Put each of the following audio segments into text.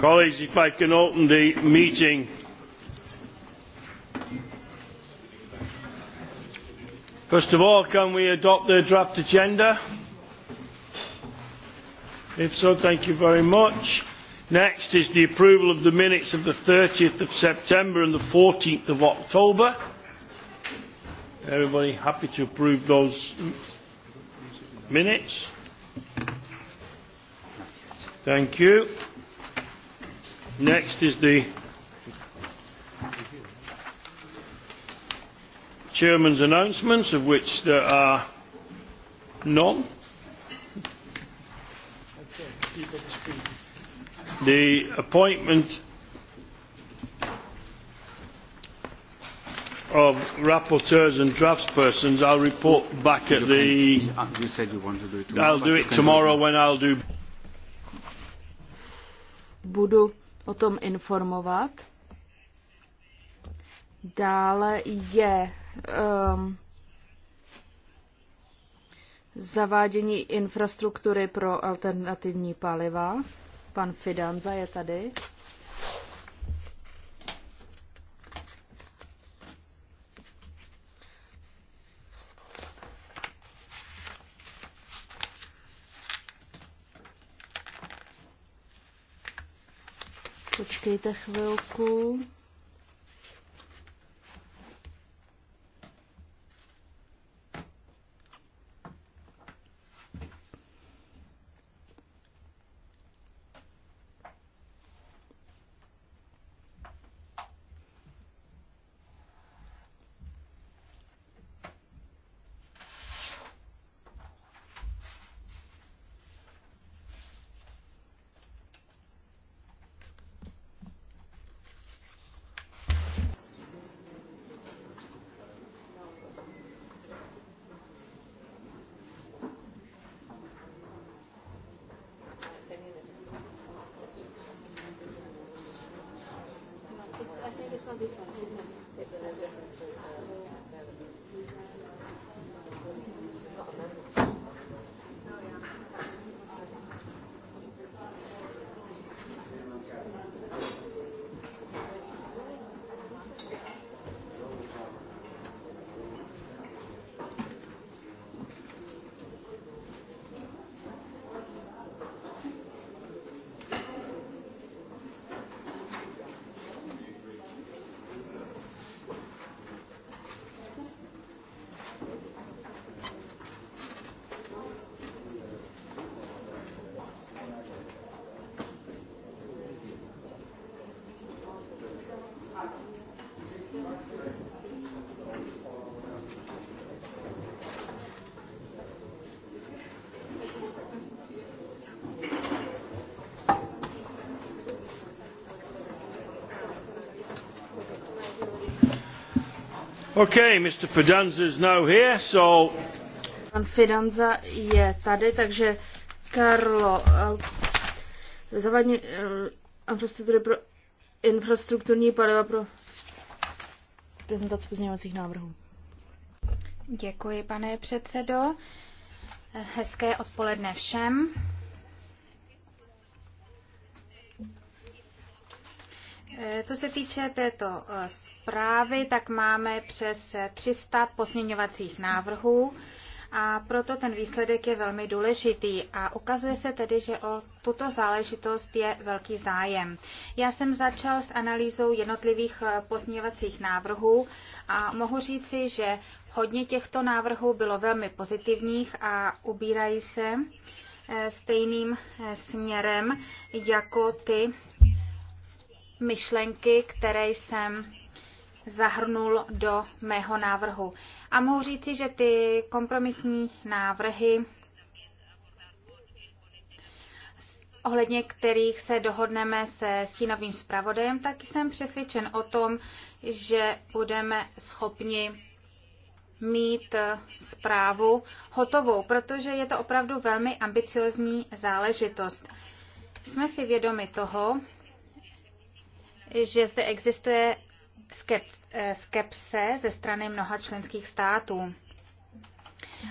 colleagues if i can open the meeting first of all can we adopt the draft agenda if so thank you very much next is the approval of the minutes of the 30th of september and the 14th of october everybody happy to approve those minutes thank you Next is the Chairman's announcements, of which there are none. The appointment of rapporteurs and draftspersons, I'll report back at the. Ah, you said you wanted to do it tomorrow. I'll do it tomorrow when I'll do. Budu o tom informovat. Dále je um, zavádění infrastruktury pro alternativní paliva. Pan Fidanza je tady. Počkejte chvilku. Pan Fidanza je tady, takže Karlo, eh, zavadní eh, infrastruktury pro infrastrukturní paliva pro prezentaci pozměňovacích návrhů. Děkuji, pane předsedo. Hezké odpoledne všem. Eh, co se týče této zprávy, tak máme přes 300 pozměňovacích návrhů a proto ten výsledek je velmi důležitý a ukazuje se tedy, že o tuto záležitost je velký zájem. Já jsem začal s analýzou jednotlivých eh, pozměňovacích návrhů a mohu říci, že hodně těchto návrhů bylo velmi pozitivních a ubírají se eh, stejným eh, směrem jako ty myšlenky, které jsem zahrnul do mého návrhu. A mohu říci, že ty kompromisní návrhy, ohledně kterých se dohodneme se stínovým zpravodajem, tak jsem přesvědčen o tom, že budeme schopni mít zprávu hotovou, protože je to opravdu velmi ambiciozní záležitost. Jsme si vědomi toho, že zde existuje Eh, skepse ze strany mnoha členských států.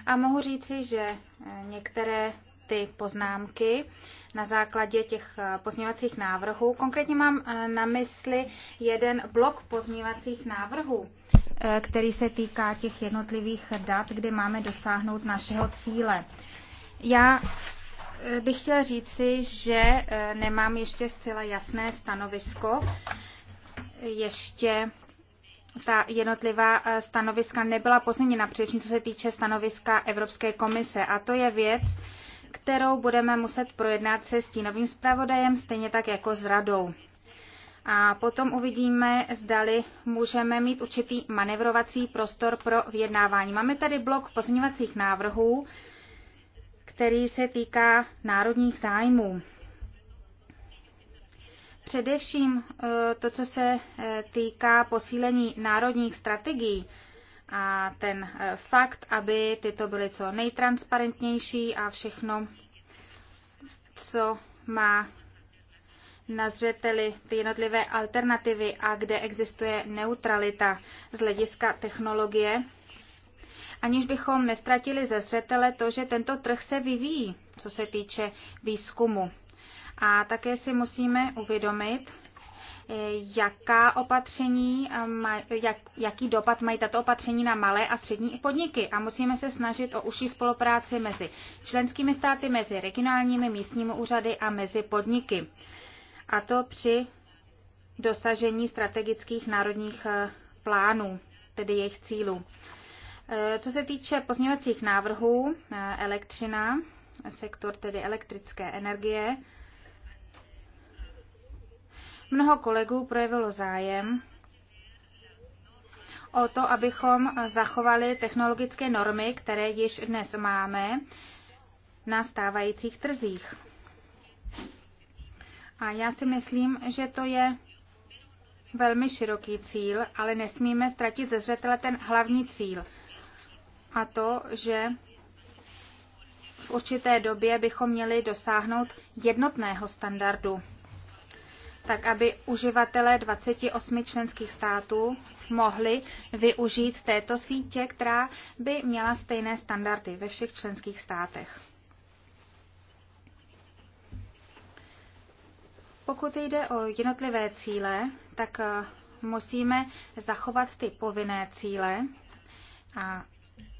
A mohu říci, že eh, některé ty poznámky na základě těch eh, pozměvacích návrhů. Konkrétně mám na mysli jeden blok pozměvacích návrhů, který se týká těch jednotlivých dat, kde máme dosáhnout našeho cíle. Já bych chtěla říci, že nemám ještě zcela jasné stanovisko ještě ta jednotlivá eh, stanoviska nebyla pozměněna, především co se týče stanoviska Evropské komise. A to je věc, kterou budeme muset projednat se stínovým zpravodajem, stejně tak jako s radou. A potom uvidíme, zdali můžeme mít určitý manevrovací prostor pro vyjednávání. Máme tady blok pozměňovacích návrhů, který se týká národních zájmů. Především eh, to, co se eh, týká posílení národních strategií a ten eh, fakt, aby tyto byly co nejtransparentnější a všechno, co má na zřeteli ty jednotlivé alternativy a kde existuje neutralita z hlediska technologie, aniž bychom nestratili ze zřetele to, že tento trh se vyvíjí, co se týče výzkumu. A také si musíme uvědomit, eh, jaká opatření, eh, jak, jaký dopad mají tato opatření na malé a střední podniky. A musíme se snažit o užší spolupráci mezi členskými státy, mezi regionálními místními úřady a mezi podniky. A to při dosažení strategických národních eh, plánů, tedy jejich cílů. Co se týče pozměňovacích návrhů, elektřina, sektor tedy elektrické energie, Mnoho kolegů projevilo zájem o to, abychom zachovali technologické normy, které již dnes máme na stávajících trzích. A já si myslím, že to je velmi široký cíl, ale nesmíme ztratit ze zřetele ten hlavní cíl. A to, že v určité době bychom měli dosáhnout jednotného standardu tak aby uživatelé 28 členských států mohli využít této sítě, která by měla stejné standardy ve všech členských státech. Pokud jde o jednotlivé cíle, tak eh, musíme zachovat ty povinné cíle a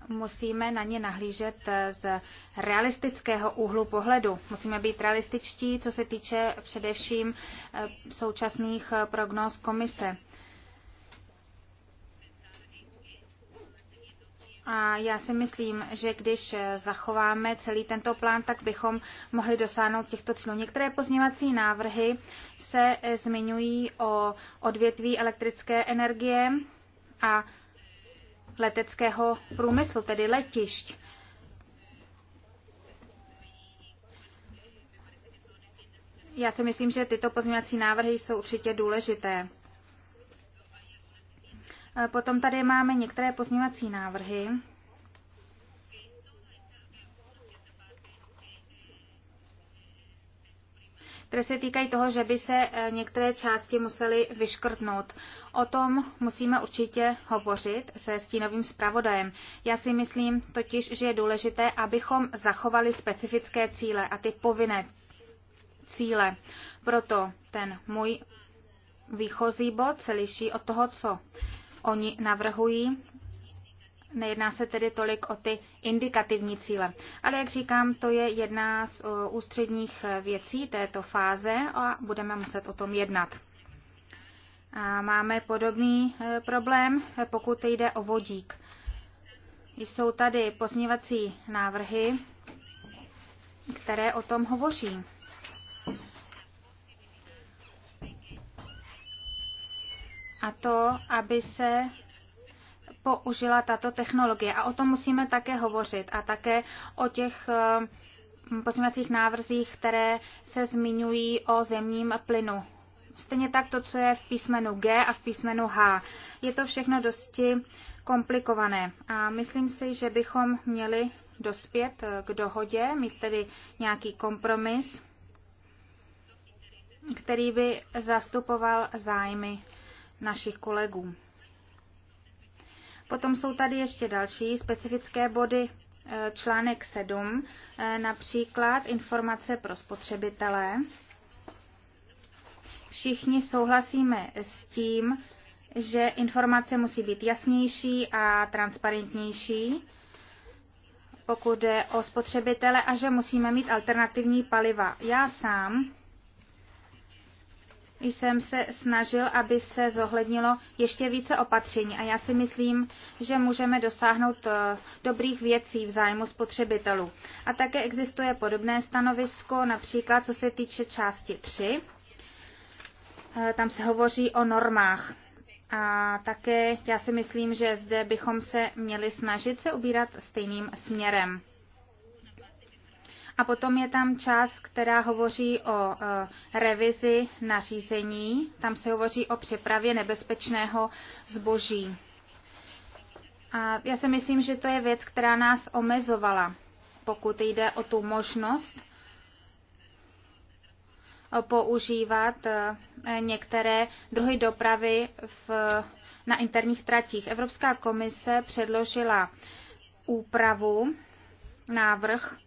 musíme na ně nahlížet eh, z realistického úhlu pohledu. Musíme být realističtí, co se týče především eh, současných eh, prognóz komise. A já si myslím, že když zachováme celý tento plán, tak bychom mohli dosáhnout těchto cílů. Některé pozměvací návrhy se zmiňují o odvětví elektrické energie a leteckého průmyslu, tedy letišť. Já si myslím, že tyto pozměňovací návrhy jsou určitě důležité. Potom tady máme některé pozměňovací návrhy, které se týkají toho, že by se eh, některé části musely vyškrtnout. O tom musíme určitě hovořit se stínovým zpravodajem. Já si myslím totiž, že je důležité, abychom zachovali specifické cíle a ty povinné cíle. Proto ten můj výchozí bod se liší od toho, co oni navrhují Nejedná se tedy tolik o ty indikativní cíle. Ale jak říkám, to je jedna z ústředních e, věcí této fáze a budeme muset o tom jednat. A máme podobný e, problém, e, pokud jde o vodík. Jsou tady pozměvací návrhy, které o tom hovoří. A to, aby se použila tato technologie. A o tom musíme také hovořit a také o těch eh, pozměňovacích návrzích, které se zmiňují o zemním plynu. Stejně tak to, co je v písmenu G a v písmenu H. Je to všechno dosti komplikované a myslím si, že bychom měli dospět eh, k dohodě, mít tedy nějaký kompromis, který by zastupoval zájmy našich kolegů. Potom jsou tady ještě další specifické body, eh, článek 7, eh, například informace pro spotřebitele. Všichni souhlasíme s tím, že informace musí být jasnější a transparentnější, pokud jde o spotřebitele a že musíme mít alternativní paliva. Já sám jsem se snažil, aby se zohlednilo ještě více opatření a já si myslím, že můžeme dosáhnout eh, dobrých věcí v zájmu spotřebitelů. A také existuje podobné stanovisko, například co se týče části 3. Eh, tam se hovoří o normách. A také já si myslím, že zde bychom se měli snažit se ubírat stejným směrem. A potom je tam část, která hovoří o e, revizi nařízení. Tam se hovoří o přepravě nebezpečného zboží. A já si myslím, že to je věc, která nás omezovala, pokud jde o tu možnost e, používat e, některé druhy dopravy v, na interních tratích. Evropská komise předložila úpravu, návrh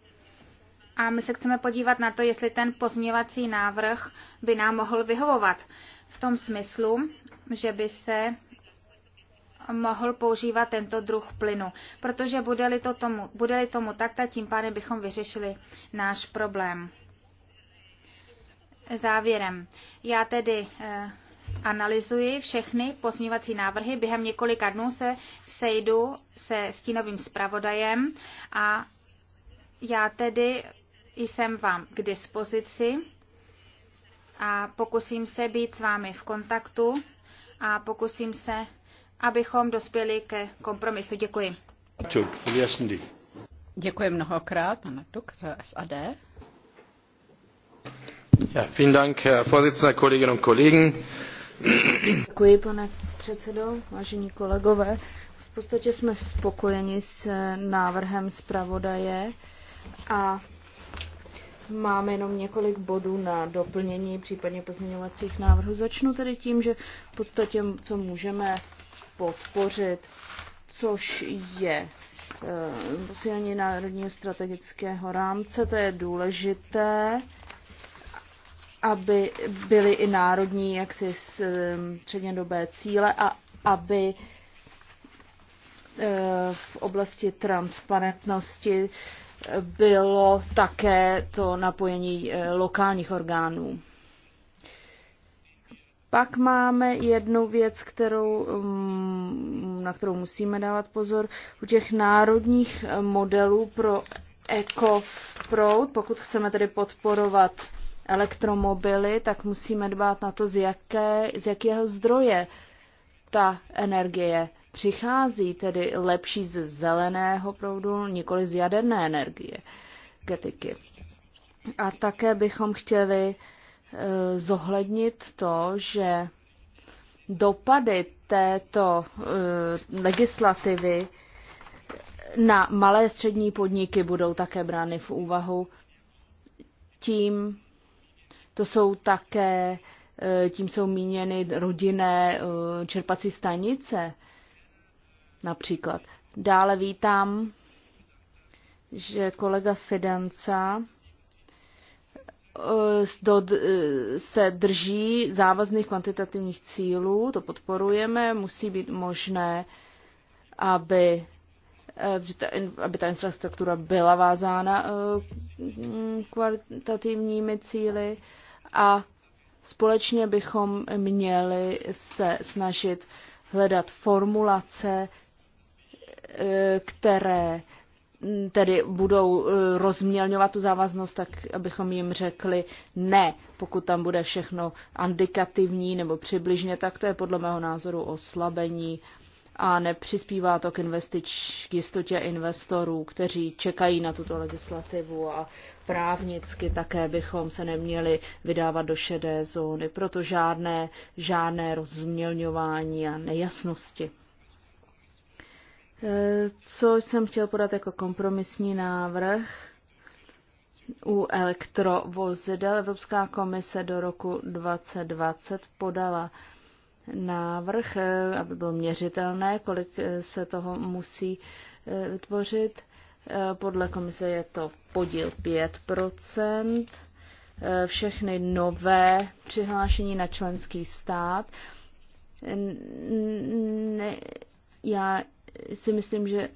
a my se chceme podívat na to, jestli ten pozměvací návrh by nám mohl vyhovovat. V tom smyslu, že by se mohl používat tento druh plynu. Protože bude-li, to tomu, bude-li tomu tak, tak tím pádem bychom vyřešili náš problém. Závěrem. Já tedy eh, analyzuji všechny pozměňovací návrhy. Během několika dnů se sejdu se stínovým zpravodajem a já tedy jsem vám k dispozici a pokusím se být s vámi v kontaktu a pokusím se, abychom dospěli ke kompromisu. Děkuji. Děkuji mnohokrát, pane Tuk z SAD. Ja, vielen Dank, Herr Vorsitzender, Kolleginnen und Kollegen. Děkuji, pane předsedo, vážení kolegové. V podstatě jsme spokojeni s návrhem zpravodaje a Máme jenom několik bodů na doplnění, případně pozměňovacích návrhů. Začnu tedy tím, že v podstatě, co můžeme podpořit, což je eh, posílení národního strategického rámce, to je důležité, aby byly i národní jaksi eh, střednědobé cíle a aby eh, v oblasti transparentnosti bylo také to napojení eh, lokálních orgánů. Pak máme jednu věc, kterou, mm, na kterou musíme dávat pozor. U těch národních eh, modelů pro proud, pokud chceme tedy podporovat elektromobily, tak musíme dbát na to, z, jaké, z jakého zdroje ta energie Přichází tedy lepší z zeleného proudu, nikoli z jaderné energie, getiky. A také bychom chtěli e, zohlednit to, že dopady této e, legislativy na malé střední podniky budou také brány v úvahu. Tím to jsou také, e, tím jsou míněny rodinné čerpací stanice, například. Dále vítám, že kolega Fidanca eh, se drží závazných kvantitativních cílů, to podporujeme, musí být možné, aby eh, aby ta infrastruktura byla vázána eh, mm, kvalitativními cíly a společně bychom měli se snažit hledat formulace, Eh, které mm, tedy budou eh, rozmělňovat tu závaznost, tak abychom jim řekli ne, pokud tam bude všechno andikativní nebo přibližně, tak to je podle mého názoru oslabení a nepřispívá to k, investič, k jistotě investorů, kteří čekají na tuto legislativu a právnicky také bychom se neměli vydávat do šedé zóny, proto žádné, žádné rozmělňování a nejasnosti. Co jsem chtěl podat jako kompromisní návrh u elektrovozidel, Evropská komise do roku 2020 podala návrh, eh, aby bylo měřitelné, kolik eh, se toho musí eh, vytvořit. Podle komise je to podíl 5 všechny nové přihlášení na členský stát. Ne, já si myslím, že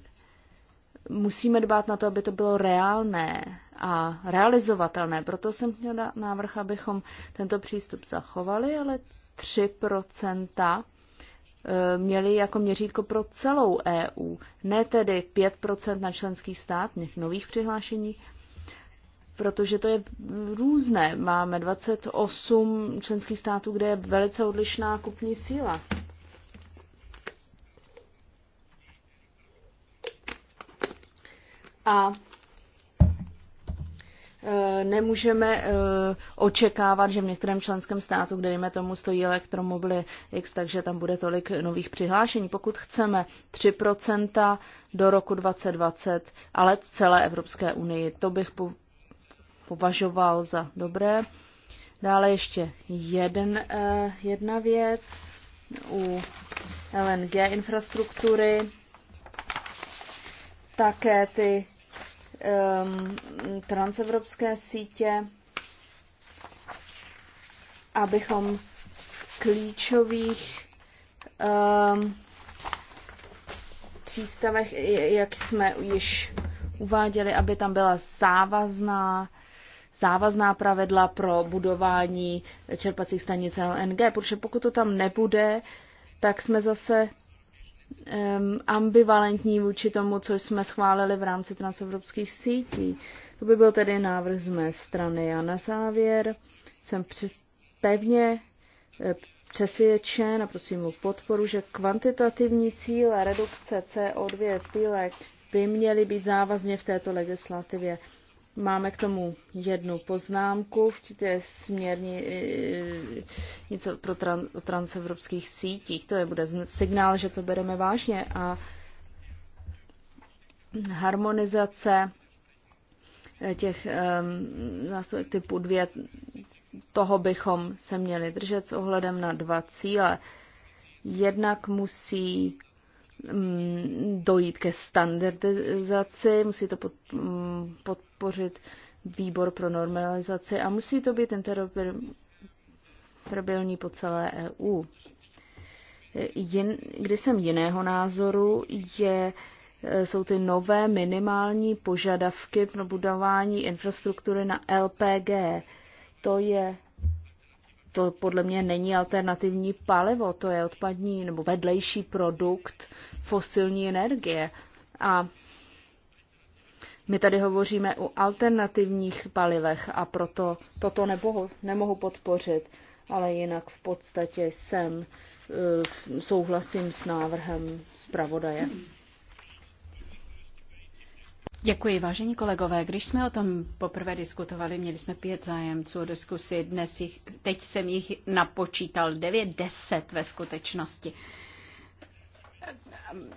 musíme dbát na to, aby to bylo reálné a realizovatelné. Proto jsem měl návrh, abychom tento přístup zachovali, ale 3% eh, měli jako měřítko pro celou EU, ne tedy 5% na členský stát, těch nových přihlášení, protože to je různé. Máme 28 členských států, kde je velice odlišná kupní síla. a e, nemůžeme e, očekávat, že v některém členském státu, kde dejme tomu stojí elektromobily X, takže tam bude tolik nových přihlášení. Pokud chceme 3% do roku 2020, ale z celé Evropské unii, to bych považoval za dobré. Dále ještě jeden, e, jedna věc u LNG infrastruktury. Také ty Um, transevropské sítě, abychom v klíčových um, přístavech, jak jsme již uváděli, aby tam byla závazná závazná pravidla pro budování čerpacích stanic LNG, protože pokud to tam nebude, tak jsme zase um, ambivalentní vůči tomu, co jsme schválili v rámci transevropských sítí. To by byl tedy návrh z mé strany. A na závěr jsem při, pevně eh, přesvědčen a prosím o podporu, že kvantitativní cíle redukce CO2 pilek by měly být závazně v této legislativě Máme k tomu jednu poznámku v té směrně e, něco pro tran, o transevropských sítích. To je bude signál, že to bereme vážně a harmonizace e, těch um, typu dvě, toho bychom se měli držet s ohledem na dva cíle. Jednak musí Mm, dojít ke standardizaci, musí to mm, podpořit výbor pro normalizaci a musí to být interoperabilní po celé EU. Jin, kdy jsem jiného názoru, je, e, jsou ty nové minimální požadavky pro budování infrastruktury na LPG. To je to podle mě není alternativní palivo, to je odpadní nebo vedlejší produkt fosilní energie. A my tady hovoříme o alternativních palivech a proto toto nemohu, nemohu podpořit, ale jinak v podstatě jsem eh, souhlasím s návrhem zpravodaje. Děkuji, vážení kolegové. Když jsme o tom poprvé diskutovali, měli jsme pět zájemců o diskusi. Dnes jich, teď jsem jich napočítal devět, deset ve skutečnosti.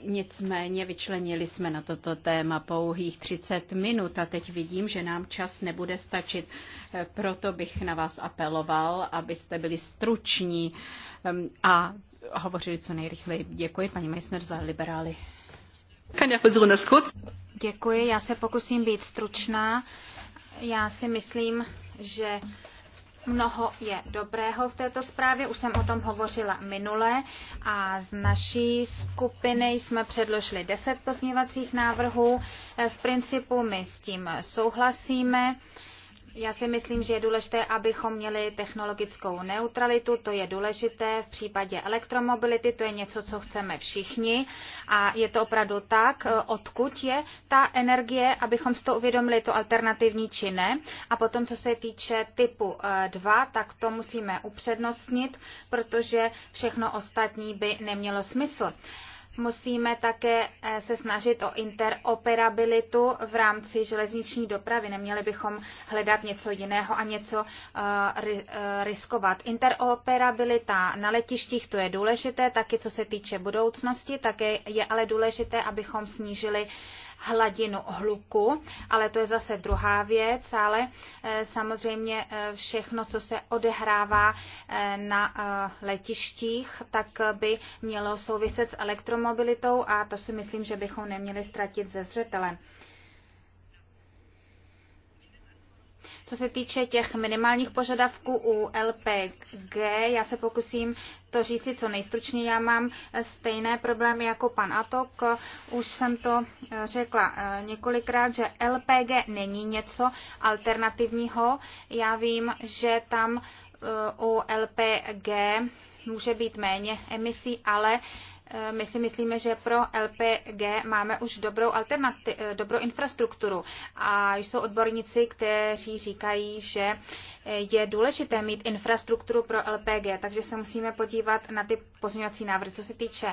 Nicméně vyčlenili jsme na toto téma pouhých 30 minut a teď vidím, že nám čas nebude stačit. Proto bych na vás apeloval, abyste byli struční um, a hovořili co nejrychleji. Děkuji, paní Meissner, za liberály. Kann ja versuchen, das kurz Děkuji, já se pokusím být stručná. Já si myslím, že Mnoho je dobrého v této zprávě, už jsem o tom hovořila minule a z naší skupiny jsme předložili deset pozměvacích návrhů. V principu my s tím souhlasíme já si myslím, že je důležité, abychom měli technologickou neutralitu, to je důležité. V případě elektromobility to je něco, co chceme všichni a je to opravdu tak, eh, odkud je ta energie, abychom si to uvědomili, to alternativní či ne. A potom, co se týče typu 2, eh, tak to musíme upřednostnit, protože všechno ostatní by nemělo smysl. Musíme také eh, se snažit o interoperabilitu v rámci železniční dopravy. Neměli bychom hledat něco jiného a něco eh, eh, riskovat. Interoperabilita na letištích, to je důležité, taky co se týče budoucnosti, také je ale důležité, abychom snížili hladinu hluku, ale to je zase druhá věc, ale eh, samozřejmě eh, všechno, co se odehrává eh, na letištích, tak by mělo souviset s elektromobilitou a to si myslím, že bychom neměli ztratit ze zřetele. Co se týče těch minimálních požadavků u LPG, já se pokusím to říci co nejstručněji. Já mám stejné problémy jako pan Atok. Už jsem to eh, řekla eh, několikrát, že LPG není něco alternativního. Já vím, že tam eh, u LPG může být méně emisí, ale Eh, my si myslíme, že pro LPG máme už dobrou, eh, dobrou infrastrukturu a jsou odborníci, kteří říkají, že eh, je důležité mít infrastrukturu pro LPG, takže se musíme podívat na ty pozměňovací návrhy. Co se týče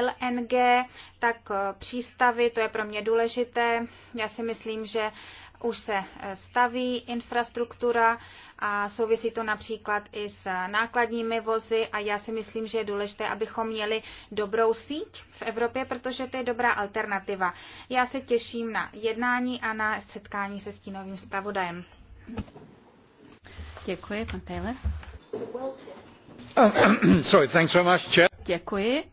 LNG, tak přístavy, to je pro mě důležité. Já si myslím, že už se eh, staví infrastruktura a souvisí to například i s nákladními vozy a já si myslím, že je důležité, abychom měli dobrou síť v Evropě, protože to je dobrá alternativa. Já se těším na jednání a na setkání se stínovým zpravodajem. Děkuji, pan Taylor. Sorry, thanks very much, Chair. Děkuji.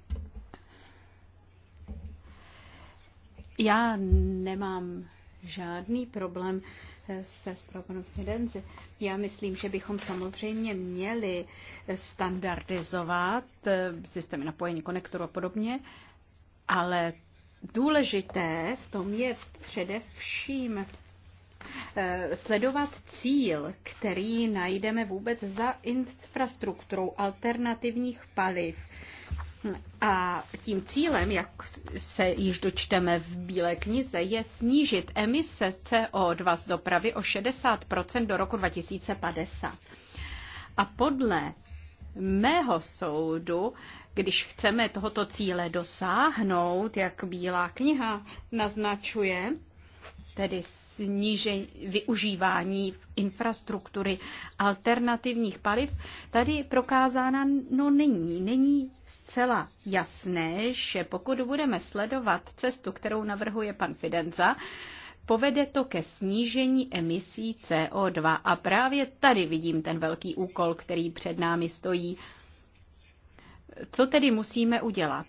Já nemám žádný problém eh, se Stroganou Firenze. Já myslím, že bychom samozřejmě měli standardizovat eh, systémy napojení konektoru a podobně, ale důležité v tom je především eh, sledovat cíl, který najdeme vůbec za infrastrukturou alternativních paliv a tím cílem, jak se již dočteme v Bílé knize, je snížit emise CO2 z dopravy o 60 do roku 2050. A podle mého soudu, když chceme tohoto cíle dosáhnout, jak Bílá kniha naznačuje, tedy snížení využívání infrastruktury alternativních paliv tady prokázána no není. Není zcela jasné, že pokud budeme sledovat cestu, kterou navrhuje pan Fidenza, povede to ke snížení emisí CO2. A právě tady vidím ten velký úkol, který před námi stojí. Co tedy musíme udělat?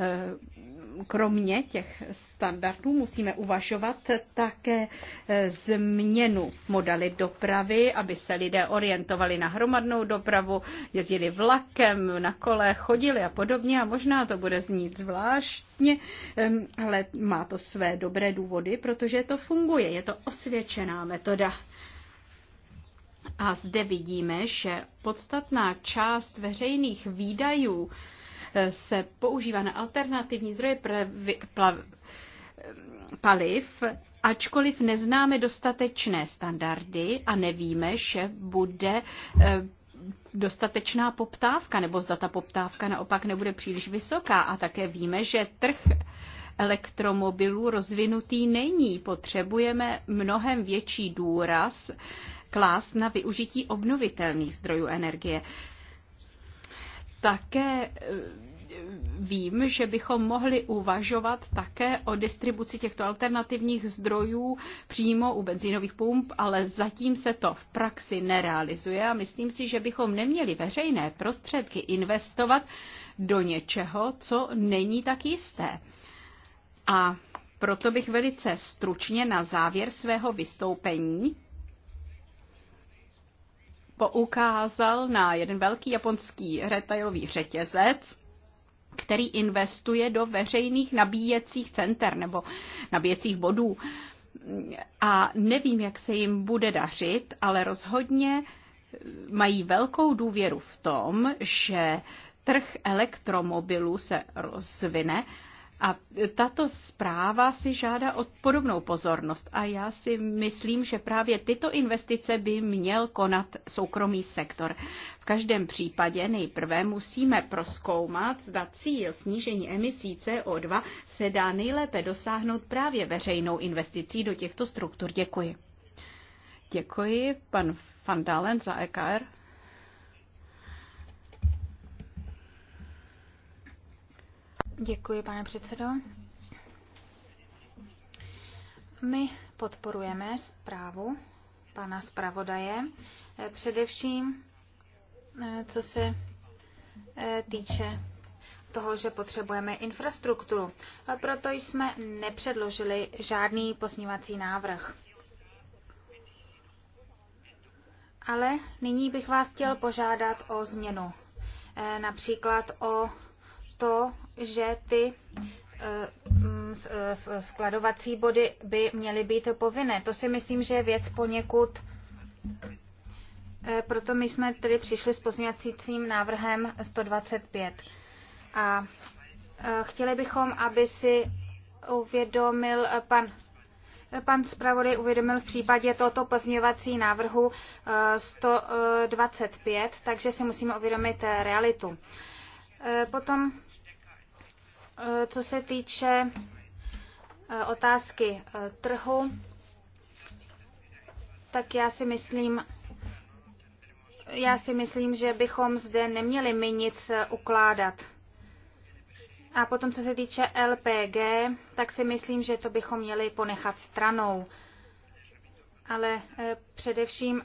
Eh, kromě těch standardů musíme uvažovat také eh, změnu modalit dopravy, aby se lidé orientovali na hromadnou dopravu, jezdili vlakem, na kole, chodili a podobně. A možná to bude znít zvláštně, eh, ale má to své dobré důvody, protože to funguje. Je to osvědčená metoda. A zde vidíme, že podstatná část veřejných výdajů se používá na alternativní zdroje pravi, plav, paliv, ačkoliv neznáme dostatečné standardy a nevíme, že bude eh, dostatečná poptávka, nebo zda ta poptávka naopak nebude příliš vysoká. A také víme, že trh elektromobilů rozvinutý není. Potřebujeme mnohem větší důraz klást na využití obnovitelných zdrojů energie také eh, vím, že bychom mohli uvažovat také o distribuci těchto alternativních zdrojů přímo u benzínových pump, ale zatím se to v praxi nerealizuje a myslím si, že bychom neměli veřejné prostředky investovat do něčeho, co není tak jisté. A proto bych velice stručně na závěr svého vystoupení poukázal na jeden velký japonský retailový řetězec, který investuje do veřejných nabíjecích center nebo nabíjecích bodů. A nevím, jak se jim bude dařit, ale rozhodně mají velkou důvěru v tom, že trh elektromobilů se rozvine a tato zpráva si žádá od podobnou pozornost a já si myslím, že právě tyto investice by měl konat soukromý sektor. V každém případě nejprve musíme proskoumat, zda cíl snížení emisí CO2 se dá nejlépe dosáhnout právě veřejnou investicí do těchto struktur. Děkuji. Děkuji, pan Van Dalen za EKR. Děkuji, pane předsedo. My podporujeme zprávu pana zpravodaje, eh, především eh, co se eh, týče toho, že potřebujeme infrastrukturu. A proto jsme nepředložili žádný pozněvací návrh. Ale nyní bych vás chtěl požádat o změnu. Například o to, že ty eh, mm, skladovací body by měly být povinné. To si myslím, že je věc poněkud. Eh, proto my jsme tedy přišli s pozměňovacím návrhem 125. A eh, chtěli bychom, aby si uvědomil pan pan zpravodaj uvědomil v případě tohoto pozměňovací návrhu 125, takže si musíme uvědomit realitu. Potom Eh, co se týče eh, otázky eh, trhu, tak já si myslím, já si myslím, že bychom zde neměli my nic ukládat. A potom, co se týče LPG, tak si myslím, že to bychom měli ponechat stranou. Ale především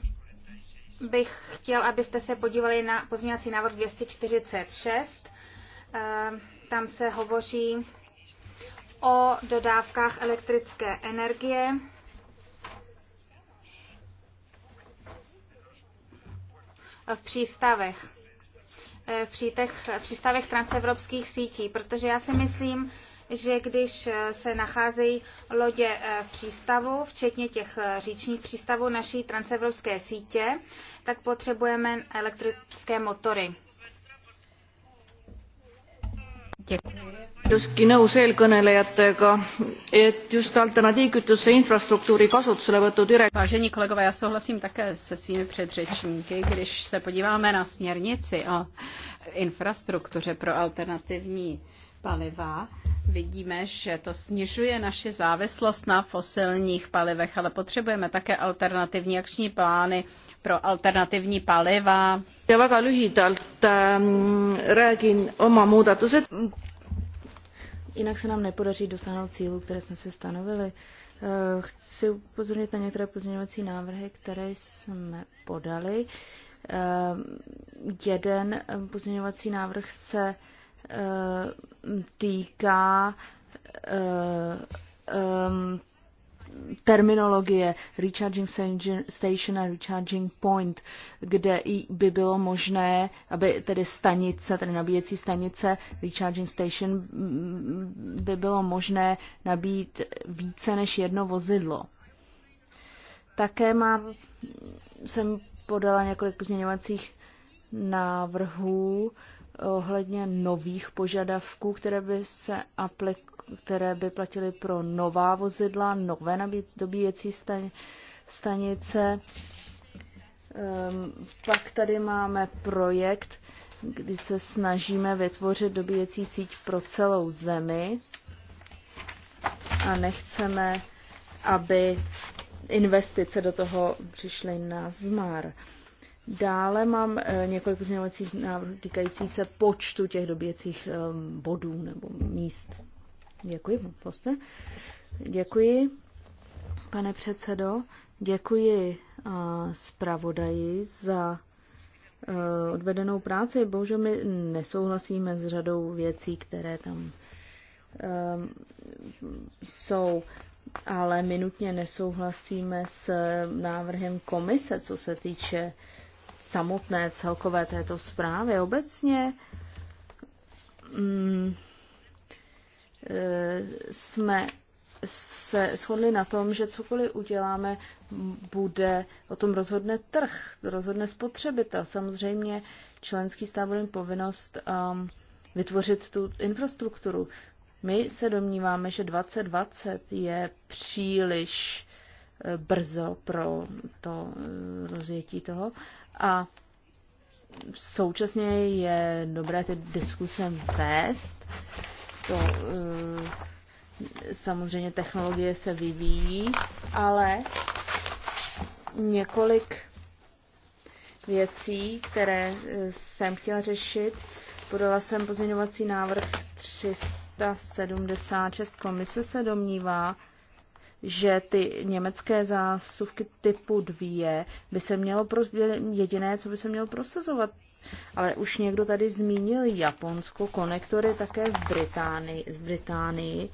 bych chtěl, abyste se podívali na pozměňovací návrh 246 tam se hovoří o dodávkách elektrické energie. v přístavech, eh, v přítech, v přístavech transevropských sítí, protože já si myslím, že když eh, se nacházejí lodě eh, v přístavu, včetně těch říčních přístavů naší transevropské sítě, tak potřebujeme elektrické motory. Děkuji. Juski nõus eelkõnelejatega, et just alternatiivkütuse infrastruktuuri kasutuselevõtu direktiiv. Vážení kolegové, já souhlasím také se svými předřečníky. Když se podíváme na směrnici o infrastruktuře pro alternativní paliva. Vidíme, že to snižuje naši závislost na fosilních palivech, ale potřebujeme také alternativní akční plány pro alternativní paliva. Ja väga lühidalt ähm, räägin oma muudatused. Jinak se nám nepodaří dosáhnout cílu, které jsme si stanovili. Äh, chci upozornit na některé pozměňovací návrhy, které jsme podali. Äh, jeden pozměňovací návrh se Eh, týká eh, terminologie recharging station a recharging point, kde by bylo možné, aby tedy stanice, tedy nabíjecí stanice recharging station mm, by bylo možné nabít více než jedno vozidlo. Také mám, jsem podala několik pozměňovacích návrhů, ohledně nových požadavků, které by se aplikovaly které by platily pro nová vozidla, nové dobíjecí stanice. Ehm, pak tady máme projekt, kdy se snažíme vytvořit dobíjecí síť pro celou zemi a nechceme, aby investice do toho přišly na zmar. Dále mám eh, několik pozměňovacích návrhů týkající se počtu těch doběcích ehm, bodů nebo míst. Děkuji, poste. Děkuji, pane předsedo. Děkuji eh, zpravodaji za eh, odvedenou práci. Bohužel my nesouhlasíme s řadou věcí, které tam ehm, jsou, ale minutně nesouhlasíme s návrhem komise, co se týče uh, samotné celkové této zprávy. Obecně mm, e, jsme se shodli na tom, že cokoliv uděláme, bude, o tom rozhodne trh, rozhodne spotřebitel. Samozřejmě členský stát bude povinnost um, vytvořit tu infrastrukturu. My se domníváme, že 2020 je příliš e, brzo pro to e, rozjetí toho. A současně je dobré ty diskuse vést. To eh, samozřejmě technologie se vyvíjí, ale několik věcí, které eh, jsem chtěla řešit. Podala jsem pozměňovací návrh 376. Komise se domnívá, že ty německé zásuvky typu 2 by se mělo, jediné, co by se mělo prosazovat, ale už někdo tady zmínil Japonsko, konektory také v Británii, z Británii.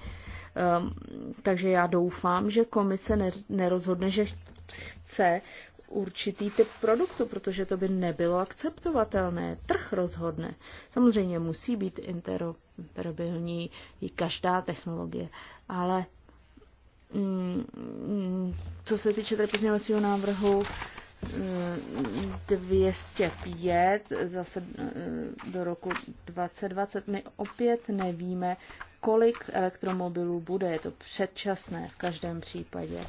Um, takže já doufám, že komise nerozhodne, že chce určitý typ produktu, protože to by nebylo akceptovatelné. Trh rozhodne. Samozřejmě musí být interoperabilní i každá technologie, ale co se týče tady pozměňovacího návrhu 205 eh, zase eh, do roku 2020, my opět nevíme, kolik elektromobilů bude. Je to předčasné v každém případě.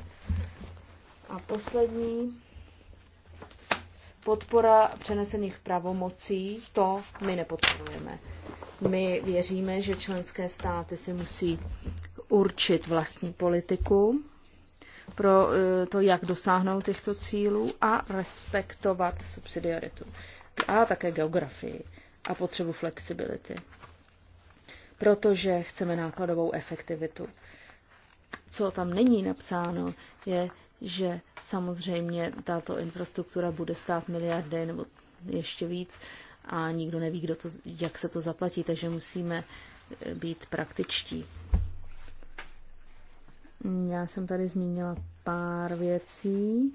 A poslední podpora přenesených pravomocí, to my nepodporujeme. My věříme, že členské státy si musí určit vlastní politiku pro e, to, jak dosáhnout těchto cílů a respektovat subsidiaritu a také geografii a potřebu flexibility, protože chceme nákladovou efektivitu. Co tam není napsáno, je, že samozřejmě tato infrastruktura bude stát miliardy nebo ještě víc a nikdo neví, kdo to, jak se to zaplatí, takže musíme e, být praktičtí. Já jsem tady zmínila pár věcí.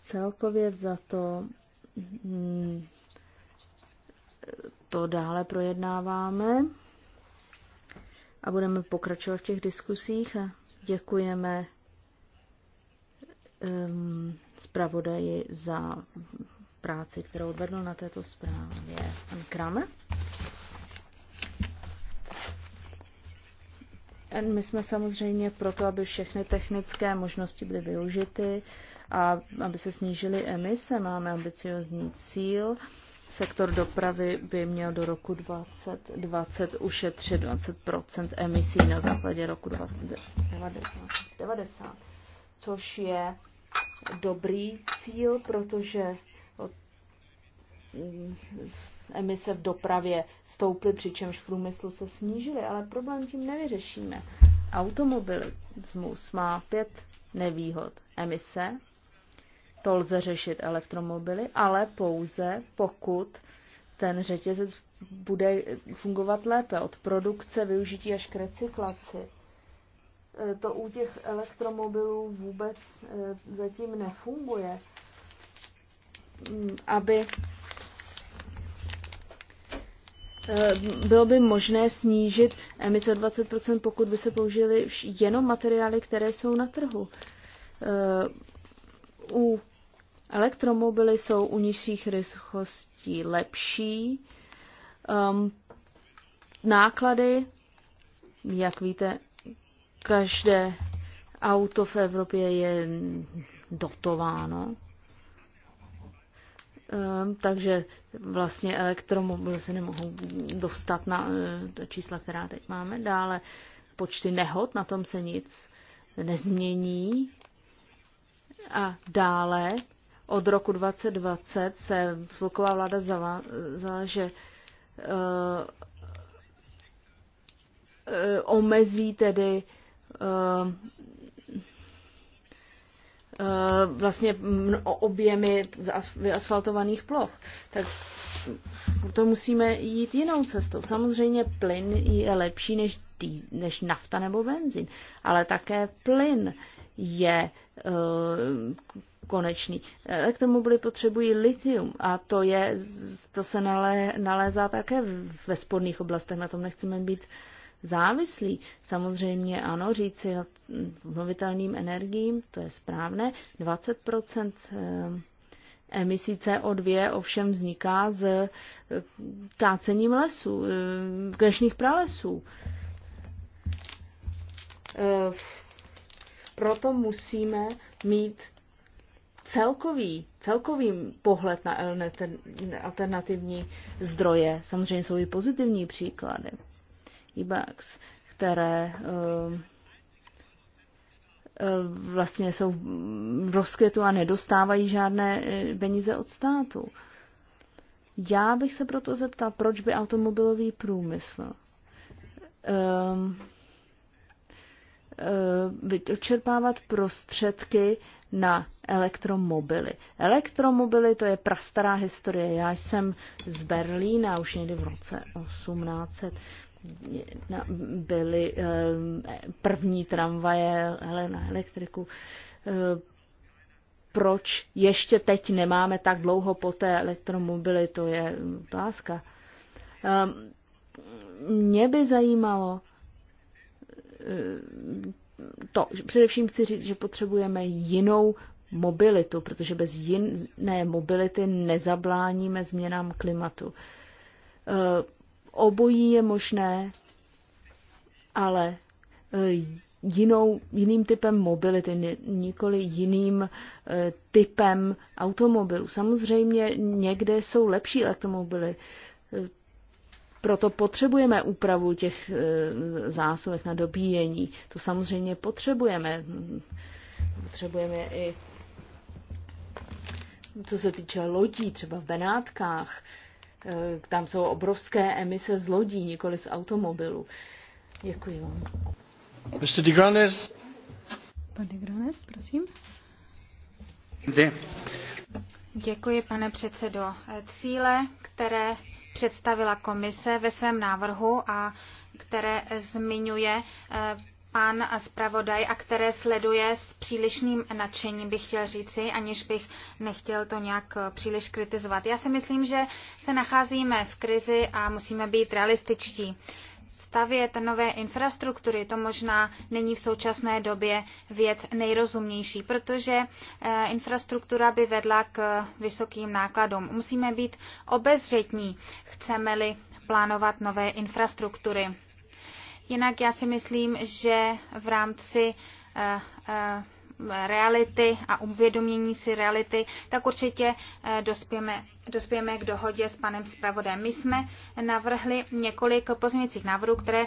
Celkově za to hmm, to dále projednáváme a budeme pokračovat v těch diskusích a děkujeme um, zpravodaji za práci, kterou odvedl na této zprávě. Pan Kramer? My jsme samozřejmě proto, aby všechny technické možnosti byly využity a aby se snížily emise. Máme ambiciozní cíl. Sektor dopravy by měl do roku 2020 ušetřit 20 emisí na základě roku 2090, což je dobrý cíl, protože emise v dopravě stouply, přičemž v průmyslu se snížily, ale problém tím nevyřešíme. Automobilismus má pět nevýhod. Emise, to lze řešit elektromobily, ale pouze pokud ten řetězec bude fungovat lépe od produkce, využití až k recyklaci. E, to u těch elektromobilů vůbec e, zatím nefunguje. Mm, aby Eh, bylo by možné snížit emise 20%, pokud by se použili jenom materiály, které jsou na trhu. Eh, u elektromobily jsou u nižších rychlostí lepší. Ehm, náklady, jak víte, každé auto v Evropě je dotováno. Ehm, takže vlastně elektromobily se nemohou dostat na eh, čísla, která teď máme. Dále počty nehod, na tom se nic nezmění. A dále od roku 2020 se spolková vláda zavázala, že eh, eh, omezí tedy Eh, vlastně objemy vyasfaltovaných ploch. Tak to musíme jít jinou cestou. Samozřejmě plyn je lepší než, dý, než nafta nebo benzín, ale také plyn je uh, konečný. Eh, k tomu byli potřebují litium a to, je, to se nalé, nalézá také ve spodných oblastech, na tom nechceme být závislí. Samozřejmě ano, říci obnovitelným energiím, to je správné. 20 eh, emisí CO2 ovšem vzniká z kácením eh, lesů, eh, klešních pralesů. Proto musíme mít celkový, celkový pohled na alternativní zdroje. Samozřejmě jsou i pozitivní příklady e-bucks, které eh, eh, vlastně jsou v rozkvětu a nedostávají žádné eh, peníze od státu. Já bych se proto zeptal, proč by automobilový průmysl um, um, prostředky na elektromobily. Elektromobily to je prastará historie. Já jsem z Berlína už někdy v roce 1800 byly eh, první tramvaje hele, na elektriku. Eh, proč ještě teď nemáme tak dlouho po té elektromobily, to je otázka. Eh, mě by zajímalo, to, především chci říct, že potřebujeme jinou mobilitu, protože bez jiné mobility nezabláníme změnám klimatu Obojí je možné, ale e, jinou, jiným typem mobility, nikoli jiným e, typem automobilů. Samozřejmě někde jsou lepší elektromobily, e, proto potřebujeme úpravu těch zásuvek na dobíjení. To samozřejmě potřebujeme. Potřebujeme i co se týče lodí, třeba v Benátkách, Eh, tam jsou obrovské emise z lodí, nikoli z automobilů. Děkuji vám. Mr. De Grandes. Pan De Grandes, prosím. De. Děkuji, pane předsedo. Eh, cíle, které představila komise ve svém návrhu a které zmiňuje eh, pan zpravodaj a které sleduje s přílišným nadšením, bych chtěl říci, aniž bych nechtěl to nějak eh, příliš kritizovat. Já si myslím, že se nacházíme v krizi a musíme být realističtí. Stavět nové infrastruktury, to možná není v současné době věc nejrozumnější, protože eh, infrastruktura by vedla k eh, vysokým nákladům. Musíme být obezřetní, chceme-li plánovat nové infrastruktury Jinak já si myslím, že v rámci eh, eh, reality a uvědomění si reality, tak určitě eh, dospějeme, dospějeme k dohodě s panem zpravodem. My jsme navrhli několik pozměnicích návrhů, které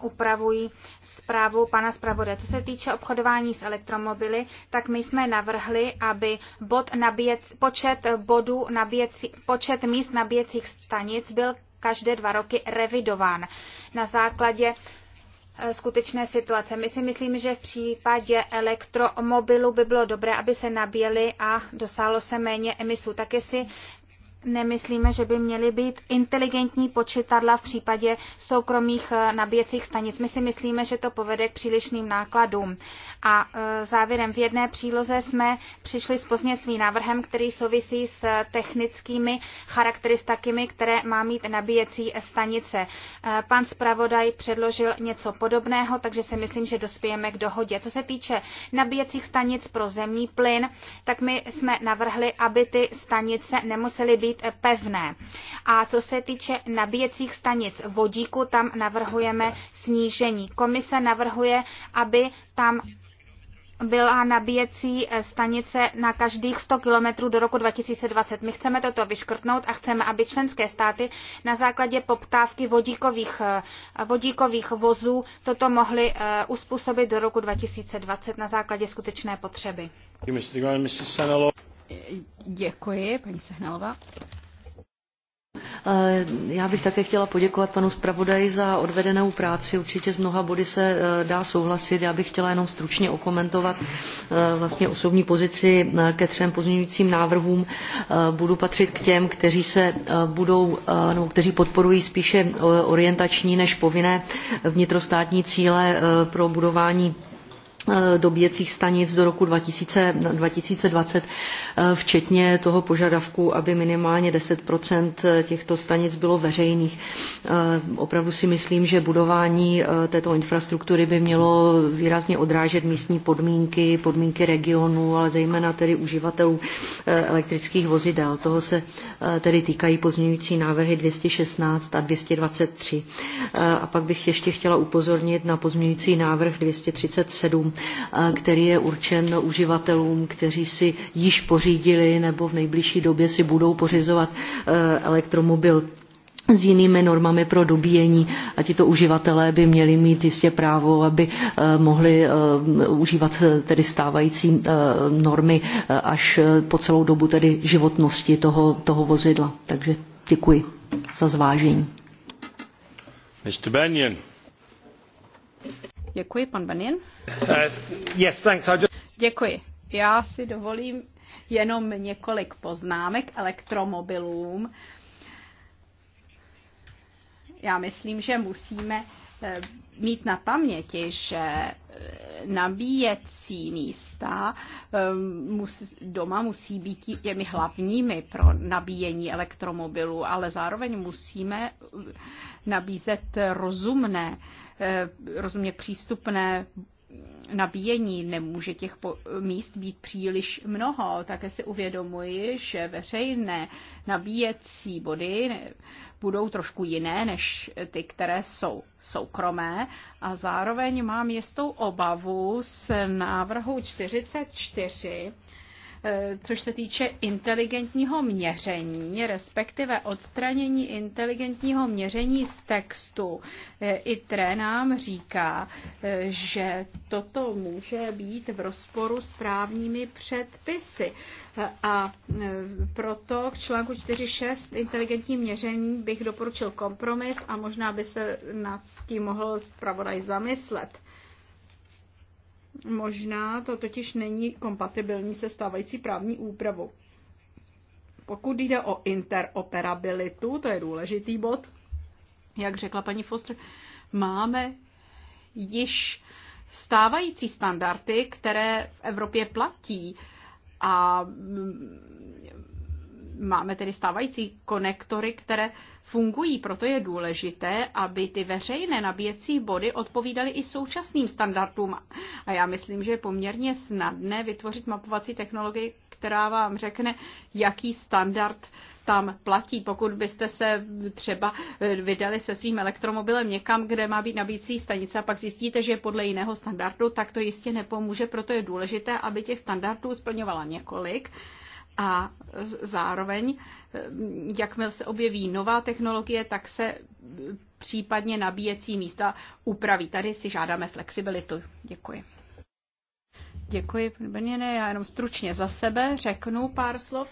upravují zprávu pana zpravode. Co se týče obchodování s elektromobily, tak my jsme navrhli, aby bod nabíjec, počet bodů nabíjecí, počet míst nabíjecích stanic byl každé dva roky revidován na základě eh, skutečné situace. My si myslím, že v případě elektromobilů by bylo dobré, aby se nabíjeli a dosáhlo se méně emisů. Také si nemyslíme, že by měly být inteligentní počítadla v případě soukromých eh, nabíjecích stanic. My si myslíme, že to povede k přílišným nákladům. A eh, závěrem v jedné příloze jsme přišli s svým návrhem, který souvisí s eh, technickými charakteristikami, které má mít nabíjecí stanice. Pan zpravodaj předložil něco podobného, takže si myslím, že dospějeme k dohodě. Co se týče nabíjecích stanic pro zemní plyn, tak my jsme navrhli, aby ty stanice nemusely být být pevné. A co se týče nabíjecích stanic vodíku, tam navrhujeme snížení. Komise navrhuje, aby tam byla nabíjecí eh, stanice na každých 100 kilometrů do roku 2020. My chceme toto vyškrtnout a chceme, aby členské státy na základě poptávky vodíkových, eh, vodíkových vozů toto mohly eh, uspůsobit do roku 2020 na základě skutečné potřeby. Děkuji, paní Sehnalová. Eh, já bych také chtěla poděkovat panu zpravodaji za odvedenou práci. Určitě z mnoha body se eh, dá souhlasit. Já bych chtěla jenom stručně okomentovat eh, vlastně osobní pozici ke třem pozměňujícím návrhům. Budu patřit k těm, kteří se budou, nebo kteří podporují spíše orientační než povinné vnitrostátní cíle pro budování Eh, dobíjecích stanic do roku 2020, eh, včetně toho požadavku, aby minimálně 10 eh, těchto stanic bylo veřejných. Opravdu si myslím, že budování této infrastruktury by mělo výrazně odrážet místní podmínky, podmínky regionu, ale zejména tedy uživatelů elektrických vozidel. Toho se tedy týkají pozměňující návrhy 216 a 223. A pak bych ještě chtěla upozornit na pozměňující návrh 237 který je určen uživatelům, kteří si již pořídili nebo v nejbližší době si budou pořizovat e, elektromobil s jinými normami pro dobíjení a tito uživatelé by měli mít jistě právo, aby e, mohli e, užívat tedy stávající normy až po celou dobu tedy životnosti toho, toho vozidla. Takže děkuji za zvážení. Mr. Děkuji, pan Benin. Uh, yes, thanks. Just... Děkuji. Já si dovolím jenom několik poznámek elektromobilům. Já myslím, že musíme eh, mít na paměti, že eh, nabíjecí místa eh, doma musí být těmi hlavními pro nabíjení elektromobilů, ale zároveň musíme nabízet rozumné Eh, rozumně přístupné nabíjení, nemůže těch míst být příliš mnoho. Také si uvědomuji, že veřejné nabíjecí body budou trošku jiné než ty, které jsou soukromé. A zároveň mám jistou obavu z návrhu 44, Eh, což se týče inteligentního měření, respektive odstranění inteligentního měření z textu. Eh, ITRE nám říká, eh, že toto může být v rozporu s právními předpisy. A proto k článku 4.6 inteligentní měření bych doporučil kompromis a možná by se nad tím mohl zpravodaj zamyslet. Možná to totiž není kompatibilní se stávající právní úpravou. Pokud jde o interoperabilitu, to je důležitý bod, jak řekla paní Foster, máme již stávající standardy, které v Evropě platí a mm, Máme tedy stávající konektory, které fungují, proto je důležité, aby ty veřejné nabíjecí body odpovídaly i současným standardům. A já myslím, že je poměrně snadné vytvořit mapovací technologii, která vám řekne, jaký standard tam platí. Pokud byste se třeba eh, vydali se svým elektromobilem někam, kde má být nabíjecí stanice a pak zjistíte, že je podle jiného standardu, tak to jistě nepomůže, proto je důležité, aby těch standardů splňovala několik a zároveň, jakmile se objeví nová technologie, tak se případně nabíjecí místa upraví. Tady si žádáme flexibilitu. Děkuji. Děkuji, Benjene. Já jenom stručně za sebe řeknu pár slov.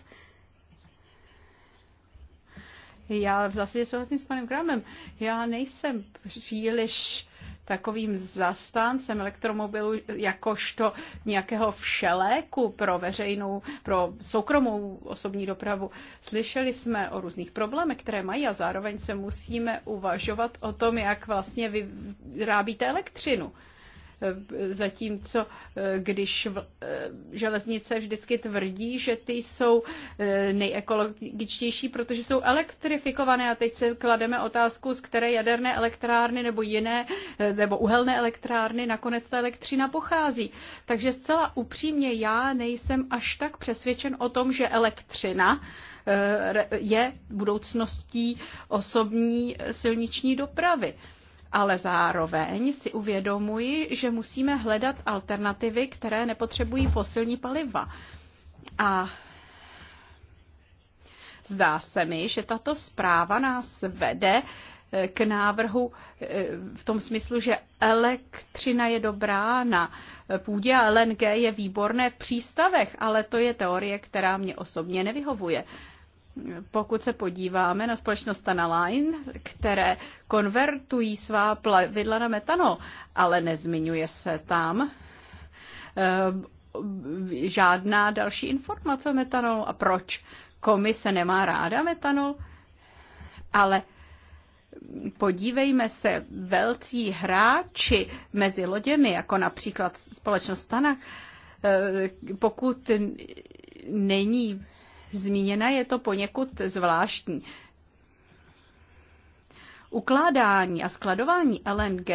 Já v zásadě souhlasím s panem Kramem. Já nejsem příliš takovým zastáncem elektromobilu jakožto nějakého všeléku pro veřejnou, pro soukromou osobní dopravu. Slyšeli jsme o různých problémech, které mají a zároveň se musíme uvažovat o tom, jak vlastně vyrábíte elektřinu. Zatímco, eh, když eh, železnice vždycky tvrdí, že ty jsou eh, nejekologičtější, protože jsou elektrifikované a teď se klademe otázku, z které jaderné elektrárny nebo jiné, nebo uhelné elektrárny nakonec ta elektřina pochází. Takže zcela upřímně já nejsem až tak přesvědčen o tom, že elektřina je budoucností osobní silniční dopravy ale zároveň si uvědomuji, že musíme hledat alternativy, které nepotřebují fosilní paliva. A zdá se mi, že tato zpráva nás vede eh, k návrhu eh, v tom smyslu, že elektřina je dobrá na půdě a LNG je výborné v přístavech, ale to je teorie, která mě osobně nevyhovuje pokud se podíváme na společnost Tanaline, které konvertují svá plavidla na metanol, ale nezmiňuje se tam eh, žádná další informace o metanolu. A proč? Komise nemá ráda metanol, ale podívejme se, velcí hráči mezi loděmi, jako například společnost Tanak, eh, pokud není zmíněna, je to poněkud zvláštní. Ukládání a skladování LNG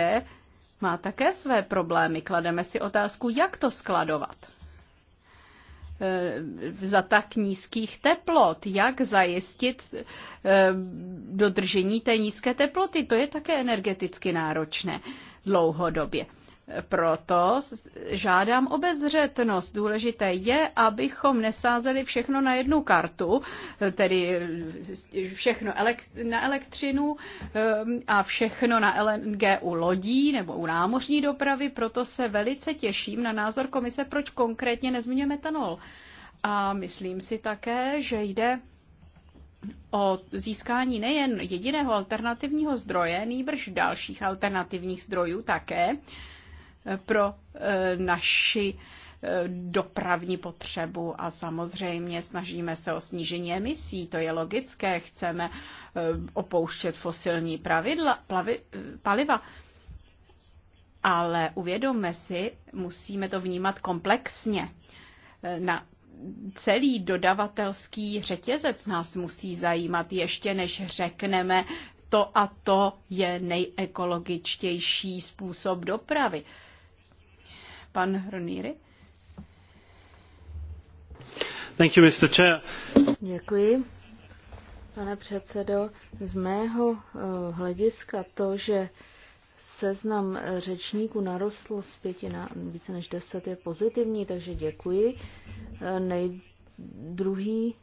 má také své problémy. Klademe si otázku, jak to skladovat e, za tak nízkých teplot, jak zajistit e, dodržení té nízké teploty. To je také energeticky náročné dlouhodobě. Proto žádám obezřetnost. Důležité je, abychom nesázeli všechno na jednu kartu, tedy všechno na elektřinu ehm, a všechno na LNG u lodí nebo u námořní dopravy. Proto se velice těším na názor komise, proč konkrétně nezmiňuje metanol. A myslím si také, že jde o získání nejen jediného alternativního zdroje, nýbrž dalších alternativních zdrojů také pro eh, naši eh, dopravní potřebu a samozřejmě snažíme se o snížení emisí, to je logické, chceme eh, opouštět fosilní pravidla, plavi, paliva, ale uvědomme si, musíme to vnímat komplexně. Na celý dodavatelský řetězec nás musí zajímat, ještě než řekneme, to a to je nejekologičtější způsob dopravy. Pan Thank you, Mr. Chair. Děkuji. Pane předsedo, z mého eh, hlediska to, že seznam eh, řečníků narostl z pěti na více než deset, je pozitivní, takže děkuji. Eh, nej, druhý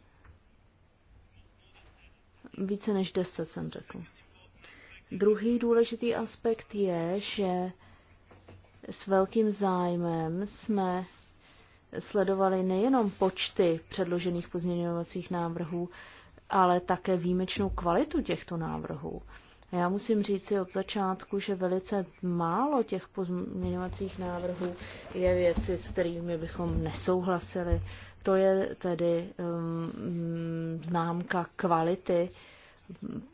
více než deset jsem řekl. Druhý důležitý aspekt je, že s velkým zájmem jsme sledovali nejenom počty předložených pozměňovacích návrhů, ale také výjimečnou kvalitu těchto návrhů. já musím říct si od začátku, že velice málo těch pozměňovacích návrhů je věci, s kterými bychom nesouhlasili. To je tedy um, známka kvality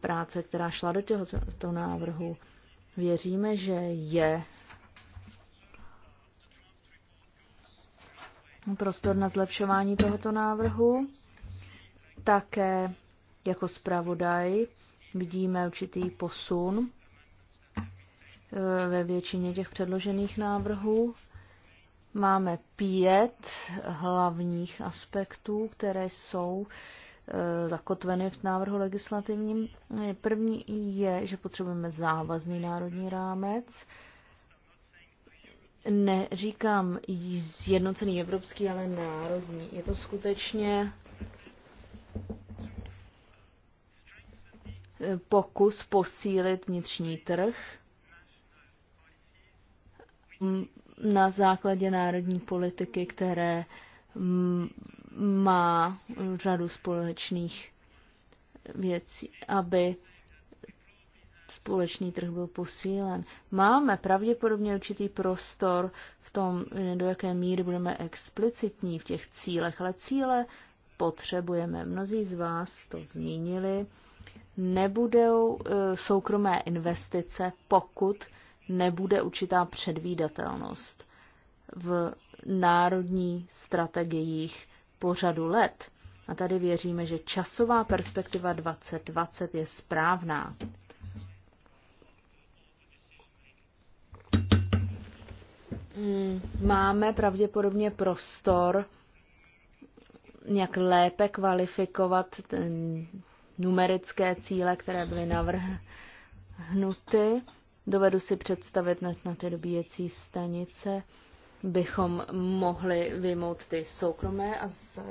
práce, která šla do těchto návrhu. Věříme, že je prostor na zlepšování tohoto návrhu. Také jako zpravodaj vidíme určitý posun e, ve většině těch předložených návrhů. Máme pět hlavních aspektů, které jsou e, zakotveny v návrhu legislativním. První je, že potřebujeme závazný národní rámec neříkám zjednocený evropský, ale národní. Je to skutečně eh, pokus posílit vnitřní trh mm, na základě národní politiky, které mm, má řadu společných věcí, aby společný trh byl posílen. Máme pravděpodobně určitý prostor v tom, do jaké míry budeme explicitní v těch cílech, ale cíle potřebujeme. Mnozí z vás to zmínili. Nebudou e, soukromé investice, pokud nebude určitá předvídatelnost v národní strategiích pořadu let. A tady věříme, že časová perspektiva 2020 je správná. Hmm, máme pravděpodobně prostor, jak lépe kvalifikovat numerické cíle, které byly navrhnuty. Dovedu si představit na, na ty dobíjecí stanice, bychom mohli vyjmout ty soukromé a z, e,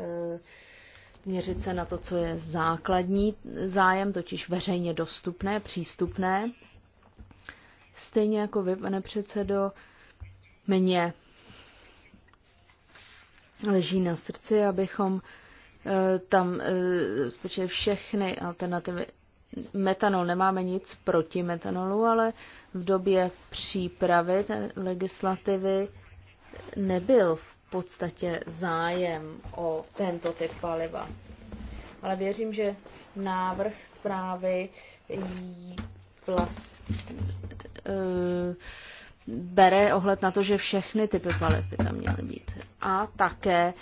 měřit se na to, co je základní zájem, totiž veřejně dostupné, přístupné. Stejně jako vy, pane předsedo, e, mě leží na srdci, abychom eh, tam eh, všechny alternativy. Metanol, nemáme nic proti metanolu, ale v době přípravy legislativy nebyl v podstatě zájem o tento typ paliva. Ale věřím, že návrh zprávy vlast, eh, bere ohled na to, že všechny typy paliv by tam měly být. A také e,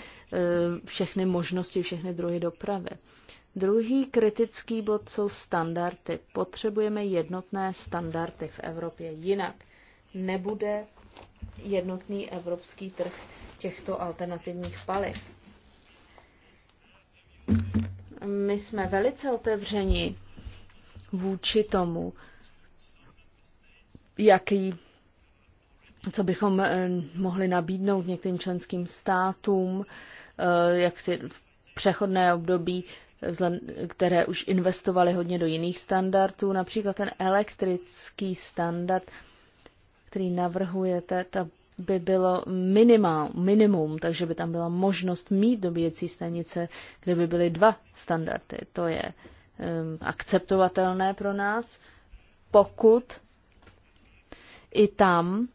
všechny možnosti, všechny druhy dopravy. Druhý kritický bod jsou standardy. Potřebujeme jednotné standardy v Evropě, jinak nebude jednotný evropský trh těchto alternativních paliv. My jsme velice otevřeni vůči tomu, jaký co bychom eh, mohli nabídnout některým členským státům, eh, jak si v přechodné období, které už investovaly hodně do jiných standardů, například ten elektrický standard, který navrhujete, ta by bylo minimál, minimum, takže by tam byla možnost mít dobíjecí stanice, kde by byly dva standardy. To je um, akceptovatelné pro nás, pokud i tam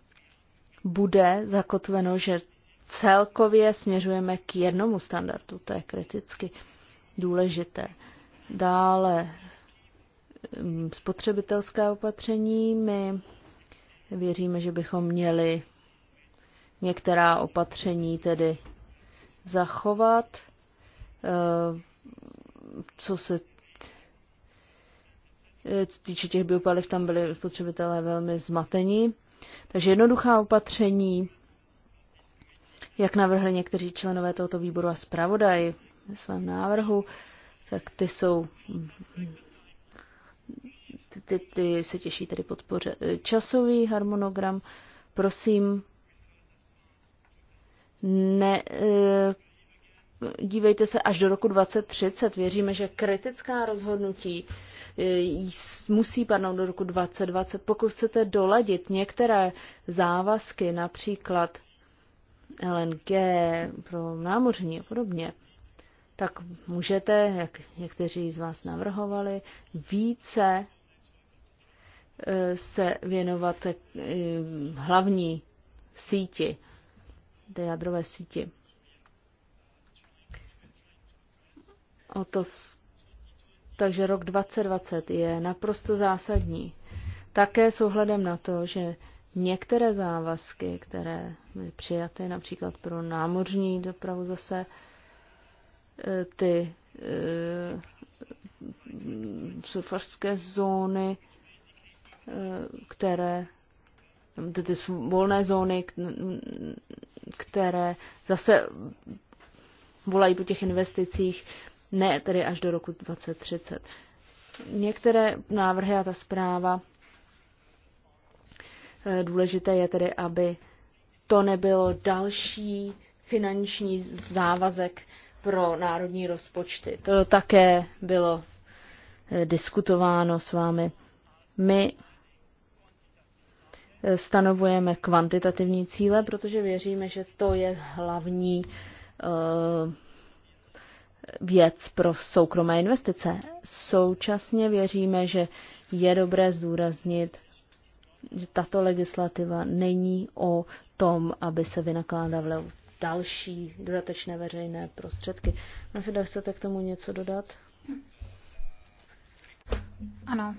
bude zakotveno, že celkově směřujeme k jednomu standardu. To je kriticky důležité. Dále mm, spotřebitelské opatření. My věříme, že bychom měli některá opatření tedy zachovat. Eh, co se eh, týče těch biopaliv, tam byli spotřebitelé velmi zmateni. Takže jednoduchá opatření, jak navrhli někteří členové tohoto výboru a zpravodaj ve svém návrhu, tak ty jsou ty, ty, ty se těší tedy podpoře. Eh, časový harmonogram, prosím, ne, eh, dívejte se až do roku 2030. Věříme, že kritická rozhodnutí E, musí padnout do roku 2020. Pokud chcete doladit některé závazky, například LNG pro námořní a podobně, tak můžete, jak někteří z vás navrhovali, více e, se věnovat e, hlavní síti, té jadrové síti. O to takže rok 2020 je naprosto zásadní. Také s ohledem na to, že některé závazky, které byly přijaty například pro námořní dopravu zase, e, ty e, surfařské zóny, e, které ty, ty volné zóny, které zase volají po těch investicích, ne tedy až do roku 2030. Některé návrhy a ta zpráva eh, důležité je tedy, aby to nebylo další finanční závazek pro národní rozpočty. To také bylo eh, diskutováno s vámi. My eh, stanovujeme kvantitativní cíle, protože věříme, že to je hlavní věc pro soukromé investice. Současně věříme, že je dobré zdůraznit, že tato legislativa není o tom, aby se vynakládaly další dodatečné veřejné prostředky. Máte chcete k tomu něco dodat? Ano,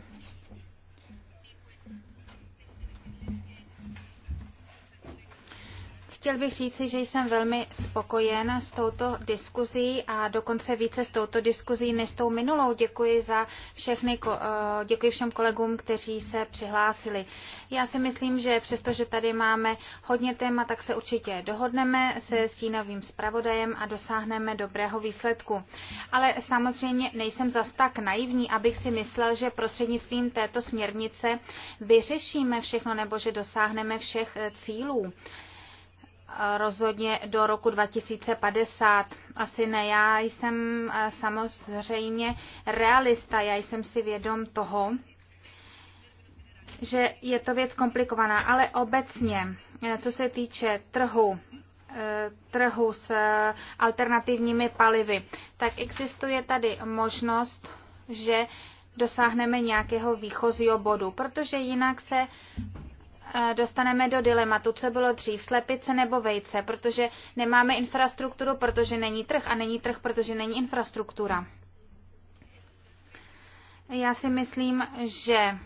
Chtěl bych říci, že jsem velmi spokojen s touto diskuzí a dokonce více s touto diskuzí než s tou minulou. Děkuji za všechny, eh, děkuji všem kolegům, kteří se přihlásili. Já si myslím, že přestože tady máme hodně téma, tak se určitě dohodneme se stínovým zpravodajem a dosáhneme dobrého výsledku. Ale samozřejmě nejsem zas tak naivní, abych si myslel, že prostřednictvím této směrnice vyřešíme všechno nebo že dosáhneme všech eh, cílů rozhodně do roku 2050. Asi ne, já jsem eh, samozřejmě realista, já jsem si vědom toho, že je to věc komplikovaná, ale obecně, eh, co se týče trhu, eh, trhu s alternativními palivy, tak existuje tady možnost, že dosáhneme nějakého výchozího bodu, protože jinak se Eh, dostaneme do dilematu, co bylo dřív, slepice nebo vejce, protože nemáme infrastrukturu, protože není trh a není trh, protože není infrastruktura. Já si myslím, že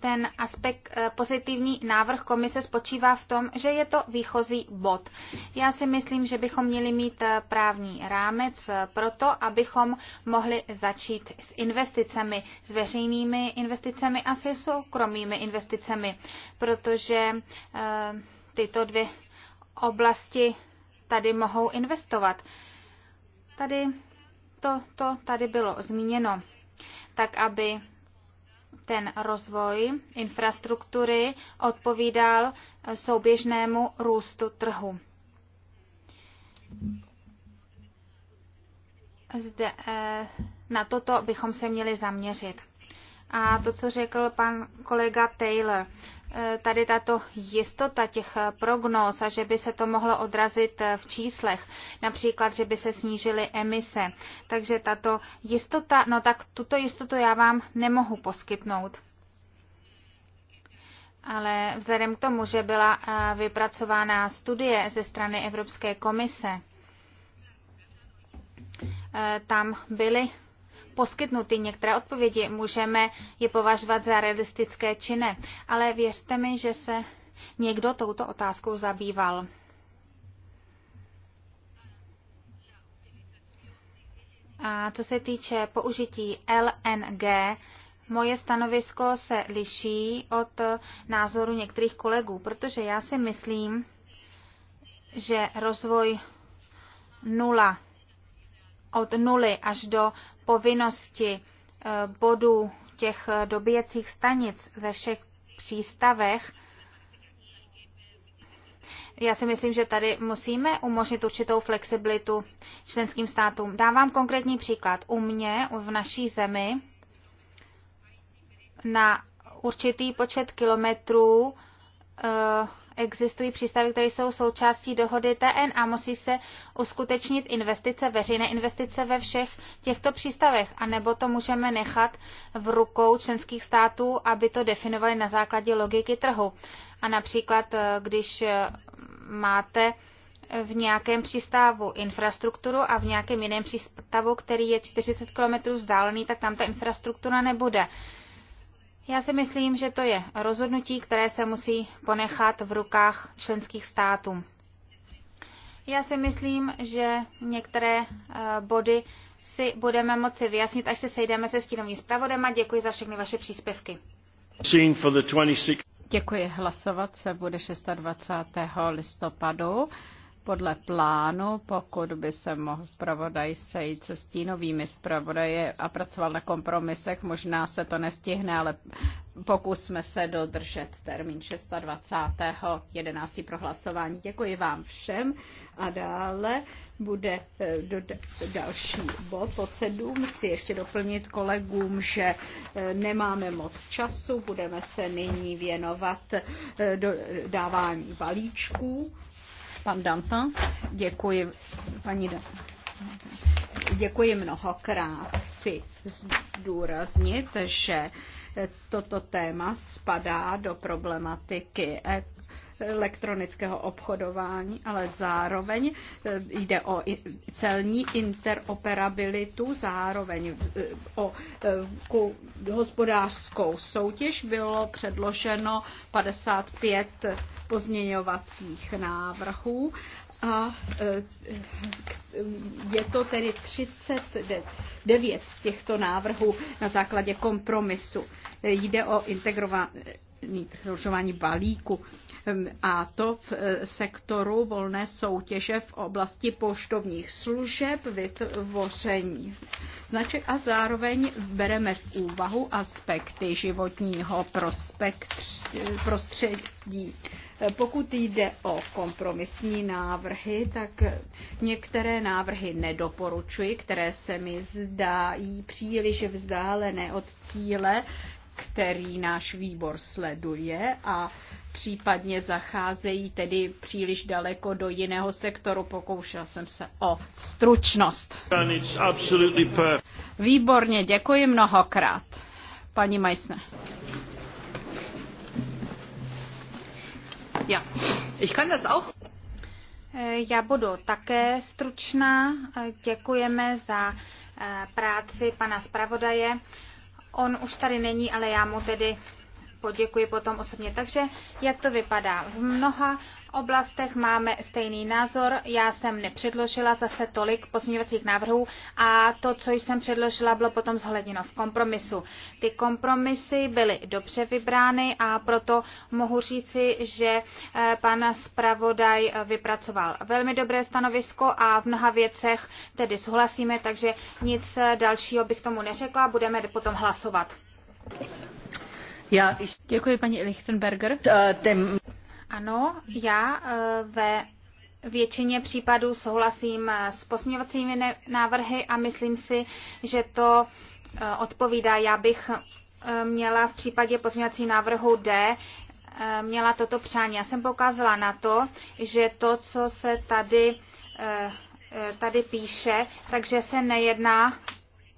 ten aspekt eh, pozitivní návrh komise spočívá v tom, že je to výchozí bod. Já si myslím, že bychom měli mít eh, právní rámec eh, pro to, abychom mohli začít s investicemi, s veřejnými investicemi a se soukromými investicemi, protože tyto dvě oblasti tady mohou investovat. Tady to, to tady bylo zmíněno, tak aby ten rozvoj infrastruktury odpovídal souběžnému růstu trhu. Zde, eh, na toto bychom se měli zaměřit. A to, co řekl pan kolega Taylor, Eh, tady tato jistota těch eh, prognóz a že by se to mohlo odrazit eh, v číslech, například, že by se snížily emise. Takže tato jistota, no tak tuto jistotu já vám nemohu poskytnout. Ale vzhledem k tomu, že byla vypracována studie ze strany Evropské komise, tam byly poskytnuty některé odpovědi. Můžeme je považovat za realistické či ne. Ale věřte mi, že se někdo touto otázkou zabýval. A co se týče použití LNG, moje stanovisko se liší od názoru některých kolegů, protože já si myslím, že rozvoj nula od nuly až do povinnosti eh, bodů těch eh, dobíjecích stanic ve všech přístavech, já si myslím, že tady musíme umožnit určitou flexibilitu členským státům. Dávám konkrétní příklad. U mě, v naší zemi, na určitý počet kilometrů eh, existují přístavy, které jsou součástí dohody TN a musí se uskutečnit investice, veřejné investice ve všech těchto přístavech, a nebo to můžeme nechat v rukou členských států, aby to definovali na základě logiky trhu. A například, eh, když eh, máte v nějakém přístavu infrastrukturu a v nějakém jiném přístavu, který je 40 km vzdálený, tak tam ta infrastruktura nebude. Já si myslím, že to je rozhodnutí, které se musí ponechat v rukách členských států. Já si myslím, že některé eh, body si budeme moci vyjasnit, až se sejdeme se stínovým zpravodem a děkuji za všechny vaše příspěvky. Děkuji. Hlasovat se bude 26. listopadu podle plánu, pokud by se mohl zpravodaj sejít se stínovými zpravodaje a pracoval na kompromisech, možná se to nestihne, ale pokusme se dodržet termín 26.11. prohlasování. Děkuji vám všem a dále bude eh, do, další bod pod sedm. Chci ještě doplnit kolegům, že eh, nemáme moc času, budeme se nyní věnovat eh, dávání balíčků. Pan Danta, děkuji, paní Děkuji mnohokrát. Chci zdůraznit, že toto téma spadá do problematiky elektronického obchodování, ale zároveň jde o celní interoperabilitu, zároveň e, o e, hospodářskou soutěž bylo předloženo 55 pozměňovacích návrhů a e, je to tedy 39 z těchto návrhů na základě kompromisu. Jde o integrovaný rozhodování balíku a to v e, sektoru volné soutěže v oblasti poštovních služeb, vytvoření značek a zároveň bereme v úvahu aspekty životního prostředí Eh, pokud jde o kompromisní návrhy, tak některé návrhy nedoporučuji, které se mi zdají příliš vzdálené od cíle, který náš výbor sleduje a případně zacházejí tedy příliš daleko do jiného sektoru. Pokoušel jsem se o stručnost. Výborně, děkuji mnohokrát. Paní Meissner. Ja, ich kann das auch. Eh, já budu také stručná. Eh, děkujeme za eh, práci pana zpravodaje. On už tady není, ale já mu tedy poděkuji potom osobně. Takže jak to vypadá? V mnoha oblastech máme stejný názor. Já jsem nepředložila zase tolik pozměňovacích návrhů a to, co jsem předložila, bylo potom zhledněno v kompromisu. Ty kompromisy byly dobře vybrány a proto mohu říci, že eh, pan zpravodaj eh, vypracoval velmi dobré stanovisko a v mnoha věcech tedy souhlasíme, takže nic eh, dalšího bych tomu neřekla, budeme potom hlasovat. Já... Děkuji, paní Lichtenberger. Eh, ano, já eh, ve většině případů souhlasím eh, s posměvacími návrhy a myslím si, že to odpovídá. Já bych měla v případě pozměňovací návrhu D měla toto přání. Já jsem poukázala na to, že to, co se tady, tady píše, takže se nejedná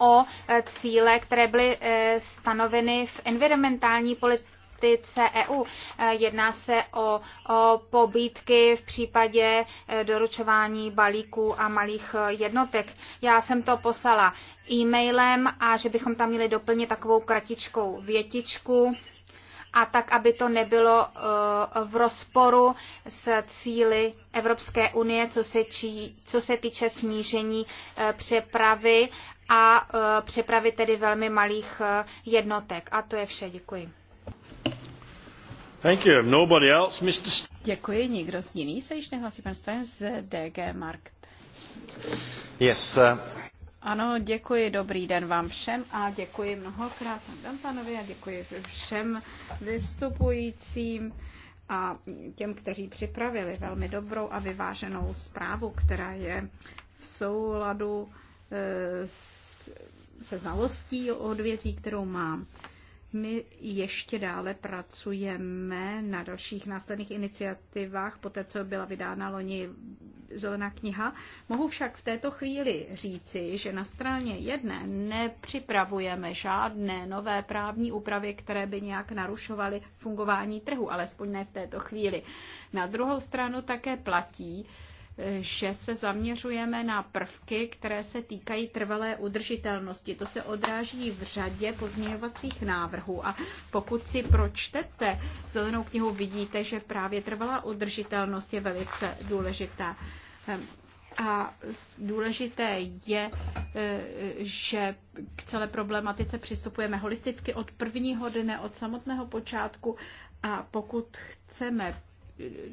o e, cíle, které byly e, stanoveny v environmentální politice EU. E, jedná se o, o pobítky v případě doručování balíků a malých jednotek. Já jsem to poslala e-mailem a že bychom tam měli doplnit takovou kratičkou větičku a tak, aby to nebylo v rozporu s cíly Evropské unie, co se, čí, co se týče snížení přepravy a e, přepravy tedy velmi malých e, jednotek. A to je vše. Děkuji. Thank you. Nobody else, Mr. Děkuji. Nikdo z jiný se již nehlasí. Pan Stein z DG Markt. Yes. Ano, děkuji, dobrý den vám všem a děkuji mnohokrát panu Dantanovi a děkuji všem vystupujícím a těm, kteří připravili velmi dobrou a vyváženou zprávu, která je v souladu Eh, se znalostí o odvětví, kterou mám. My ještě dále pracujeme na dalších následných iniciativách, po té, co byla vydána loni zelená kniha. Mohu však v této chvíli říci, že na straně jedné nepřipravujeme žádné nové právní úpravy, které by nějak narušovaly fungování trhu, alespoň ne v této chvíli. Na druhou stranu také platí, že se zaměřujeme na prvky, které se týkají trvalé udržitelnosti. To se odráží v řadě pozměňovacích návrhů a pokud si pročtete zelenou knihu, vidíte, že právě trvalá udržitelnost je velice důležitá. Ehm, a důležité je, e, že k celé problematice přistupujeme holisticky od prvního dne, od samotného počátku a pokud chceme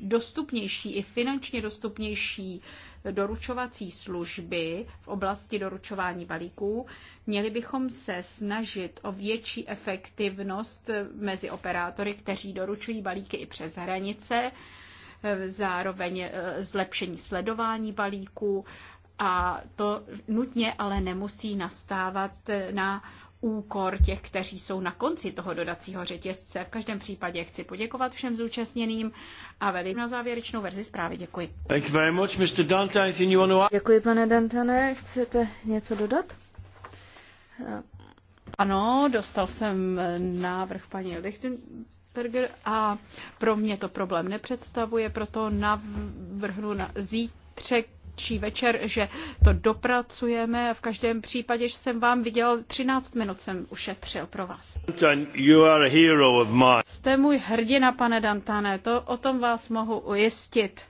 dostupnější, i finančně dostupnější doručovací služby v oblasti doručování balíků, měli bychom se snažit o větší efektivnost mezi operátory, kteří doručují balíky i přes hranice, zároveň e, zlepšení sledování balíků a to nutně ale nemusí nastávat e, na úkor těch, kteří jsou na konci toho dodacího řetězce. V každém případě chci poděkovat všem zúčastněným a velmi na závěrečnou verzi zprávy. Děkuji. Thank you very much, Mr. Dante. Děkuji, pane Dantane. Chcete něco dodat? Ano, dostal jsem návrh paní Lichtenberger a pro mě to problém nepředstavuje, proto navrhnu na zítřek dozorčí večer, že to dopracujeme. V každém případě, že jsem vám viděl 13 minut, jsem ušetřil pro vás. Jste můj hrdina, pane Dantane, to o tom vás mohu ujistit.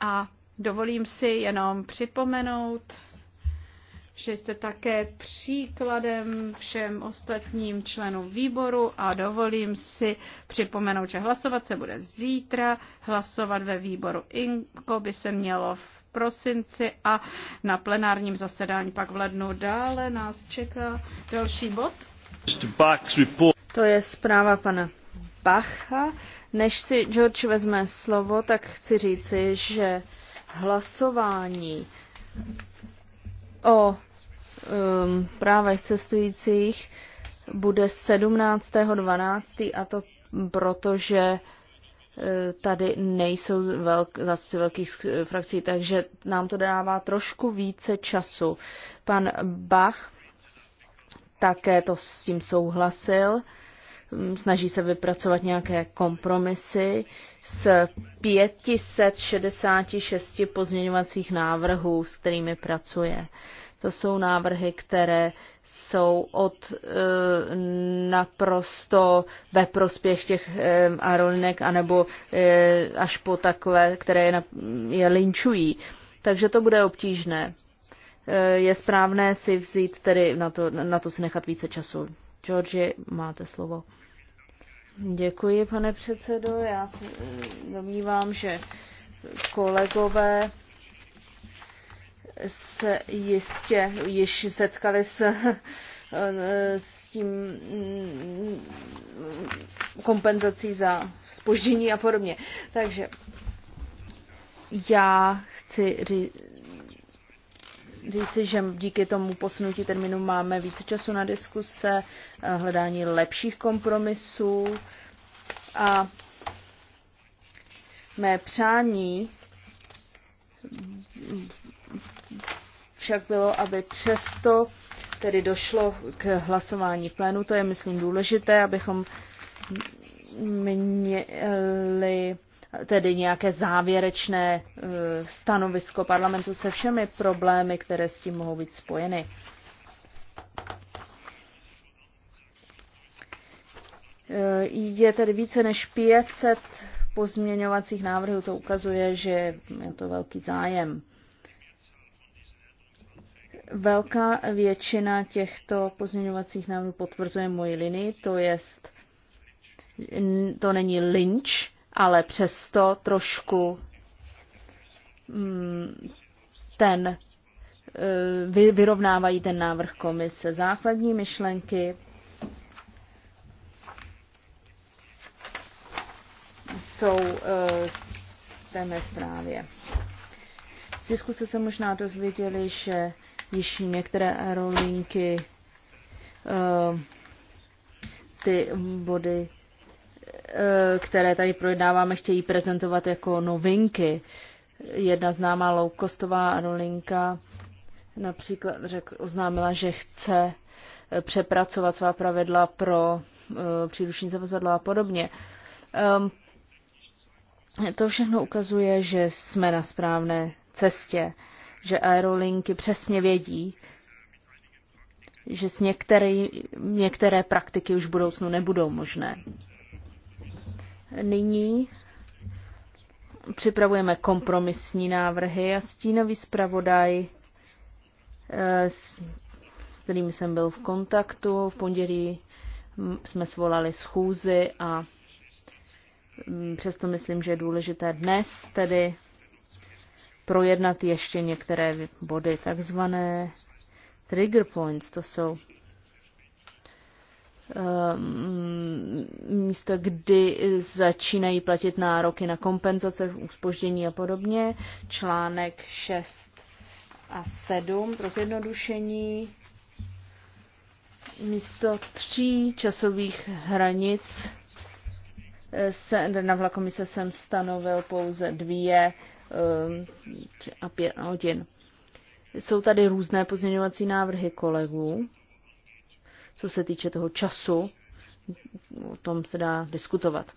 A dovolím si jenom připomenout, že jste také příkladem všem ostatním členům výboru a dovolím si připomenout, že hlasovat se bude zítra, hlasovat ve výboru INKO by se mělo v prosinci a na plenárním zasedání pak v lednu. Dále nás čeká další bod. To je zpráva pana Bacha. Než si George vezme slovo, tak chci říci, že hlasování o um, právech cestujících bude 17.12. a to protože Eh, tady nejsou velk, zástupci velkých eh, frakcí, takže nám to dává trošku více času. Pan Bach také to s tím souhlasil, mm, snaží se vypracovat nějaké kompromisy s 566 pozměňovacích návrhů, s kterými pracuje. Uh, to jsou návrhy, které jsou od e, naprosto ve prospěch těch e, aerolinek, anebo e, až po takové, které je, je linčují. Takže to bude obtížné. E, je správné si vzít tedy na to, na to si nechat více času. Georgi, máte slovo. Děkuji, pane předsedo. Já se e, domnívám, že kolegové se jistě již setkali s, s tím mm, kompenzací za spoždění a podobně. Takže já chci ří, říci, že díky tomu posunutí termínu máme více času na diskuse, hledání lepších kompromisů a mé přání však bylo, aby přesto tedy došlo k hlasování plénu. To je, myslím, důležité, abychom měli tedy nějaké závěrečné e, stanovisko parlamentu se všemi problémy, které s tím mohou být spojeny. E, je tedy více než 500 pozměňovacích návrhů, to ukazuje, že je to velký zájem. Velká většina těchto pozměňovacích návrhů potvrzuje moji linii, to jest, to není lynč, ale přesto trošku mm, ten e, vy, vyrovnávají ten návrh komise. Základní myšlenky jsou e, v té mé zprávě. Z diskuse se možná dozvěděli, že již některé aerolinky eh, ty body, eh, které tady projednáváme, chtějí prezentovat jako novinky. Jedna známá loukostová aerolinka například řekl oznámila, že chce eh, přepracovat svá pravidla pro příruční zavazadla a podobně. To všechno ukazuje, že jsme na správné cestě že aerolinky přesně vědí, že s některý, některé praktiky už v budoucnu nebudou možné. Nyní připravujeme kompromisní návrhy a stínový zpravodaj, eh, s, s kterým jsem byl v kontaktu, v pondělí mm, jsme svolali schůzi a mm, přesto myslím, že je důležité dnes tedy projednat ještě některé body, takzvané trigger points, to jsou um, ehm, místa, kdy začínají platit nároky na kompenzace, uspoždění a podobně. Článek 6 a 7 pro zjednodušení. Místo tří časových hranic eh, se, na vlakomise jsem stanovil pouze dvě Eh, a pět hodin. Jsou tady různé pozměňovací návrhy kolegů, co se týče toho času, o tom se dá diskutovat.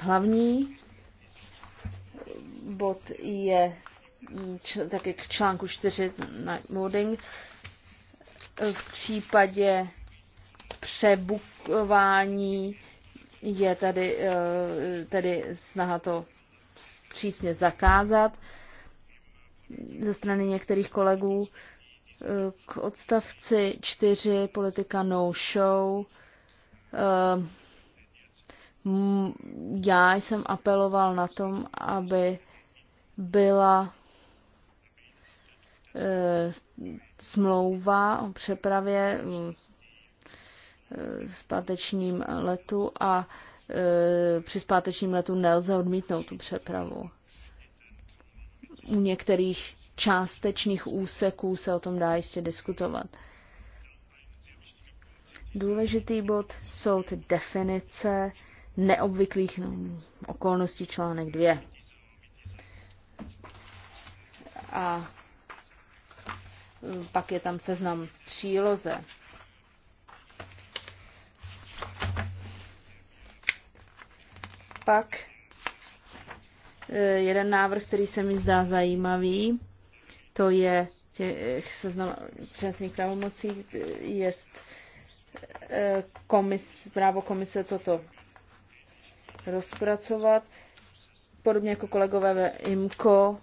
Hlavní bod je také k článku 4 night modding. V případě přebukování je tady, eh, tady snaha to přísně zakázat ze strany některých kolegů. Eh, k odstavci 4 politika no show. Eh, já jsem apeloval na tom, aby byla smlouva o přepravě Eh, zpátečním letu a eh, při zpátečním letu nelze odmítnout tu přepravu. U některých částečných úseků se o tom dá jistě diskutovat. Důležitý bod jsou ty definice neobvyklých okolností článek 2. A pak je tam seznam příloze. pak e, jeden návrh, který se mi zdá zajímavý, to je těch seznam přesných pravomocí, je e, komis, právo komise toto rozpracovat. Podobně jako kolegové ve IMCO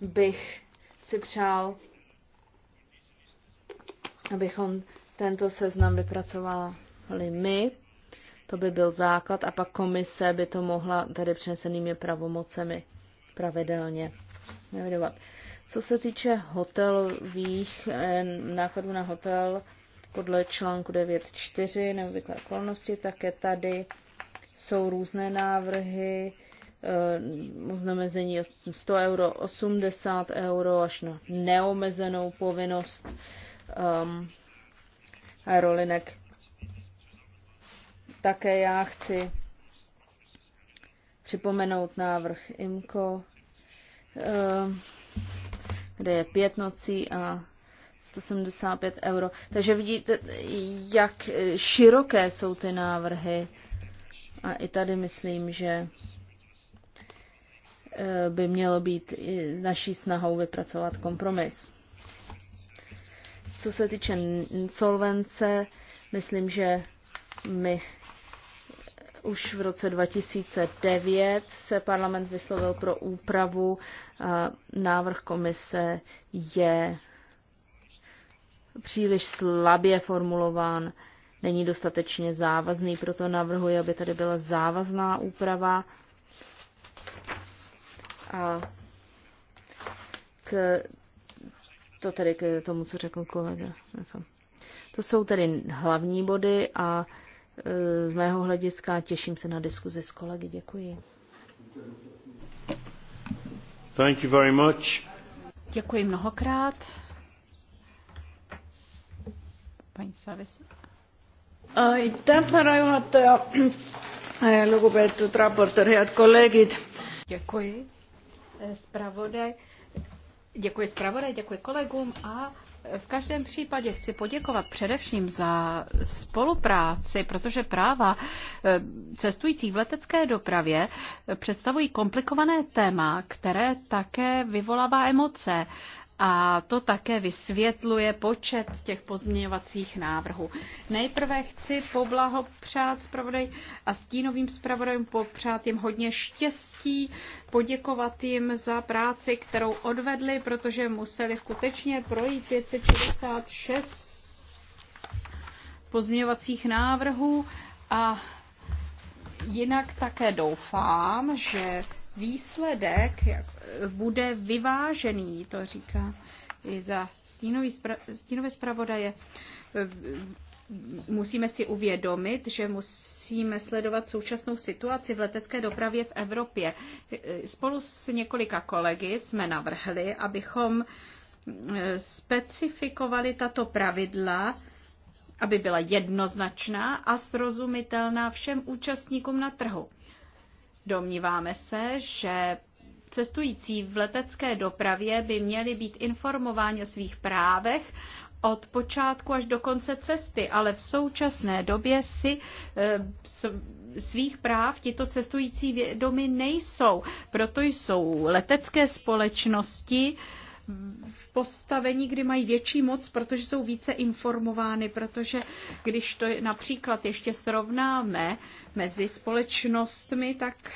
bych si přál, abychom tento seznam vypracovali my, to by byl základ a pak komise by to mohla tady přenesenými pravomocemi pravidelně nevědovat. Co se týče hotelových eh, nákladů na hotel podle článku 9.4 neobvyklé okolnosti, tak je tady jsou různé návrhy, eh, znamezení 100 euro, 80 euro až na neomezenou povinnost um, aerolinek také já chci připomenout návrh IMCO, eh, kde je pět nocí a 175 euro. Takže vidíte, jak široké jsou ty návrhy. A i tady myslím, že eh, by mělo být naší snahou vypracovat kompromis. Co se týče insolvence, myslím, že my už v roce 2009 se parlament vyslovil pro úpravu. Návrh komise je příliš slabě formulován, není dostatečně závazný, proto navrhuji, aby tady byla závazná úprava. A k, to tedy k tomu, co řekl kolega. To jsou tedy hlavní body a Eh, z mého hlediska těším se na diskuzi s kolegy. Děkuji. Thank you very much. Děkuji mnohokrát. Paní Savis. Aitäh, härra juhataja, eh, lugupeetud raportöör, head kolleegid. Děkuji. Spravodaj. Eh, děkuji spravodaj. děkuji kolegům a v každém případě chci poděkovat především za spolupráci, protože práva eh, cestujících v letecké dopravě eh, představují komplikované téma, které také vyvolává emoce a to také vysvětluje počet těch pozměňovacích návrhů. Nejprve chci poblahopřát zpravodaj a stínovým zpravodajům popřát jim hodně štěstí, poděkovat jim za práci, kterou odvedli, protože museli skutečně projít 566 pozměňovacích návrhů a jinak také doufám, že výsledek jak, eh, bude vyvážený, to říká i za stínový, stínové zpravodaje. Eh, musíme si uvědomit, že musíme sledovat současnou situaci v letecké dopravě v Evropě. Eh, spolu s několika kolegy jsme navrhli, abychom specifikovali tato pravidla, aby byla jednoznačná a srozumitelná všem účastníkům na trhu Domníváme se, že cestující v letecké dopravě by měli být informováni o svých právech od počátku až do konce cesty, ale v současné době si eh, svých práv tito cestující vědomi nejsou. Proto jsou letecké společnosti v postavení, kdy mají větší moc, protože jsou více informovány, protože když to například ještě srovnáme mezi společnostmi, tak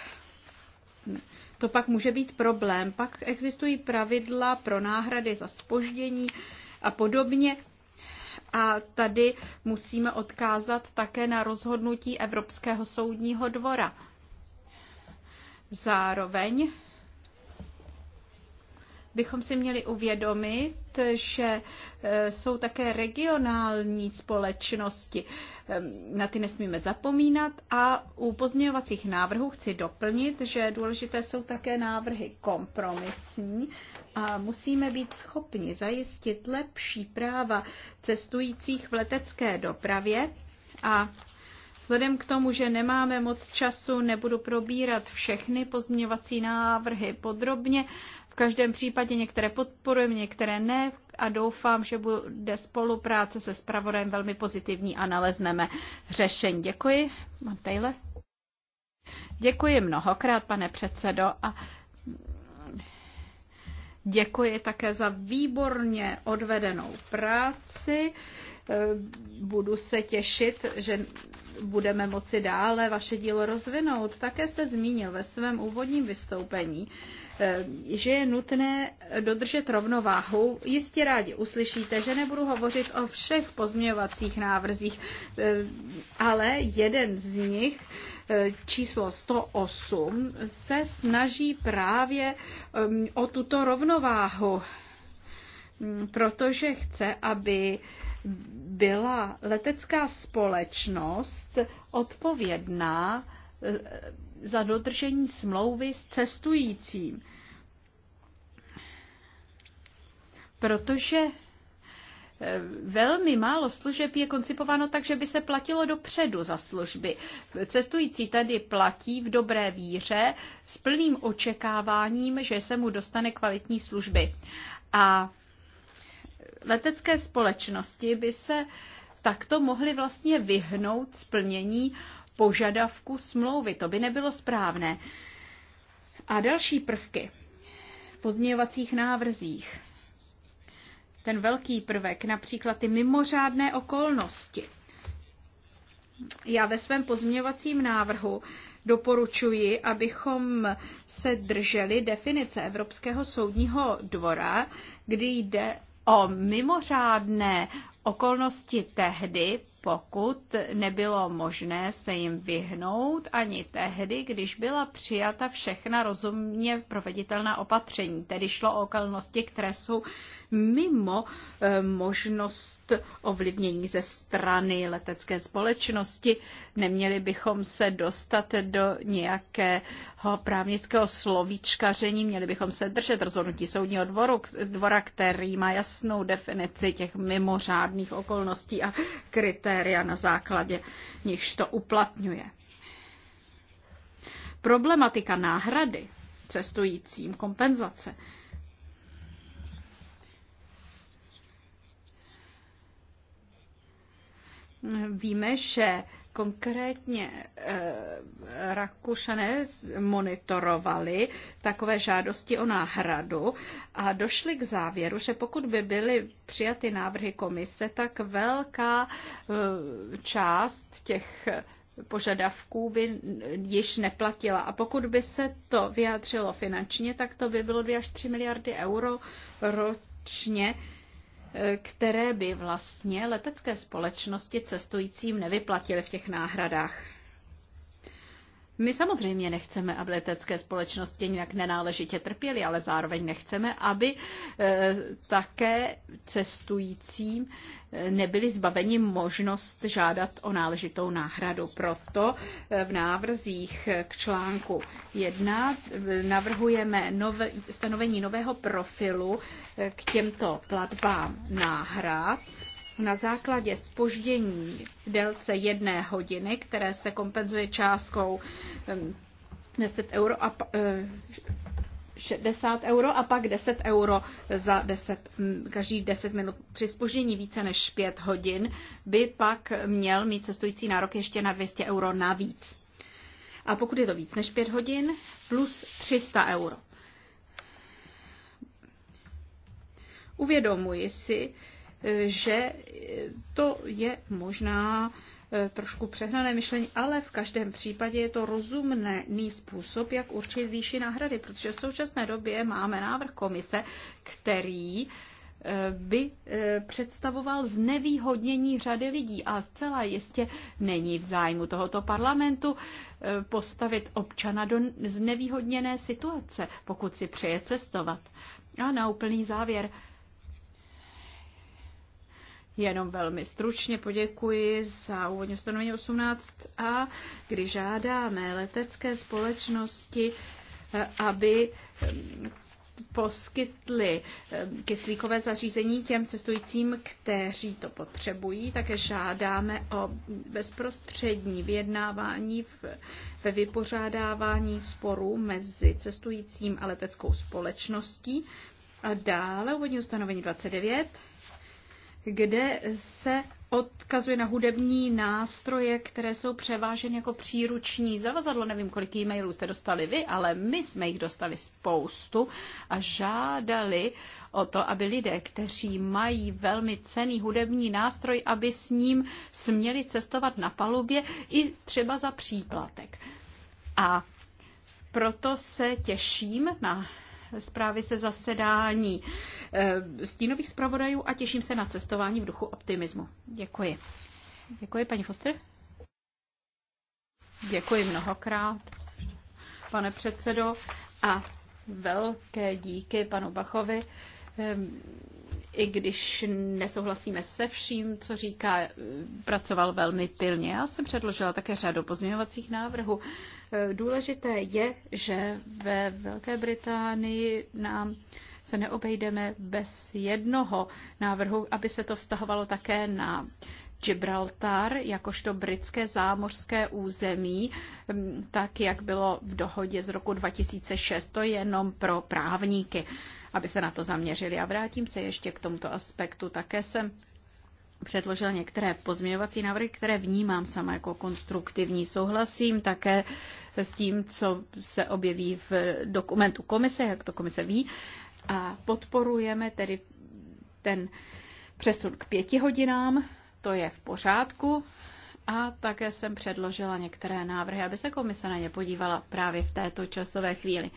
to pak může být problém. Pak existují pravidla pro náhrady za spoždění a podobně. A tady musíme odkázat také na rozhodnutí Evropského soudního dvora. Zároveň bychom si měli uvědomit, že e, jsou také regionální společnosti. E, na ty nesmíme zapomínat a u pozměňovacích návrhů chci doplnit, že důležité jsou také návrhy kompromisní a musíme být schopni zajistit lepší práva cestujících v letecké dopravě a Vzhledem k tomu, že nemáme moc času, nebudu probírat všechny pozměňovací návrhy podrobně, každém případě některé podporujeme, některé ne a doufám, že bude spolupráce se spravodajem velmi pozitivní a nalezneme řešení. Děkuji. Pan Taylor? Děkuji mnohokrát, pane předsedo. A Děkuji také za výborně odvedenou práci. Budu se těšit, že budeme moci dále vaše dílo rozvinout. Také jste zmínil ve svém úvodním vystoupení, Eh, že je nutné dodržet rovnováhu. Jistě rádi uslyšíte, že nebudu hovořit o všech pozměňovacích návrzích, eh, ale jeden z nich eh, číslo 108 se snaží právě o tuto rovnováhu, hm, protože chce, aby byla letecká společnost odpovědná za dodržení smlouvy s cestujícím. Protože eh, velmi málo služeb je koncipováno tak, že by se platilo dopředu za služby. Cestující tedy platí v dobré víře s plným očekáváním, že se mu dostane kvalitní služby. A letecké společnosti by se takto mohly vlastně vyhnout splnění požadavku smlouvy. To by nebylo správné. A další prvky v pozměňovacích návrzích. Ten velký prvek, například ty mimořádné okolnosti. Já ve svém pozměňovacím návrhu doporučuji, abychom se drželi definice Evropského soudního dvora, kdy jde o mimořádné okolnosti tehdy, pokud nebylo možné se jim vyhnout ani tehdy, když byla přijata všechna rozumně proveditelná opatření. Tedy šlo o okolnosti, které jsou mimo eh, možnost ovlivnění ze strany letecké společnosti. Neměli bychom se dostat do nějakého právnického slovíčkaření, měli bychom se držet rozhodnutí soudního dvoru, dvora, který má jasnou definici těch mimořádných okolností a kritérií kritéria, na základě nichž to uplatňuje. Problematika náhrady cestujícím kompenzace Víme, že Konkrétně eh, Rakušané monitorovali takové žádosti o náhradu a došli k závěru, že pokud by byly přijaty návrhy komise, tak velká eh, část těch požadavků by již neplatila. A pokud by se to vyjádřilo finančně, tak to by bylo 2 až 3 miliardy euro ročně které by vlastně letecké společnosti cestujícím nevyplatily v těch náhradách. My samozřejmě nechceme, aby letecké společnosti nějak nenáležitě trpěly, ale zároveň nechceme, aby e, také cestujícím e, nebyli zbaveni možnost žádat o náležitou náhradu. Proto e, v návrzích k článku 1 navrhujeme nové, stanovení nového profilu k těmto platbám náhrad na základě spoždění v délce jedné hodiny, které se kompenzuje částkou 10 euro a 60 e, euro a pak 10 euro za 10, každý 10 minut. Při spoždění více než 5 hodin by pak měl mít cestující nárok ještě na 200 euro navíc. A pokud je to víc než 5 hodin, plus 300 euro. Uvědomuji si, že to je možná eh, trošku přehnané myšlení, ale v každém případě je to rozumný způsob, jak určit výši náhrady, protože v současné době máme návrh komise, který eh, by eh, představoval znevýhodnění řady lidí a zcela jistě není v zájmu tohoto parlamentu postavit občana do znevýhodněné situace, pokud si přeje cestovat. A na úplný závěr Jenom velmi stručně poděkuji za úvodní ustanovení 18a, kdy žádáme letecké společnosti, eh, aby eh, poskytli eh, kyslíkové zařízení těm cestujícím, kteří to potřebují. Také žádáme o bezprostřední vyjednávání v, ve vypořádávání sporů mezi cestujícím a leteckou společností. A dále úvodní ustanovení 29 kde se odkazuje na hudební nástroje, které jsou převáženy jako příruční zavazadlo. Nevím, kolik e-mailů jste dostali vy, ale my jsme jich dostali spoustu a žádali o to, aby lidé, kteří mají velmi cený hudební nástroj, aby s ním směli cestovat na palubě i třeba za příplatek. A proto se těším na zprávy se zasedání eh, stínových zpravodajů a těším se na cestování v duchu optimismu. Děkuji. Děkuji, paní Foster. Děkuji mnohokrát, pane předsedo, a velké díky panu Bachovi ehm, i když nesouhlasíme se vším, co říká, eh, pracoval velmi pilně. Já jsem předložila také řadu pozměňovacích návrhů, Eh, důležité je, že ve Velké Británii nám se neobejdeme bez jednoho návrhu, aby se to vztahovalo také na Gibraltar jakožto britské zámořské území, mm, tak jak bylo v dohodě z roku 2006, to je jenom pro právníky, aby se na to zaměřili. A vrátím se ještě k tomuto aspektu. Také jsem předložil některé pozměňovací návrhy, které vnímám sama jako konstruktivní. Souhlasím také s tím, co se objeví v dokumentu komise, jak to komise ví, a podporujeme tedy ten přesun k pěti hodinám, to je v pořádku. A také jsem předložila některé návrhy, aby se komise na ně podívala právě v této časové chvíli.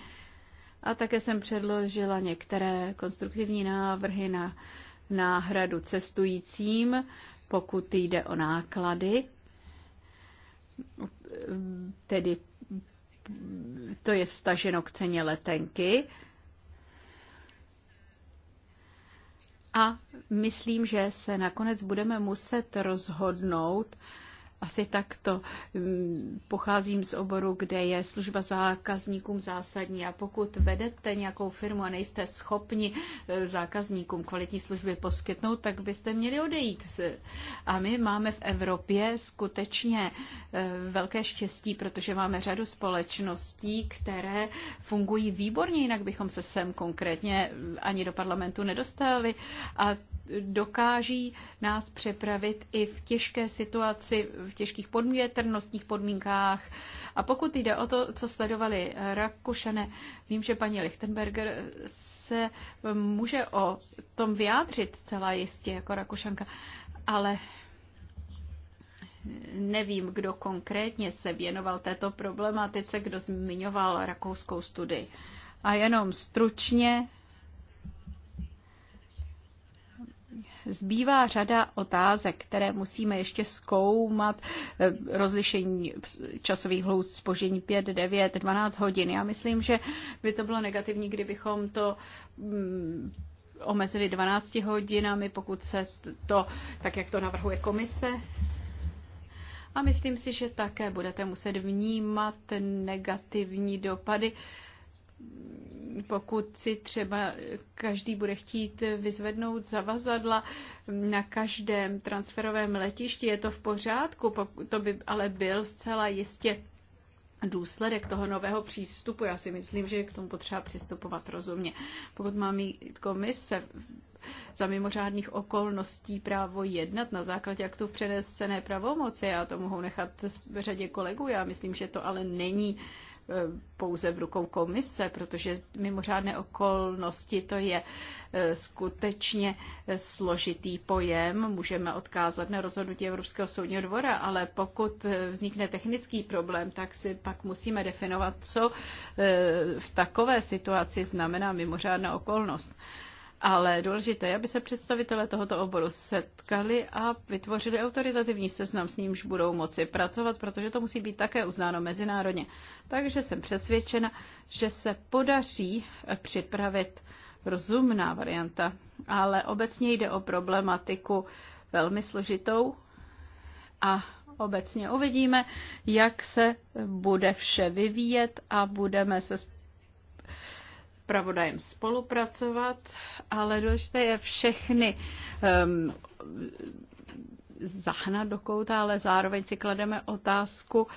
A také jsem předložila některé konstruktivní návrhy na náhradu cestujícím, pokud jde o náklady, tedy to je vstaženo k ceně letenky. A myslím, že se nakonec budeme muset rozhodnout, asi takto. Mm, pocházím z oboru, kde je služba zákazníkům zásadní a pokud vedete nějakou firmu a nejste schopni eh, zákazníkům kvalitní služby poskytnout, tak byste měli odejít. A my máme v Evropě skutečně eh, velké štěstí, protože máme řadu společností, které fungují výborně, jinak bychom se sem konkrétně mm, ani do parlamentu nedostali. A dokáží nás přepravit i v těžké situaci, v těžkých podmětrnostních podmínkách. A pokud jde o to, co sledovali Rakušané, vím, že paní Lichtenberger se může o tom vyjádřit celá jistě jako Rakušanka, ale nevím, kdo konkrétně se věnoval této problematice, kdo zmiňoval rakouskou studii. A jenom stručně zbývá řada otázek, které musíme ještě zkoumat. Eh, rozlišení časových hlouc spožení 5, 9, 12 hodin. Já myslím, že by to bylo negativní, kdybychom to mm, omezili 12 hodinami, pokud se to, tak jak to navrhuje komise, a myslím si, že také budete muset vnímat negativní dopady pokud si třeba každý bude chtít vyzvednout zavazadla na každém transferovém letišti, je to v pořádku, to by ale byl zcela jistě důsledek toho nového přístupu. Já si myslím, že je k tomu potřeba přistupovat rozumně. Pokud má mít komise za mimořádných okolností právo jednat na základě aktu v přenesené pravomoci, já to mohu nechat řadě kolegů, já myslím, že to ale není uh, Eh, pouze v rukou komise, protože mimořádné okolnosti to je eh, skutečně eh, složitý pojem. Můžeme odkázat na rozhodnutí Evropského soudního dvora, ale pokud vznikne technický problém, tak si pak musíme definovat, co v takové situaci znamená mimořádná okolnost. Ale důležité je, aby se představitelé tohoto oboru setkali a vytvořili autoritativní seznam, s nímž budou moci pracovat, protože to musí být také uznáno mezinárodně. Takže jsem přesvědčena, že se podaří eh, připravit rozumná varianta, ale obecně jde o problematiku velmi složitou a obecně uvidíme, jak se bude vše vyvíjet a budeme se zpravodajem spolupracovat, ale důležité je všechny um, zahnat do kouta, ale zároveň si klademe otázku,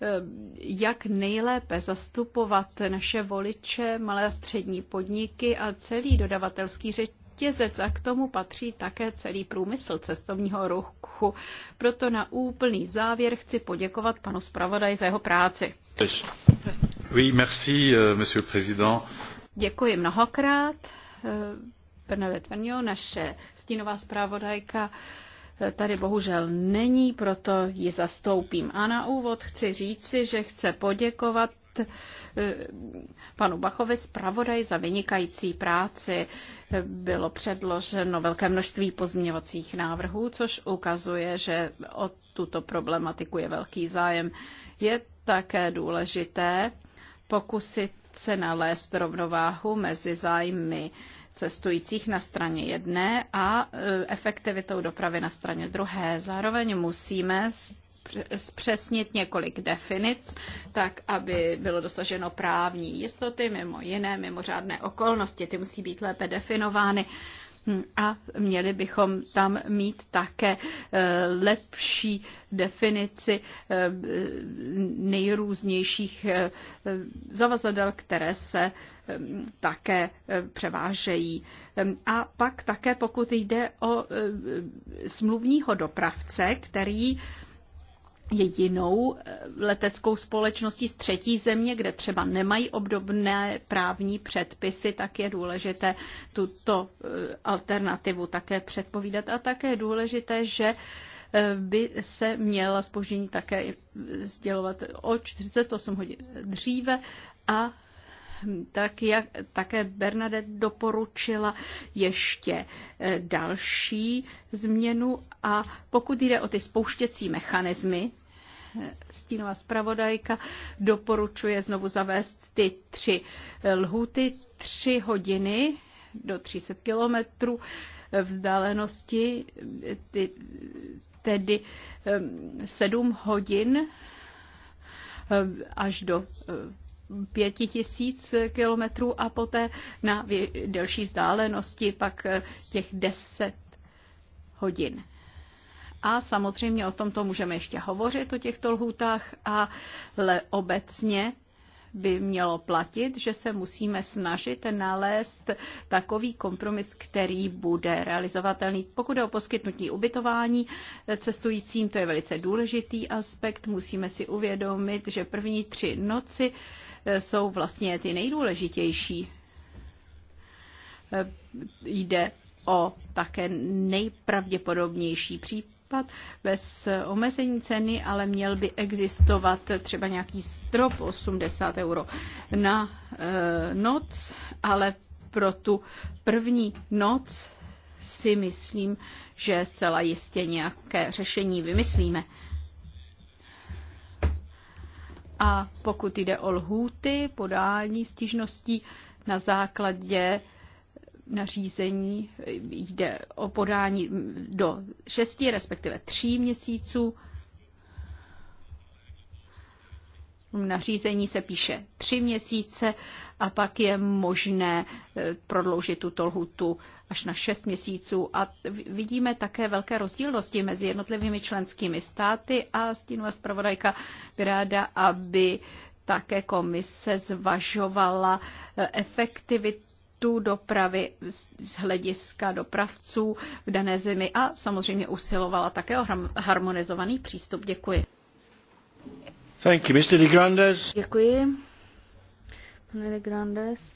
ehm, jak nejlépe zastupovat naše voliče, malé a střední podniky a celý dodavatelský řetězec. A k tomu patří také celý průmysl cestovního ruchu. Proto na úplný závěr chci poděkovat panu zpravodaji za jeho práci. Oui, merci, euh, monsieur président. Děkuji mnohokrát. Bernadette eh, Vernio, naše stínová zpravodajka, eh, tady bohužel není, proto ji zastoupím. A na úvod chci říci, že chce poděkovat eh, panu Bachovi zpravodaj za vynikající práci. Bylo předloženo velké množství pozměňovacích návrhů, což ukazuje, že o tuto problematiku je velký zájem. Je také důležité pokusit se nalézt rovnováhu mezi zájmy cestujících na straně jedné a e, efektivitou dopravy na straně druhé. Zároveň musíme zpřesnit několik definic, tak aby bylo dosaženo právní jistoty, mimo jiné mimořádné okolnosti, ty musí být lépe definovány Hm, a měli bychom tam mít také eh, lepší definici eh, nejrůznějších eh, zavazadel, které se hm, také převážejí. Hm, a pak také, pokud jde o smluvního dopravce, který je jinou eh, leteckou společností z třetí země, kde třeba nemají obdobné právní předpisy, tak je důležité tuto eh, alternativu také předpovídat. A také je důležité, že eh, by se měla spoždění také sdělovat o 48 hodin dříve a tak jak také Bernadette doporučila ještě eh, další změnu a pokud jde o ty spouštěcí mechanismy, eh, stínová zpravodajka doporučuje znovu zavést ty tři lhuty, tři hodiny do 300 kilometrů vzdálenosti, ty, tedy eh, sedm hodin až do pěti tisíc kilometrů a poté na delší vzdálenosti pak eh, těch deset hodin. A samozřejmě o tomto můžeme ještě hovořit, o těchto lhůtách, ale obecně by mělo platit, že se musíme snažit nalézt takový kompromis, který bude realizovatelný. Pokud je o poskytnutí ubytování eh, cestujícím, to je velice důležitý aspekt. Musíme si uvědomit, že první tři noci jsou vlastně ty nejdůležitější. Jde o také nejpravděpodobnější případ bez omezení ceny, ale měl by existovat třeba nějaký strop 80 euro na eh, noc, ale pro tu první noc si myslím, že zcela jistě nějaké řešení vymyslíme. A pokud jde o lhůty, podání stížností na základě nařízení, jde o podání do šesti respektive tří měsíců. nařízení se píše tři měsíce a pak je možné eh, prodloužit tuto lhutu až na 6 měsíců. A vidíme také velké rozdílnosti mezi jednotlivými členskými státy a stínová zpravodajka by ráda, aby také komise zvažovala eh, efektivitu tu dopravy z hlediska dopravců v dané zemi a samozřejmě usilovala také o harmonizovaný přístup. Děkuji. Thank you, Mr. De Grandes. Děkuji. Nelly Grandes.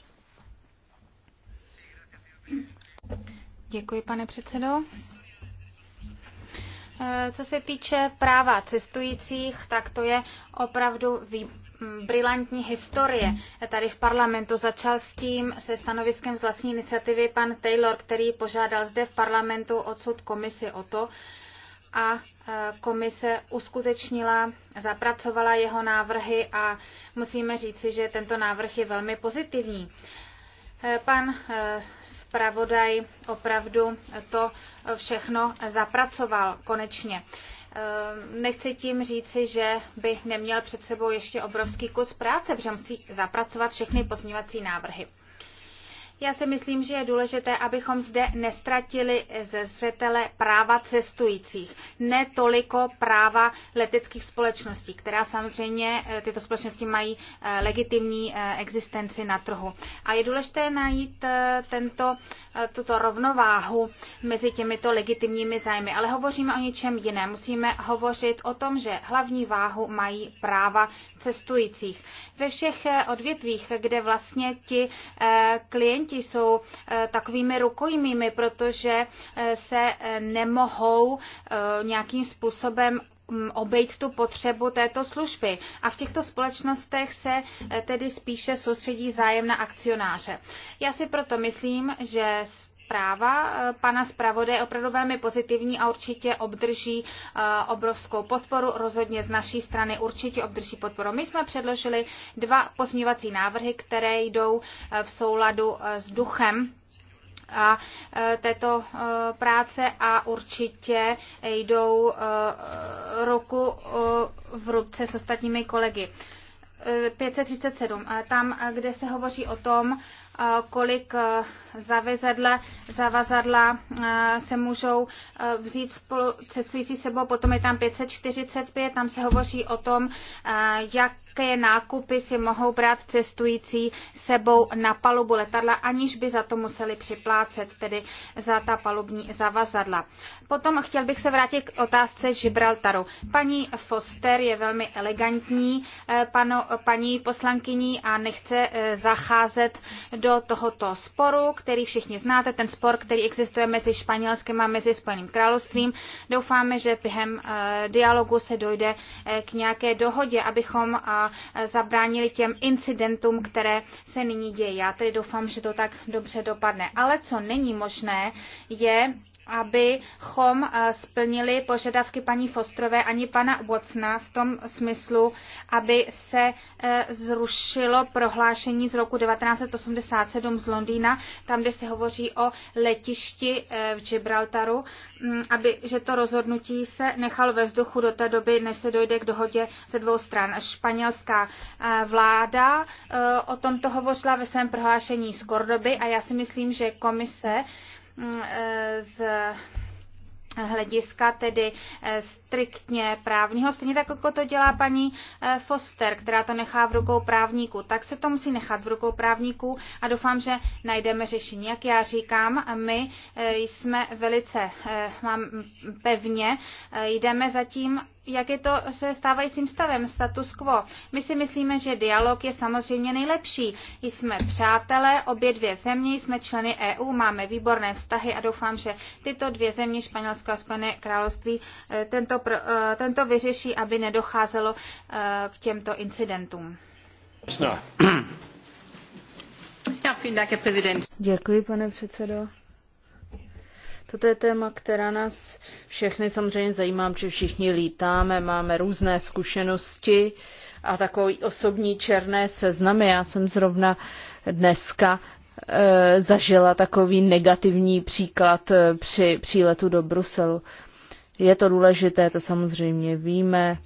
Děkuji, pane předsedo. Eh, co se týče práva cestujících, tak to je opravdu vý... Mm, brilantní historie. Tady v parlamentu začal s tím se stanoviskem z vlastní iniciativy pan Taylor, který požádal zde v parlamentu odsud komisi o to, a komise uskutečnila, zapracovala jeho návrhy a musíme říci, že tento návrh je velmi pozitivní. Pan eh, zpravodaj opravdu to všechno zapracoval konečně. Eh, nechci tím říci, že by neměl před sebou ještě obrovský kus práce, protože musí zapracovat všechny pozměňovací návrhy. Já si myslím, že je důležité, abychom zde nestratili ze zřetele práva cestujících, ne toliko práva leteckých společností, která samozřejmě eh, tyto společnosti mají eh, legitimní eh, existenci na trhu. A je důležité najít tento, tuto rovnováhu mezi těmito legitimními zájmy. Ale hovoříme o něčem jiném. Musíme hovořit o tom, že hlavní váhu mají práva cestujících. Ve všech odvětvích, kde vlastně ti klienti děti jsou eh, takovými rukojmími, protože eh, se eh, nemohou nějakým způsobem mm, obejít tu potřebu této služby. A v těchto společnostech se tedy spíše soustředí zájem na akcionáře. Já si proto myslím, že zpráva eh, pana zpravodaje opravdu velmi pozitivní a určitě obdrží eh, obrovskou podporu. Rozhodně z naší strany určitě obdrží podporu. My jsme předložili dva pozměňovací návrhy, které jdou eh, v souladu s duchem a této práce a určitě jdou roku v ruce s ostatními kolegy. 537, tam, kde se hovoří o tom, kolik e, zavazadla, zavazadla e, se můžou e, vzít spolu, cestující sebou. Potom je tam 545, tam se hovoří o tom, jaké nákupy si mohou brát cestující sebou na palubu letadla, aniž by za to museli připlácet, tedy za ta palubní zavazadla. Potom chtěl bych se vrátit k otázce Gibraltaru. Paní Foster je velmi elegantní panu, paní poslankyní a nechce zacházet do tohoto sporu, který všichni znáte, ten spor, který existuje mezi Španělskem a mezi Spojeným královstvím. Doufáme, že během eh, dialogu se dojde eh, k nějaké dohodě, abychom eh, zabránili těm incidentům, které se nyní dějí. Já tedy doufám, že to tak dobře dopadne. Ale co není možné, je abychom eh, splnili požadavky paní Fostrové ani pana Watsona v tom smyslu, aby se eh, zrušilo prohlášení z roku 1987 z Londýna, tam, kde se hovoří o letišti eh, v Gibraltaru, mm, aby, že to rozhodnutí se nechalo ve vzduchu do té doby, než se dojde k dohodě ze dvou stran. Španělská vláda o tomto hovořila ve svém prohlášení z Kordoby a já si myslím, že komise Mm, eh, z hlediska tedy eh, striktně právního, stejně tak, jako to dělá paní eh, Foster, která to nechá v rukou právníků, tak se to musí nechat v rukou právníků a doufám, že najdeme řešení. Jak já říkám, my jsme velice mám pevně, jdeme zatím jak je to se stávajícím stavem, status quo. My si myslíme, že dialog je samozřejmě nejlepší. Jsme přátelé, obě dvě země, jsme členy EU, máme výborné vztahy a doufám, že tyto dvě země, Španělsko a Spojené království, eh, tento, eh, tento vyřeší, aby nedocházelo eh, k těmto incidentům. Děkuji, pane předsedo. Toto je téma, která nás všechny samozřejmě zajímá, protože všichni lítáme, máme různé zkušenosti a takové osobní černé seznamy. Já jsem zrovna dneska e, zažila takový negativní příklad eh, při příletu do Bruselu. Je to důležité, to samozřejmě víme.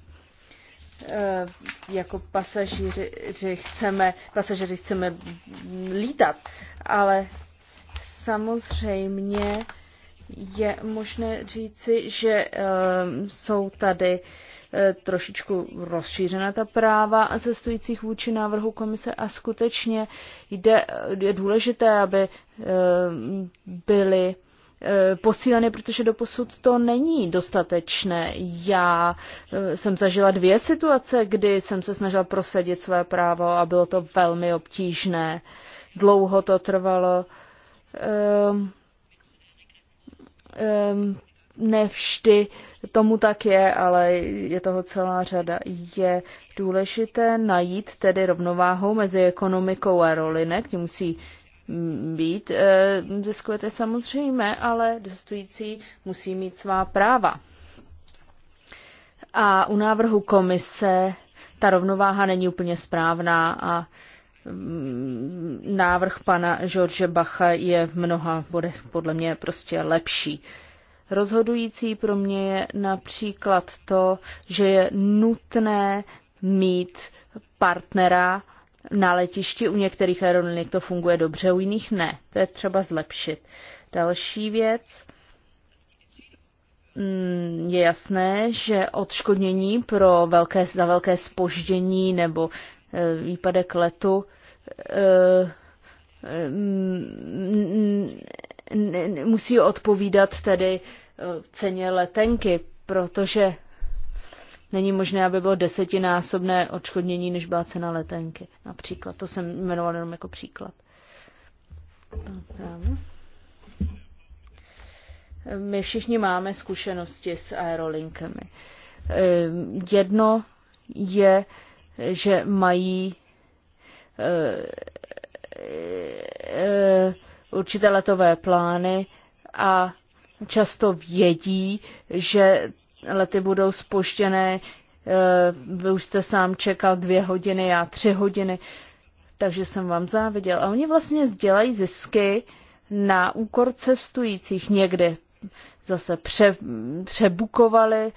E, jako pasažíři že chceme, pasažíři chceme lítat, ale samozřejmě je možné říci, že ehm, jsou tady e, trošičku rozšířena ta práva a cestujících vůči návrhu komise a skutečně jde, je důležité, aby ehm, byly e, posíleny, protože do posud to není dostatečné. Já e, jsem zažila dvě situace, kdy jsem se snažila prosadit své právo a bylo to velmi obtížné. Dlouho to trvalo. Ehm, Ehm, nevždy tomu tak je, ale je toho celá řada. Je důležité najít tedy rovnováhu mezi ekonomikou a rolinek, tím musí mm, být e, ehm, ziskujete samozřejmě, ale cestující musí mít svá práva. A u návrhu komise ta rovnováha není úplně správná a Mm, návrh pana George Bacha je v mnoha bodech podle mě prostě lepší. Rozhodující pro mě je například to, že je nutné mít partnera na letišti. U některých aerolinek to funguje dobře, u jiných ne. To je třeba zlepšit. Další věc mm, je jasné, že odškodnění pro velké, za velké spoždění nebo výpadek letu eh, mm, musí odpovídat tedy eh, ceně letenky, protože není možné, aby bylo desetinásobné odškodnění, než byla cena letenky. Například, to jsem jmenoval jenom jako příklad. My všichni máme zkušenosti s aerolinkami. Eh, jedno je že mají eh, eh, určité letové plány a často vědí, že lety budou spoštěné. Eh, vy už jste sám čekal dvě hodiny, já tři hodiny, takže jsem vám záviděl. A oni vlastně dělají zisky na úkor cestujících někdy. Zase pře, přebukovali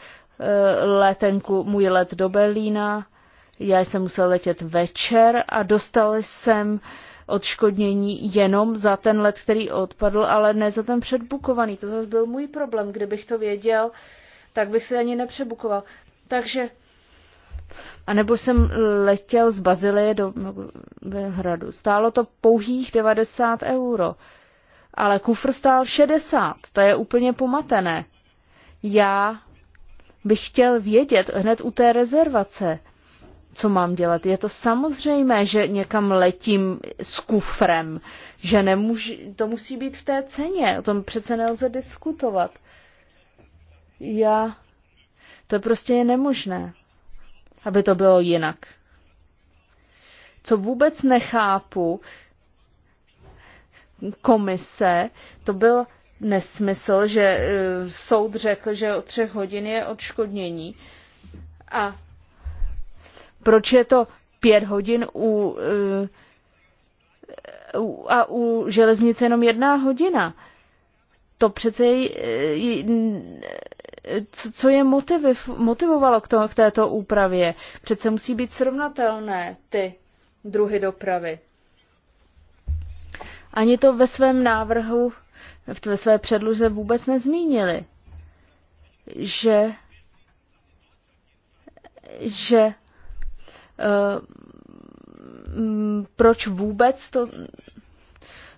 letenku, můj let do Berlína, já jsem musel letět večer a dostal jsem odškodnění jenom za ten let, který odpadl, ale ne za ten předbukovaný. To zase byl můj problém. Kdybych to věděl, tak bych se ani nepřebukoval. Takže a nebo jsem letěl z Bazilie do no, Hradu. Stálo to pouhých 90 euro. Ale kufr stál 60. To je úplně pomatené. Já bych chtěl vědět hned u té rezervace, co mám dělat. Je to samozřejmé, že někam letím s kufrem, že nemůž, to musí být v té ceně, o tom přece nelze diskutovat. Já, to prostě je nemožné, aby to bylo jinak. Co vůbec nechápu, komise, to byl nesmysl, že uh, soud řekl, že o třech hodin je odškodnění. A proč je to pět hodin eh, u, a u železnice jenom jedna hodina? To přece co je motivovalo k, to, k této úpravě? Přece musí být srovnatelné ty druhy dopravy. Ani to ve svém návrhu, ve své předluze vůbec nezmínili, že, že Eh, mm, proč vůbec to,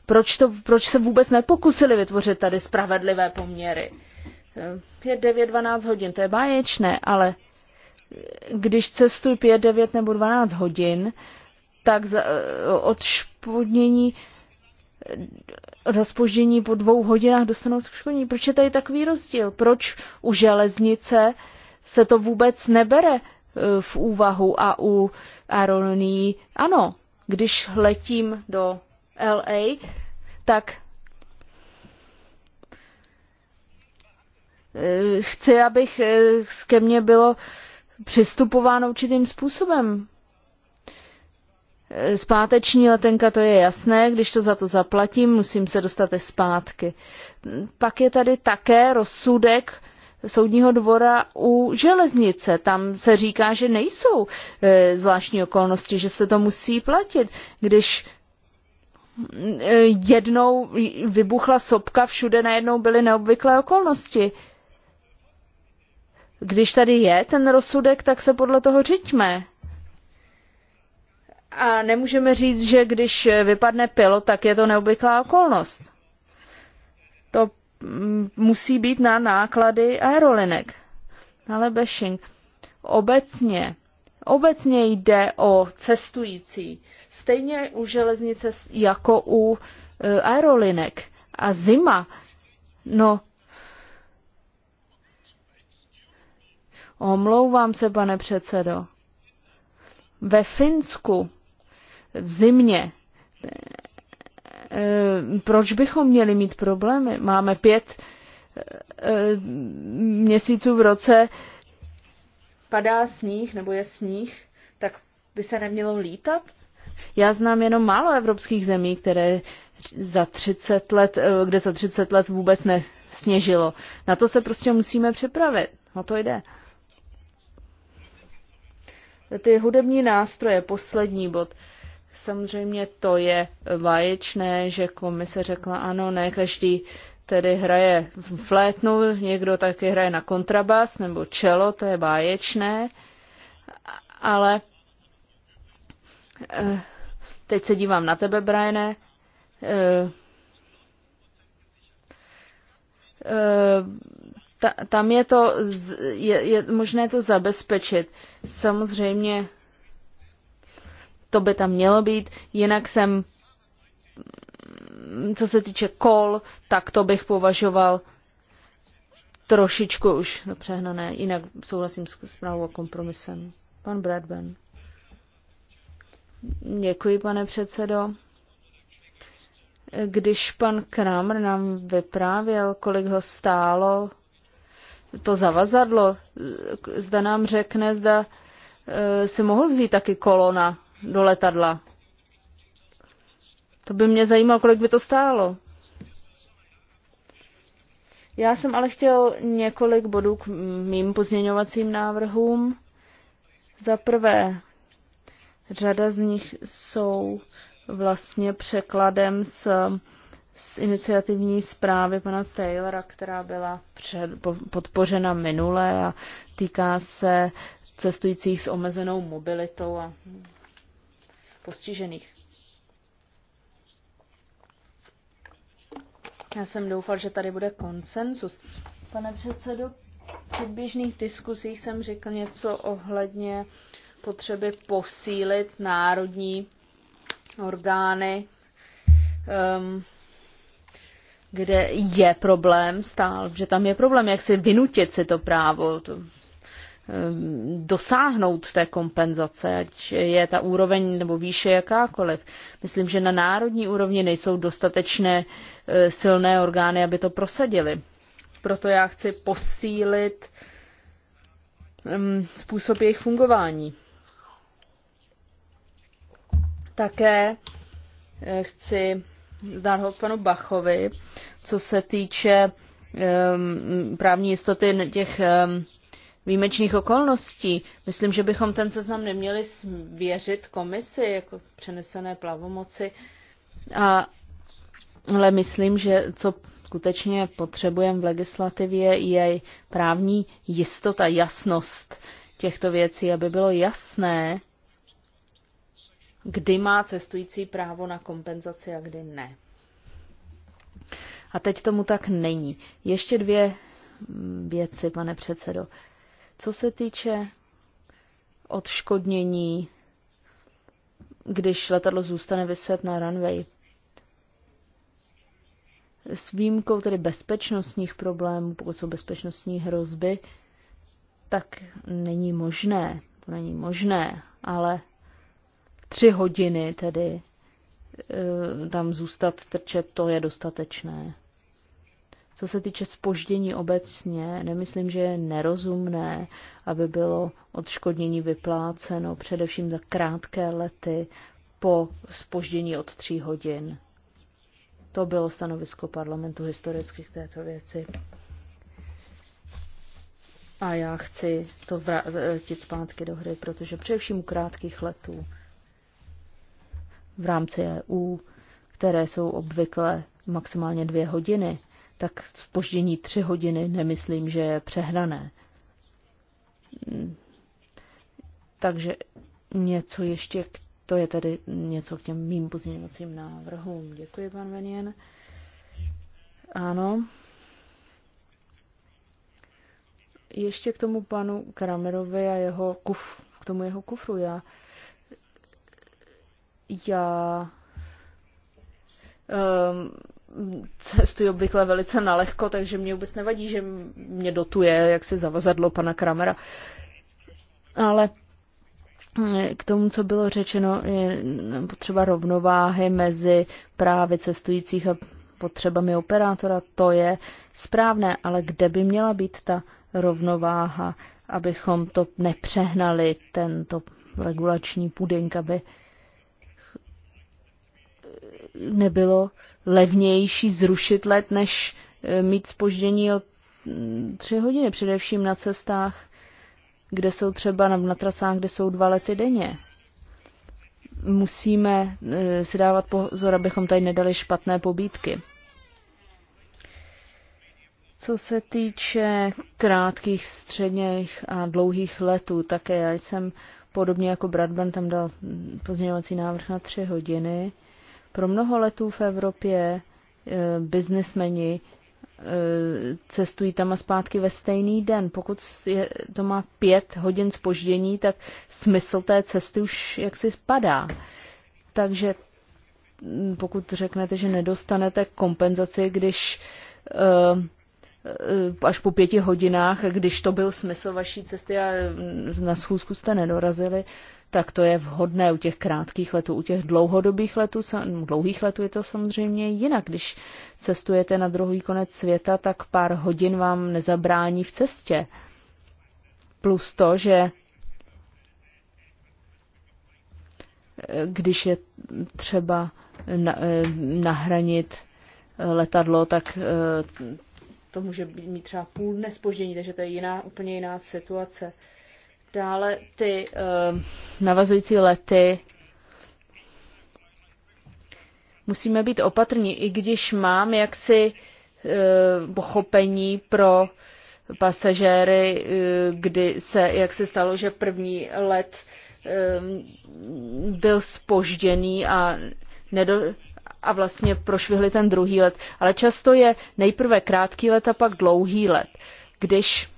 proč, to, proč se vůbec nepokusili vytvořit tady spravedlivé poměry. Je eh, 9-12 hodin, to je báječné, ale když cestuji 5, 9 nebo 12 hodin, tak za, eh, od špodnění rozpoždění po dvou hodinách dostanou odškodnění. Proč je tady takový rozdíl? Proč u železnice se to vůbec nebere v úvahu a u Aroní, ano, když letím do LA, tak eh, chci, abych eh, ke mně bylo přistupováno určitým způsobem. Eh, zpáteční letenka, to je jasné, když to za to zaplatím, musím se dostat i zpátky. Pak je tady také rozsudek soudního dvora u železnice. Tam se říká, že nejsou e, zvláštní okolnosti, že se to musí platit. Když e, jednou vybuchla sopka, všude najednou byly neobvyklé okolnosti. Když tady je ten rozsudek, tak se podle toho řiďme. A nemůžeme říct, že když vypadne pilo, tak je to neobvyklá okolnost. To Mm, musí být na náklady aerolinek. Ale bashing. Obecně, obecně jde o cestující. Stejně u železnice jako u e, aerolinek. A zima, no, omlouvám se, pane předsedo. Ve Finsku v zimě Eh, proč bychom měli mít problémy? Máme pět eh, měsíců v roce, padá sníh nebo je sníh, tak by se nemělo lítat? Já znám jenom málo evropských zemí, které za 30 let, eh, kde za 30 let vůbec nesněžilo. Na to se prostě musíme připravit. No to jde. Ty hudební nástroje, poslední bod. Uh, Samozřejmě to je vaječné, že komise řekla ano, ne každý tedy hraje flétnu, někdo taky hraje na kontrabas nebo čelo, to je báječné, ale eh, teď se dívám na tebe, Brajne. Eh, eh, tam je to, je, je možné to zabezpečit. Samozřejmě to by tam mělo být, jinak jsem, co se týče kol, tak to bych považoval trošičku už přehnané, jinak souhlasím s zprávou a kompromisem. Pan Bradburn. Děkuji, pane předsedo. Když pan Kramer nám vyprávěl, kolik ho stálo to zavazadlo, zda nám řekne, zda eh, si mohl vzít taky kolona do letadla. To by mě zajímalo, kolik by to stálo. Já jsem ale chtěl několik bodů k mým pozměňovacím návrhům. Za prvé, řada z nich jsou vlastně překladem z, z iniciativní zprávy pana Taylora, která byla před, podpořena minule a týká se cestujících s omezenou mobilitou a postižených. Já jsem doufal, že tady bude konsensus. Pane předsedo, v běžných diskusích jsem řekl něco ohledně potřeby posílit národní orgány, um, kde je problém stál, že tam je problém, jak si vynutit si to právo. To Ehm, dosáhnout té kompenzace, ať je ta úroveň nebo výše jakákoliv. Myslím, že na národní úrovni nejsou dostatečné eh, silné orgány, aby to prosadili. Proto já chci posílit ehm, způsob jejich fungování. Také eh, chci zdát ho panu Bachovi, co se týče ehm, právní jistoty těch výjimečných okolností. Myslím, že bychom ten seznam neměli věřit komisi jako přenesené plavomoci, a, ale myslím, že co skutečně potřebujeme v legislativě je právní jistota, jasnost těchto věcí, aby bylo jasné, kdy má cestující právo na kompenzaci a kdy ne. A teď tomu tak není. Ještě dvě věci, pane předsedo. Uh, co se týče odškodnění, když letadlo zůstane vyset na runway, s výjimkou tedy bezpečnostních problémů, pokud jsou bezpečnostní hrozby, tak není možné, to není možné, ale tři hodiny tedy eh, tam zůstat trčet, to je dostatečné. Co se týče spoždění obecně, nemyslím, že je nerozumné, aby bylo odškodnění vypláceno především za krátké lety po spoždění od tří hodin. To bylo stanovisko parlamentu historicky k této věci. A já chci to vrátit zpátky do hry, protože především u krátkých letů v rámci EU, které jsou obvykle maximálně dvě hodiny, tak spoždění tři hodiny nemyslím, že je přehnané. Takže něco ještě, to je tedy něco k těm mým pozměňovacím návrhům. Děkuji, pan Venien. Ano. Ještě k tomu panu Kramerovi a jeho kuf, k tomu jeho kufru. Já, já um, cestuji obvykle velice nalehko, takže mě vůbec nevadí, že mě dotuje, jak se zavazadlo pana Kramera. Ale k tomu, co bylo řečeno, je potřeba rovnováhy mezi právě cestujících a potřebami operátora. To je správné, ale kde by měla být ta rovnováha, abychom to nepřehnali, tento regulační pudink, aby nebylo levnější zrušit let, než eh, mít spoždění o mm, tři hodiny, především na cestách, kde jsou třeba na trasách, kde jsou dva lety denně. Musíme eh, si dávat pozor, abychom tady nedali špatné pobídky. Co se týče krátkých, středních a dlouhých letů, také já jsem podobně jako Bradburn tam dal mm, pozměňovací návrh na tři hodiny. Pro mnoho letů v Evropě eh, biznesmeni eh, cestují tam a zpátky ve stejný den. Pokud je, to má pět hodin spoždění, tak smysl té cesty už jaksi spadá. Takže hm, pokud řeknete, že nedostanete kompenzaci, když eh, až po pěti hodinách, když to byl smysl vaší cesty a na schůzku jste nedorazili, tak to je vhodné u těch krátkých letů. U těch dlouhodobých letů, no, dlouhých letů je to samozřejmě jinak. Když cestujete na druhý konec světa, tak pár hodin vám nezabrání v cestě. Plus to, že eh, když je třeba eh, nahranit eh, letadlo, tak to může mít třeba půl dne spoždění, takže to je jiná, úplně jiná situace. Dále ty uh, navazující lety. Musíme být opatrní, i když mám jaksi uh, pochopení pro pasažéry, uh, kdy se, jak se stalo, že první let um, byl spožděný a nedo, a vlastně prošvihli ten druhý let. Ale často je nejprve krátký let a pak dlouhý let. Když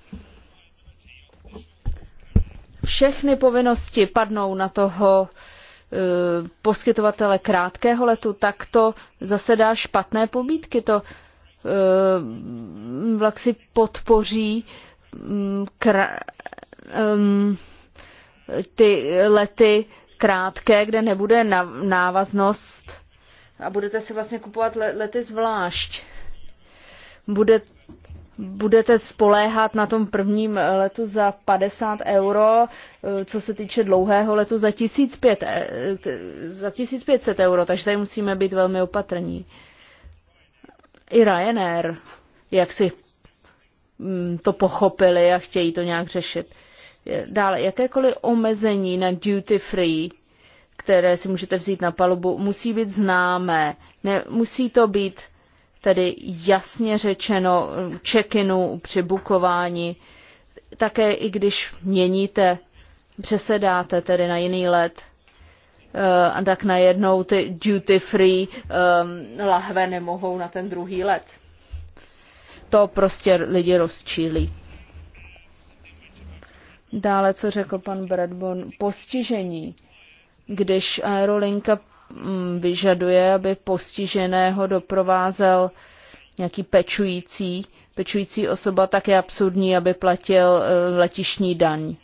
všechny povinnosti padnou na toho e, poskytovatele krátkého letu, tak to zase dá špatné pobídky. To e, vlaxy podpoří mm, ty lety krátké, kde nebude návaznost a budete si vlastně kupovat lety zvlášť. Bude budete spoléhat na tom prvním letu za 50 euro, eh, co se týče dlouhého letu za 1500, eh, za 1500 euro, takže tady musíme být velmi opatrní. I Ryanair, jak si mm, to pochopili a chtějí to nějak řešit. Dále, jakékoliv omezení na duty free, které si můžete vzít na palubu, musí být známé. Ne, musí to být tedy jasně řečeno check-inu při bukování, také i když měníte, přesedáte tedy na jiný let, eh, a tak najednou ty duty free um, ehm, lahve nemohou na ten druhý let. To prostě lidi rozčílí. Dále, co řekl pan Bradbon, postižení. Když aerolinka Mm, vyžaduje, aby postiženého doprovázel nějaký pečující, pečující osoba, tak je absurdní, aby platil eh, letišní daň.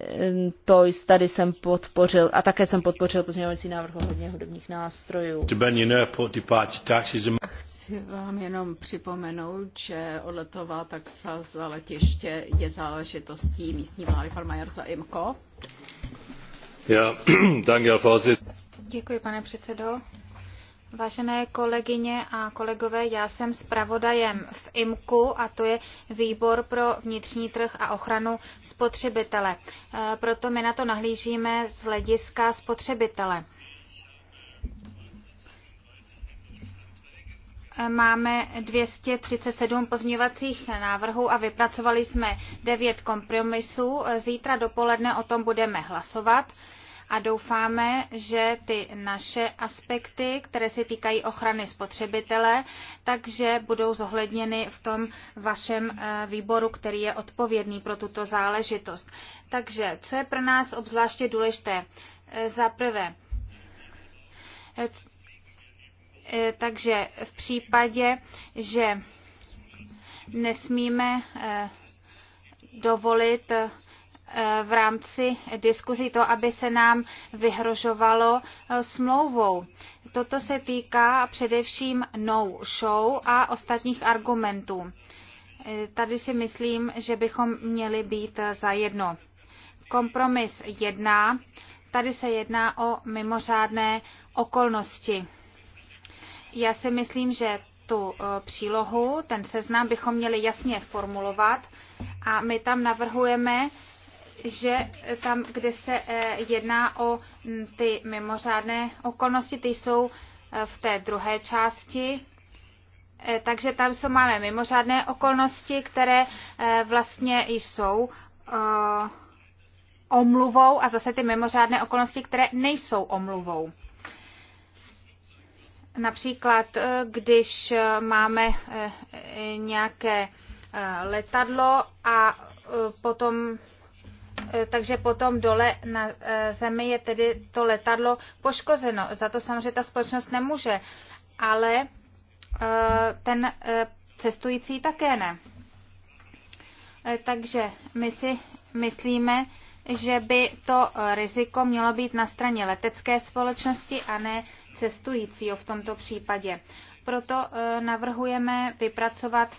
Eh, to tady jsem podpořil a také jsem podpořil pozměňovací návrh hodně hudebních nástrojů. Chci vám jenom připomenout, že odletová taxa za letiště je záležitostí místní vlády Farmajerza Imko. Ja, danke, Herr Děkuji, pane předsedo. Vážené kolegyně a kolegové, já jsem zpravodajem v IMKU a to je výbor pro vnitřní trh a ochranu spotřebitele. E, proto my na to nahlížíme z hlediska spotřebitele. E, máme 237 pozměňovacích návrhů a vypracovali jsme 9 kompromisů. E, zítra dopoledne o tom budeme hlasovat a doufáme, že ty naše aspekty, které se týkají ochrany spotřebitele, takže budou zohledněny v tom vašem eh, výboru, který je odpovědný pro tuto záležitost. Takže, co je pro nás obzvláště důležité? Eh, za prvé, eh, takže v případě, že nesmíme dovolit v rámci diskuzí to, aby se nám vyhrožovalo eh, smlouvou. Toto se týká především no show a ostatních argumentů. Eh, tady si myslím, že bychom měli být eh, za jedno. Kompromis jedná. Tady se jedná o mimořádné okolnosti. Já si myslím, že tu přílohu, ten seznam bychom měli jasně formulovat a my tam navrhujeme že tam, kde se eh, jedná o mm, ty mimořádné okolnosti, ty jsou eh, v té druhé části. Eh, takže tam jsou, máme mimořádné okolnosti, které vlastně jsou omluvou a zase ty mimořádné okolnosti, které nejsou omluvou. Například, když máme nějaké letadlo a potom Eh, takže potom dole na eh, zemi je tedy to letadlo poškozeno. Za to samozřejmě ta společnost nemůže, ale eh, ten cestující také ne. Takže my si myslíme, že by to riziko mělo být na straně letecké společnosti a ne cestujícího v tomto případě. Proto navrhujeme vypracovat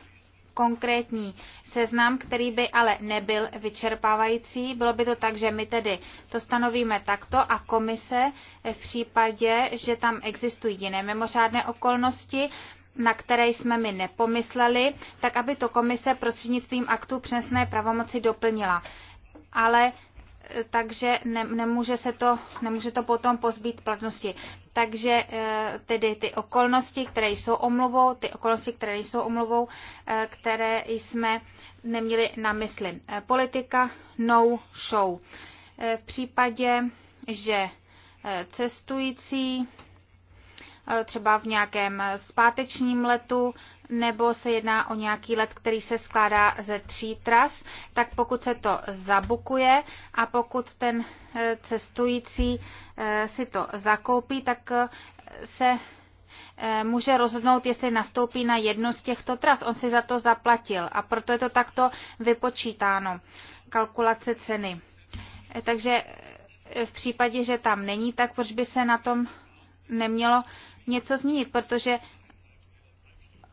konkrétní seznam, který by ale nebyl vyčerpávající. Bylo by to tak, že my tedy to stanovíme takto a komise v případě, že tam existují jiné mimořádné okolnosti, na které jsme my nepomysleli, tak aby to komise prostřednictvím aktu přesné pravomoci doplnila. Ale takže ne, nemůže, se to, nemůže to potom pozbít platnosti. Takže eh, tedy ty okolnosti, které jsou omluvou, ty okolnosti, které nejsou omluvou, eh, které jsme neměli na mysli. Eh, politika no show. V případě, že cestující E, třeba v nějakém zpátečním letu, nebo se jedná o nějaký let, který se skládá ze tří tras, tak pokud se to zabukuje a pokud ten e, cestující e, si to zakoupí, tak se může rozhodnout, jestli nastoupí na jednu z těchto tras. On si za to zaplatil a proto je to takto vypočítáno, kalkulace ceny. Takže v případě, že tam není, tak proč by se na tom nemělo něco změnit, protože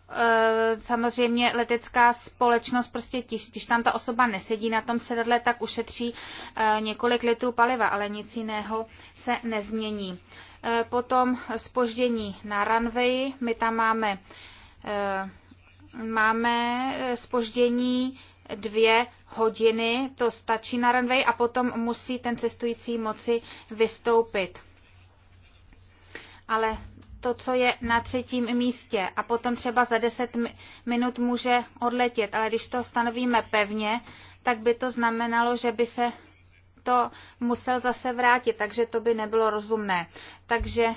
e, samozřejmě letecká společnost, prostě když, když tam ta osoba nesedí na tom sedadle, tak ušetří e, několik litrů paliva, ale nic jiného se nezmění. E, potom spoždění na runway, my tam máme, máme spoždění dvě hodiny, to stačí na runway a potom musí ten cestující moci vystoupit ale to, co je na třetím místě a potom třeba za deset minut může odletět, ale když to stanovíme pevně, tak by to znamenalo, že by se to musel zase vrátit, takže to by nebylo rozumné. Takže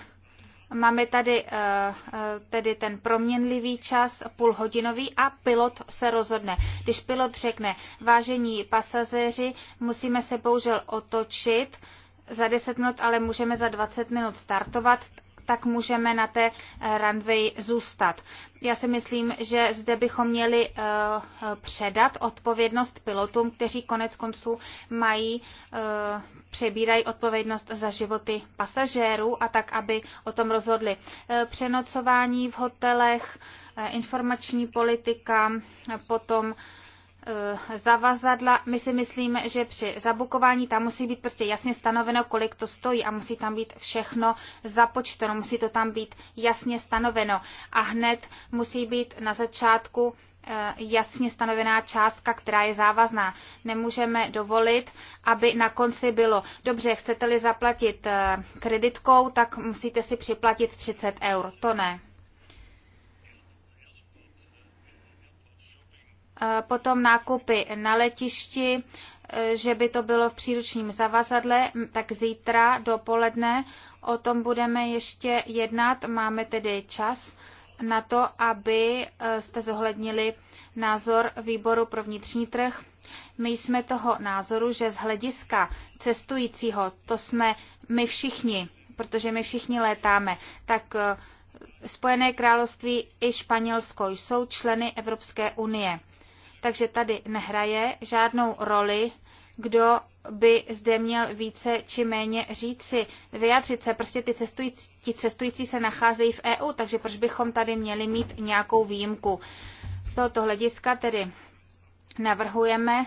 máme tady eh, eh, tedy ten proměnlivý čas, půlhodinový a pilot se rozhodne. Když pilot řekne, vážení pasažéři, musíme se bohužel otočit, za 10 minut, ale můžeme za 20 minut startovat tak můžeme na té eh, runway zůstat. Já si myslím, že zde bychom měli eh, předat odpovědnost pilotům, kteří konec konců mají, eh, přebírají odpovědnost za životy pasažérů a tak, aby o tom rozhodli. Přenocování v hotelech, informační politika, potom Eh, zavazadla, my si myslíme, že při zabukování tam musí být prostě jasně stanoveno, kolik to stojí a musí tam být všechno započteno, musí to tam být jasně stanoveno a hned musí být na začátku eh, jasně stanovená částka, která je závazná. Nemůžeme dovolit, aby na konci bylo, dobře, chcete-li zaplatit eh, kreditkou, tak musíte si připlatit 30 eur. To ne. Eh, potom nákupy na letišti, eh, že by to bylo v příručním zavazadle, tak zítra dopoledne o tom budeme ještě jednat. Máme tedy čas na to, aby eh, jste zohlednili názor výboru pro vnitřní trh. My jsme toho názoru, že z hlediska cestujícího, to jsme my všichni, protože my všichni létáme, tak Spojené království i Španělsko jsou členy Evropské unie. Takže tady nehraje žádnou roli, kdo by zde měl více či méně říci, vyjádřit se. Prostě ty cestující, ti cestující se nacházejí v EU, takže proč bychom tady měli mít nějakou výjimku? Z tohoto hlediska tedy navrhujeme,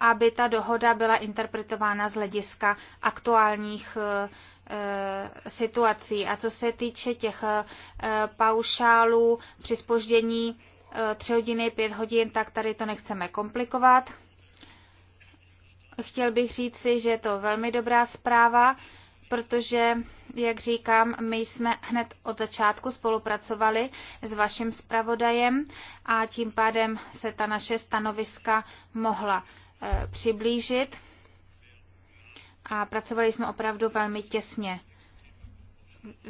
aby ta dohoda byla interpretována z hlediska aktuálních e, situací. A co se týče těch e, paušálů při spoždění Eh, tři hodiny, pět hodin, tak tady to nechceme komplikovat. Chtěl bych říct si, že je to velmi dobrá zpráva, protože, jak říkám, my jsme hned od začátku spolupracovali s vaším zpravodajem a tím pádem se ta naše stanoviska mohla eh, přiblížit a pracovali jsme opravdu velmi těsně.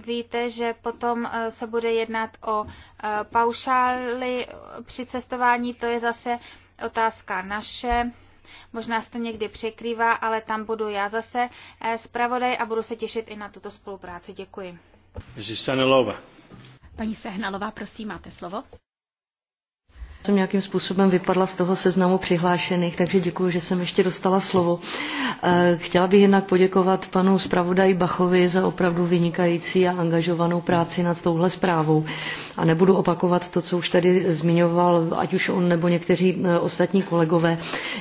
Víte, že potom eh, se bude jednat o eh, paušály při cestování, to je zase otázka naše. Možná se to někdy překrývá, ale tam budu já zase eh, zpravodaj a budu se těšit i na tuto spolupráci. Děkuji. Paní Sehnalová, prosím, máte slovo jsem nějakým způsobem vypadla z toho seznamu přihlášených, takže děkuji, že jsem ještě dostala slovo. Eh, chtěla bych jednak poděkovat panu zpravodaji Bachovi za opravdu vynikající a angažovanou práci nad touhle zprávou. A nebudu opakovat to, co už tady zmiňoval, ať už on nebo někteří eh, ostatní kolegové.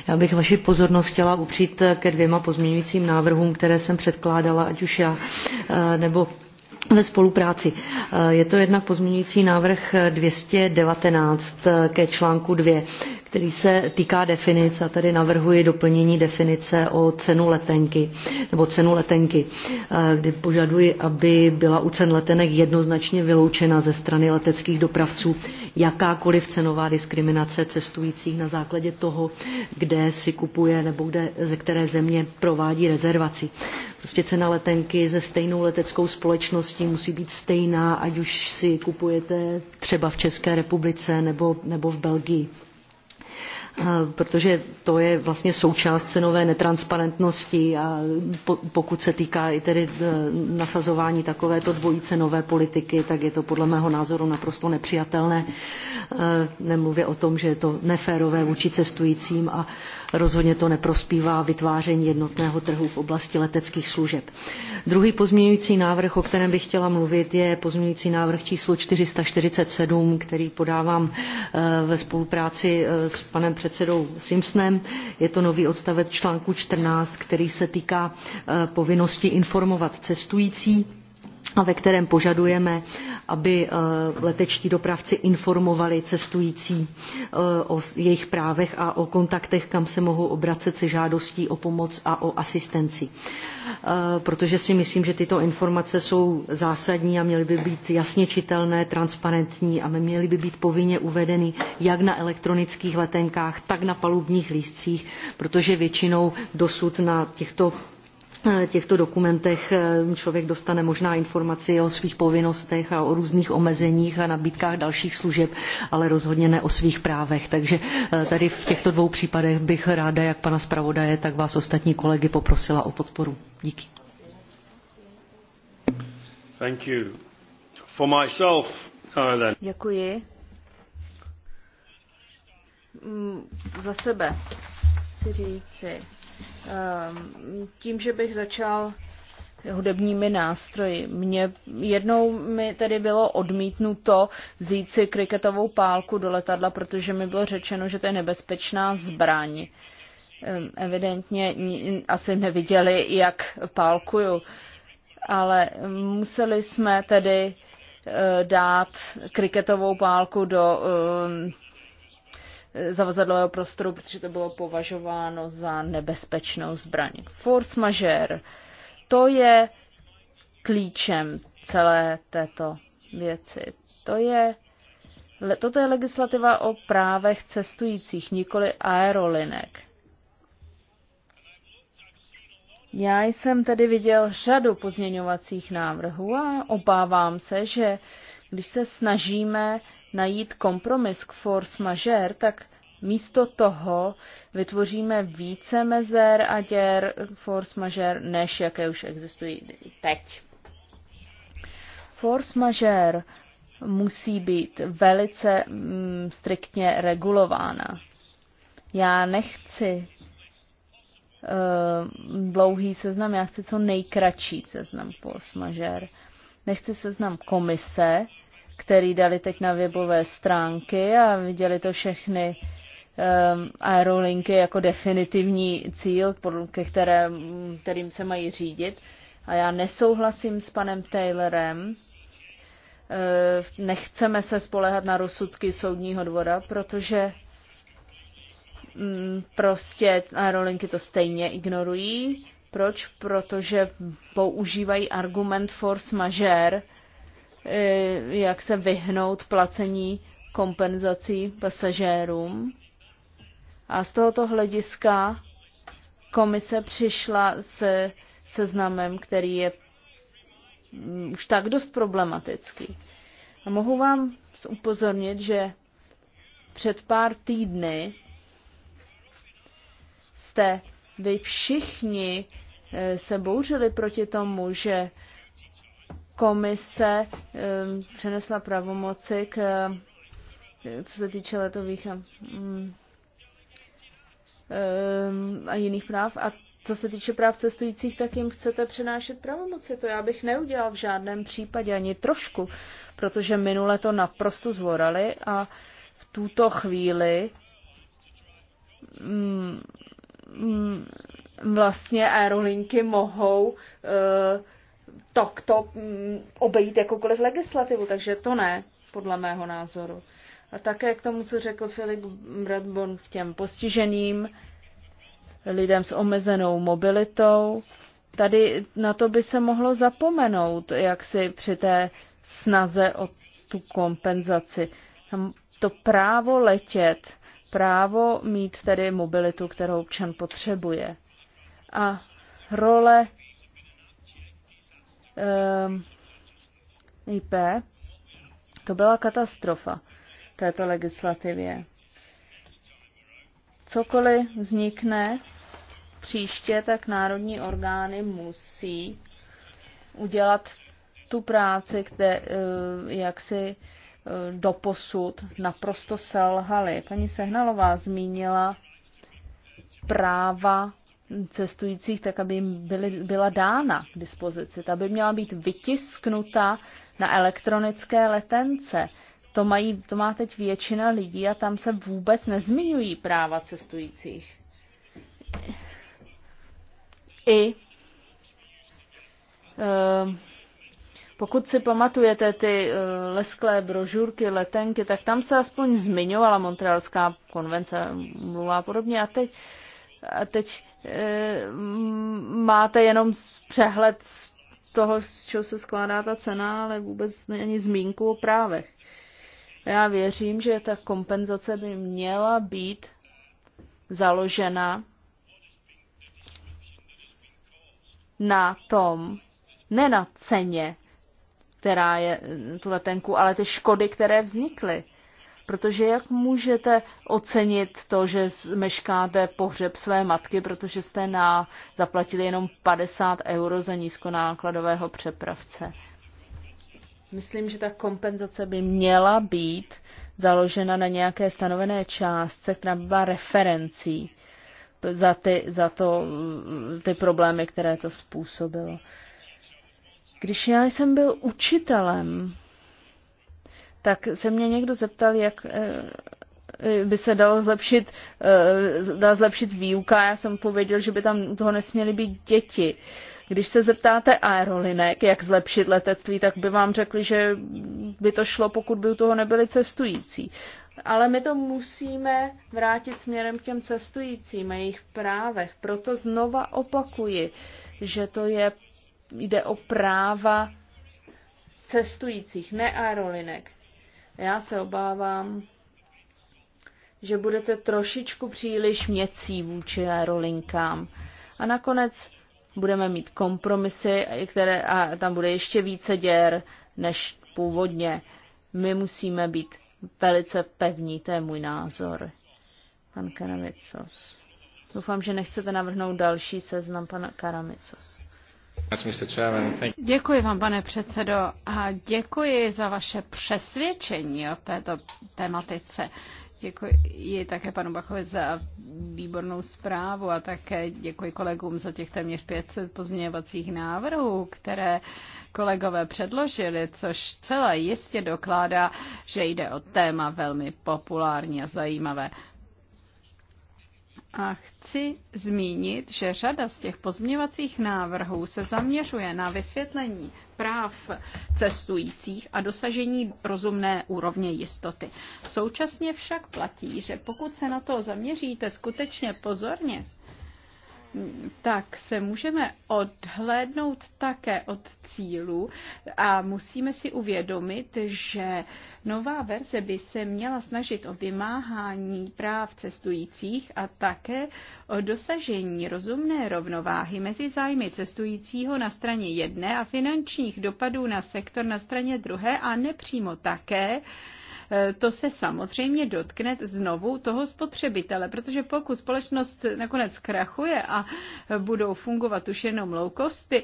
Já bych vaši pozornost chtěla upřít ke dvěma pozměňujícím návrhům, které jsem předkládala, ať už já eh, nebo ve spolupráci. Eh, je to jednak pozměňující návrh 219 eh, ke článku 2, který se týká definice a tady navrhuji doplnění definice o cenu letenky nebo cenu letenky, eh, kdy požaduji, aby byla u cen letenek jednoznačně vyloučena ze strany leteckých dopravců jakákoliv cenová diskriminace cestujících na základě toho, kde si kupuje nebo kde, ze které země provádí rezervaci. Prostě cena letenky ze stejnou leteckou společností musí být stejná, ať už si kupujete třeba v České republice nebo, nebo v Belgii protože to je vlastně součást cenové netransparentnosti a pokud se týká i tedy e, nasazování takovéto dvojí cenové politiky, tak je to podle mého názoru naprosto nepřijatelné. E, nemluvě o tom, že je to neférové vůči cestujícím a rozhodně to neprospívá vytváření jednotného trhu v oblasti leteckých služeb. Druhý pozměňující návrh, o kterém bych chtěla mluvit, je pozměňující návrh číslo 447, který podávám eh, ve spolupráci eh, s panem předsedou Simpsonem. Je to nový odstavec článku 14, který se týká eh, povinnosti informovat cestující a ve kterém požadujeme, aby eh, letečtí dopravci informovali cestující eh, o jejich právech a o kontaktech, kam se mohou obracet se žádostí o pomoc a o asistenci. Eh, protože si myslím, že tyto informace jsou zásadní a měly by být jasně čitelné, transparentní a měly by být povinně uvedeny jak na elektronických letenkách, tak na palubních lístcích, protože většinou dosud na těchto Eh, těchto dokumentech eh, člověk dostane možná informaci o svých povinnostech a o různých omezeních a nabídkách dalších služeb, ale rozhodně ne o svých právech. Takže eh, tady v těchto dvou případech bych ráda jak pana zpravodaje, tak vás ostatní kolegy poprosila o podporu. Díky. Thank you. For myself, no, then. Děkuji. Mm, za sebe chci si. Ehm, tím, že bych začal hudebními nástroji. Mě jednou mi tedy bylo odmítnuto vzít si kriketovou pálku do letadla, protože mi bylo řečeno, že to je nebezpečná zbraň. Ehm, evidentně asi neviděli, jak pálkuju, ale museli jsme tedy eh, dát kriketovou pálku do ehm, Eh, zavazadlového prostoru, protože to bylo považováno za nebezpečnou zbraň. Force majeure, to je klíčem celé této věci. To je, toto je legislativa o právech cestujících, nikoli aerolinek. Já jsem tedy viděl řadu pozměňovacích návrhů a obávám se, že když se snažíme najít kompromis k force majeure, tak místo toho vytvoříme více mezer a děr force majeure, než jaké už existují teď. Force majeure musí být velice mm, striktně regulována. Já nechci uh, dlouhý seznam, já chci co nejkratší seznam force majeure. Nechci seznam komise, který dali teď na webové stránky a viděli to všechny um, aerolinky jako definitivní cíl, ke které, kterým se mají řídit. A já nesouhlasím s panem Taylorem. Ehm, nechceme se spolehat na rozsudky soudního dvora, protože mm, prostě aerolinky to stejně ignorují. Proč? Protože používají argument force majeure, Eh, jak se vyhnout placení kompenzací pasažérům. A z tohoto hlediska komise přišla se seznamem, který je mm, už tak dost problematický. A mohu vám upozornit, že před pár týdny jste vy všichni eh, se bouřili proti tomu, že komise ehm, přenesla pravomoci k eh, co se týče letových a, mm, ehm, a jiných práv. A co se týče práv cestujících, tak jim chcete přenášet pravomoci. To já bych neudělal v žádném případě ani trošku, protože minule to naprosto zvorali a v tuto chvíli mm, mm, vlastně aerolinky mohou uh, to mm, obejít jakoukoliv legislativu, takže to ne, podle mého názoru. A také k tomu, co řekl Filip Bradborn k těm postiženým, lidem s omezenou mobilitou, tady na to by se mohlo zapomenout, jak si při té snaze o tu kompenzaci. To právo letět, právo mít tedy mobilitu, kterou občan potřebuje. A role Ehm, IP, to byla katastrofa této legislativě. Cokoliv vznikne příště, tak národní orgány musí udělat tu práci, kde eh, jak si eh, doposud naprosto selhaly. Paní Sehnalová zmínila práva cestujících, tak aby jim byly, byla dána k dispozici. Ta by měla být vytisknuta na elektronické letence. To, mají, to má teď většina lidí a tam se vůbec nezmiňují práva cestujících. I uh, pokud si pamatujete ty eh, lesklé brožurky, letenky, tak tam se aspoň zmiňovala Montrealská konvence, mluvá podobně. A teď a teď e, máte jenom přehled z toho, z čeho se skládá ta cena, ale vůbec není zmínku o právech. Já věřím, že ta kompenzace by měla být založena na tom, ne na ceně, která je eh, tu letenku, ale ty škody, které vznikly. Protože jak můžete ocenit to, že meškáte pohřeb své matky, protože jste na, zaplatili jenom 50 euro za nízkonákladového přepravce? Myslím, že ta kompenzace by měla být založena na nějaké stanovené částce, která by byla referencí za, ty, za to, ty problémy, které to způsobilo. Když já jsem byl učitelem, tak se mě někdo zeptal, jak eh, eh, by se dalo zlepšit, eh, dal zlepšit výuka. Já jsem pověděl, že by tam u toho nesměly být děti. Když se zeptáte aerolinek, jak zlepšit letectví, tak by vám řekli, že by to šlo, pokud by u toho nebyli cestující. Ale my to musíme vrátit směrem k těm cestujícím a jejich právech. Proto znova opakuji, že to je, jde o práva cestujících, ne aerolinek. Já se obávám, že budete trošičku příliš měcí vůči aerolinkám. A nakonec budeme mít kompromisy, které, a tam bude ještě více děr než původně. My musíme být velice pevní, to je můj názor. Pan Karamicos. Doufám, že nechcete navrhnout další seznam pana Karamicos. Děkuji vám, pane předsedo, a děkuji za vaše přesvědčení o této tematice. Děkuji také panu Bachovi za výbornou zprávu a také děkuji kolegům za těch téměř 500 pozměňovacích návrhů, které kolegové předložili, což celé jistě dokládá, že jde o téma velmi populární a zajímavé. A chci zmínit, že řada z těch pozměňovacích návrhů se zaměřuje na vysvětlení práv cestujících a dosažení rozumné úrovně jistoty. Současně však platí, že pokud se na to zaměříte skutečně pozorně, tak se můžeme odhlédnout také od cílu a musíme si uvědomit, že nová verze by se měla snažit o vymáhání práv cestujících a také o dosažení rozumné rovnováhy mezi zájmy cestujícího na straně jedné a finančních dopadů na sektor na straně druhé a nepřímo také Eh, to se samozřejmě dotkne znovu toho spotřebitele, protože pokud společnost nakonec krachuje a budou fungovat už jenom loukosty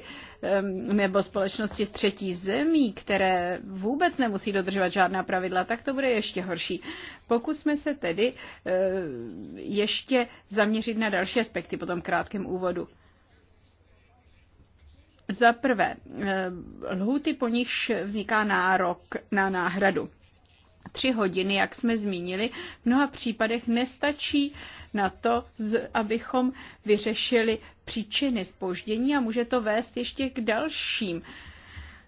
nebo společnosti z třetí zemí, které vůbec nemusí dodržovat žádná pravidla, tak to bude ještě horší. Pokusme se tedy eh, ještě zaměřit na další aspekty po tom krátkém úvodu. Za prvé, eh, lhuty po nichž vzniká nárok na náhradu tři hodiny, jak jsme zmínili, v mnoha případech nestačí na to, abychom vyřešili příčiny spoždění a může to vést ještě k dalším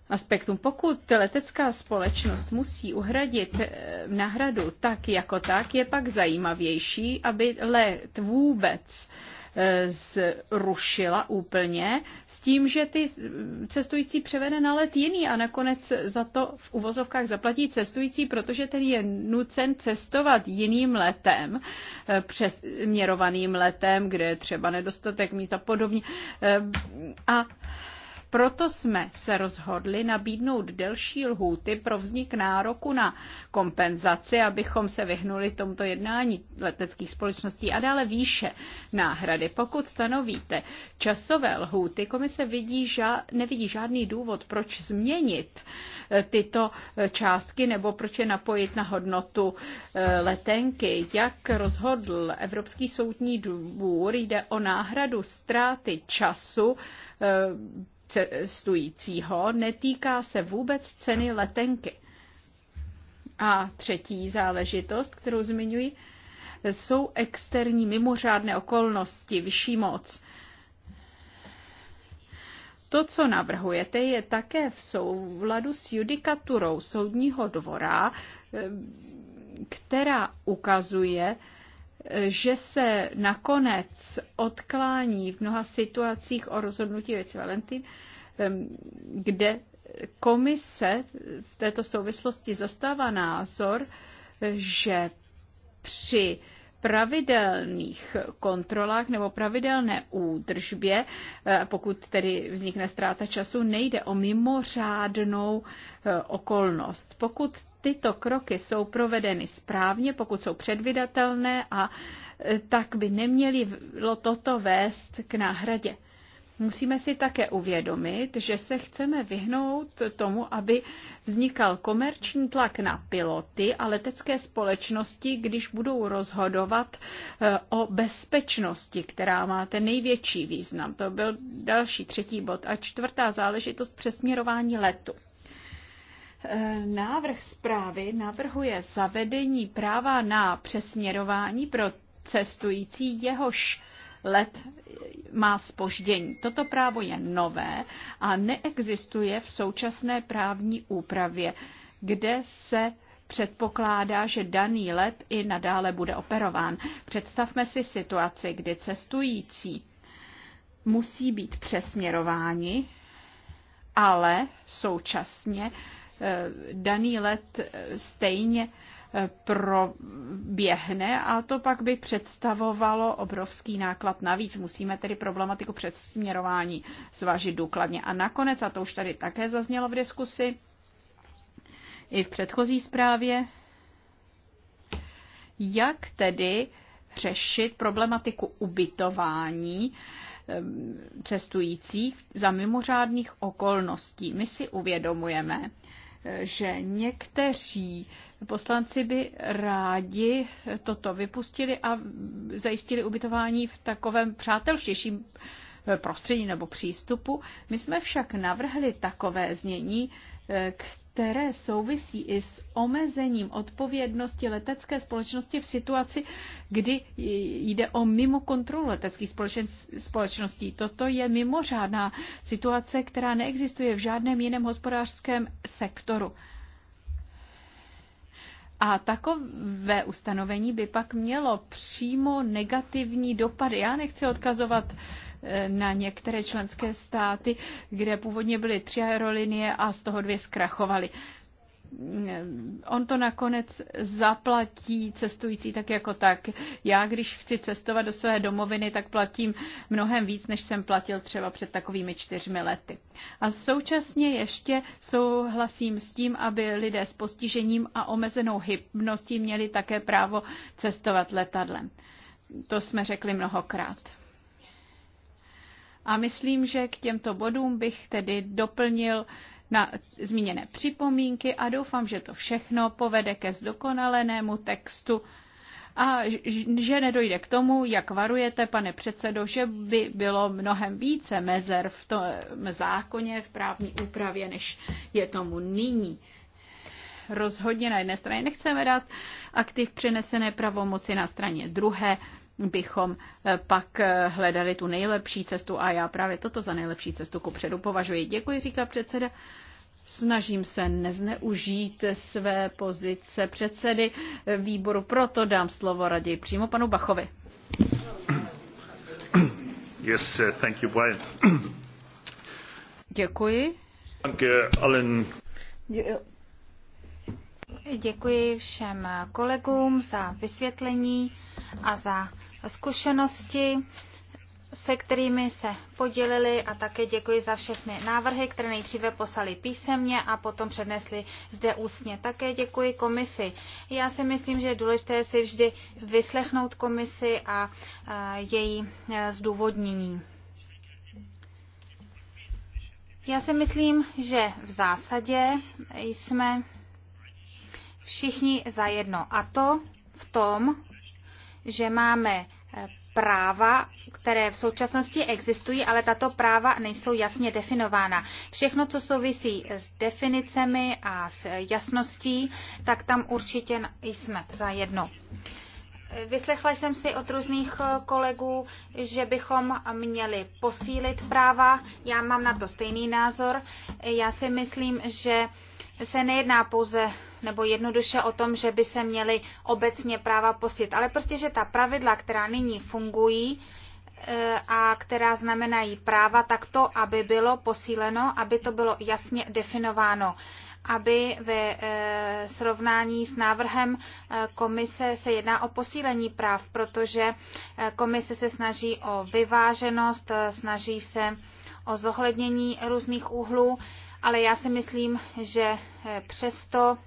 aspektům. Pokud letecká společnost musí uhradit eh, náhradu tak jako tak, je pak zajímavější, aby let vůbec zrušila úplně s tím, že ty cestující převede na let jiný a nakonec za to v uvozovkách zaplatí cestující, protože ten je nucen cestovat jiným letem, eh, přesměrovaným letem, kde je třeba nedostatek místa a podobně. Eh, a proto jsme se rozhodli nabídnout delší lhůty pro vznik nároku na kompenzaci, abychom se vyhnuli tomto jednání leteckých společností a dále výše náhrady. Pokud stanovíte časové lhůty, komise vidí ža- nevidí žádný důvod, proč změnit eh, tyto eh, částky nebo proč je napojit na hodnotu eh, letenky. Jak rozhodl Evropský soudní dvůr, jde o náhradu ztráty času cestujícího, netýká se vůbec ceny letenky. A třetí záležitost, kterou zmiňuji, jsou externí mimořádné okolnosti, vyšší moc. To, co navrhujete, je také v souladu s judikaturou soudního dvora, eh, která ukazuje, že se nakonec odklání v mnoha situacích o rozhodnutí věci Valentin, kde komise v této souvislosti zastává názor, že při pravidelných kontrolách nebo pravidelné údržbě, e, pokud tedy vznikne ztráta času, nejde o mimořádnou e, okolnost. Pokud tyto kroky jsou provedeny správně, pokud jsou předvydatelné a e, tak by nemělo toto vést k náhradě. Musíme si také uvědomit, že se chceme vyhnout tomu, aby vznikal komerční tlak na piloty a letecké společnosti, když budou rozhodovat e, o bezpečnosti, která má ten největší význam. To byl další třetí bod. A čtvrtá záležitost přesměrování letu. Návrh zprávy navrhuje zavedení práva na přesměrování pro cestující, jehož let má spoždění. Toto právo je nové a neexistuje v současné právní úpravě, kde se předpokládá, že daný let i nadále bude operován. Představme si situaci, kdy cestující musí být přesměrováni, ale současně Eh, daný let eh, stejně eh, proběhne a to pak by představovalo obrovský náklad navíc. Musíme tedy problematiku předsměrování zvážit důkladně. A nakonec, a to už tady také zaznělo v diskusi, i v předchozí zprávě, jak tedy řešit problematiku ubytování ehm, cestujících za mimořádných okolností. My si uvědomujeme, že někteří poslanci by rádi toto vypustili a zajistili ubytování v takovém přátelštějším eh, prostředí nebo přístupu. My jsme však navrhli takové znění, eh, které souvisí i s omezením odpovědnosti letecké společnosti v situaci, kdy jde o mimo kontrolu leteckých společností. Toto je mimořádná situace, která neexistuje v žádném jiném hospodářském sektoru. A takové ustanovení by pak mělo přímo negativní dopady. Já nechci odkazovat na některé členské státy, kde původně byly tři aerolinie a z toho dvě zkrachovaly. On to nakonec zaplatí cestující tak jako tak. Já, když chci cestovat do své domoviny, tak platím mnohem víc, než jsem platil třeba před takovými čtyřmi lety. A současně ještě souhlasím s tím, aby lidé s postižením a omezenou hybností měli také právo cestovat letadlem. To jsme řekli mnohokrát. A myslím, že k těmto bodům bych tedy doplnil na zmíněné připomínky a doufám, že to všechno povede ke zdokonalenému textu a že nedojde k tomu, jak varujete, pane předsedo, že by bylo mnohem více mezer v tom zákoně, v právní úpravě, než je tomu nyní. Rozhodně na jedné straně nechceme dát aktiv přenesené pravomoci na straně druhé bychom eh, pak eh, hledali tu nejlepší cestu a já právě toto za nejlepší cestu ku předu považuji. Děkuji, říká předseda. Snažím se nezneužít své pozice předsedy výboru, proto dám slovo raději přímo panu Bachovi. Yes, thank you, Brian. Děkuji. Děkuji všem kolegům za vysvětlení a za zkušenosti, se kterými se podělili a také děkuji za všechny návrhy, které nejdříve poslali písemně a potom přednesli zde ústně. Také děkuji komisi. Já si myslím, že je důležité si vždy vyslechnout komisi a její e, zdůvodnění. Já si myslím, že v zásadě jsme všichni zajedno. A to v tom, že máme práva, které v současnosti existují, ale tato práva nejsou jasně definována. Všechno, co souvisí s definicemi a s jasností, tak tam určitě jsme za jedno. Vyslechla jsem si od různých eh, kolegů, že bychom měli posílit práva. Já mám na to stejný názor. Já si myslím, že se nejedná pouze nebo jednoduše o tom, že by se měly obecně práva posílit, ale prostě, že ta pravidla, která nyní fungují eh, a která znamenají práva, tak to, aby bylo posíleno, aby to bylo jasně definováno aby ve eh, srovnání s návrhem eh, komise se jedná o posílení práv, protože komise se snaží o vyváženost, snaží se o zohlednění různých úhlů ale já si myslím, že eh, přesto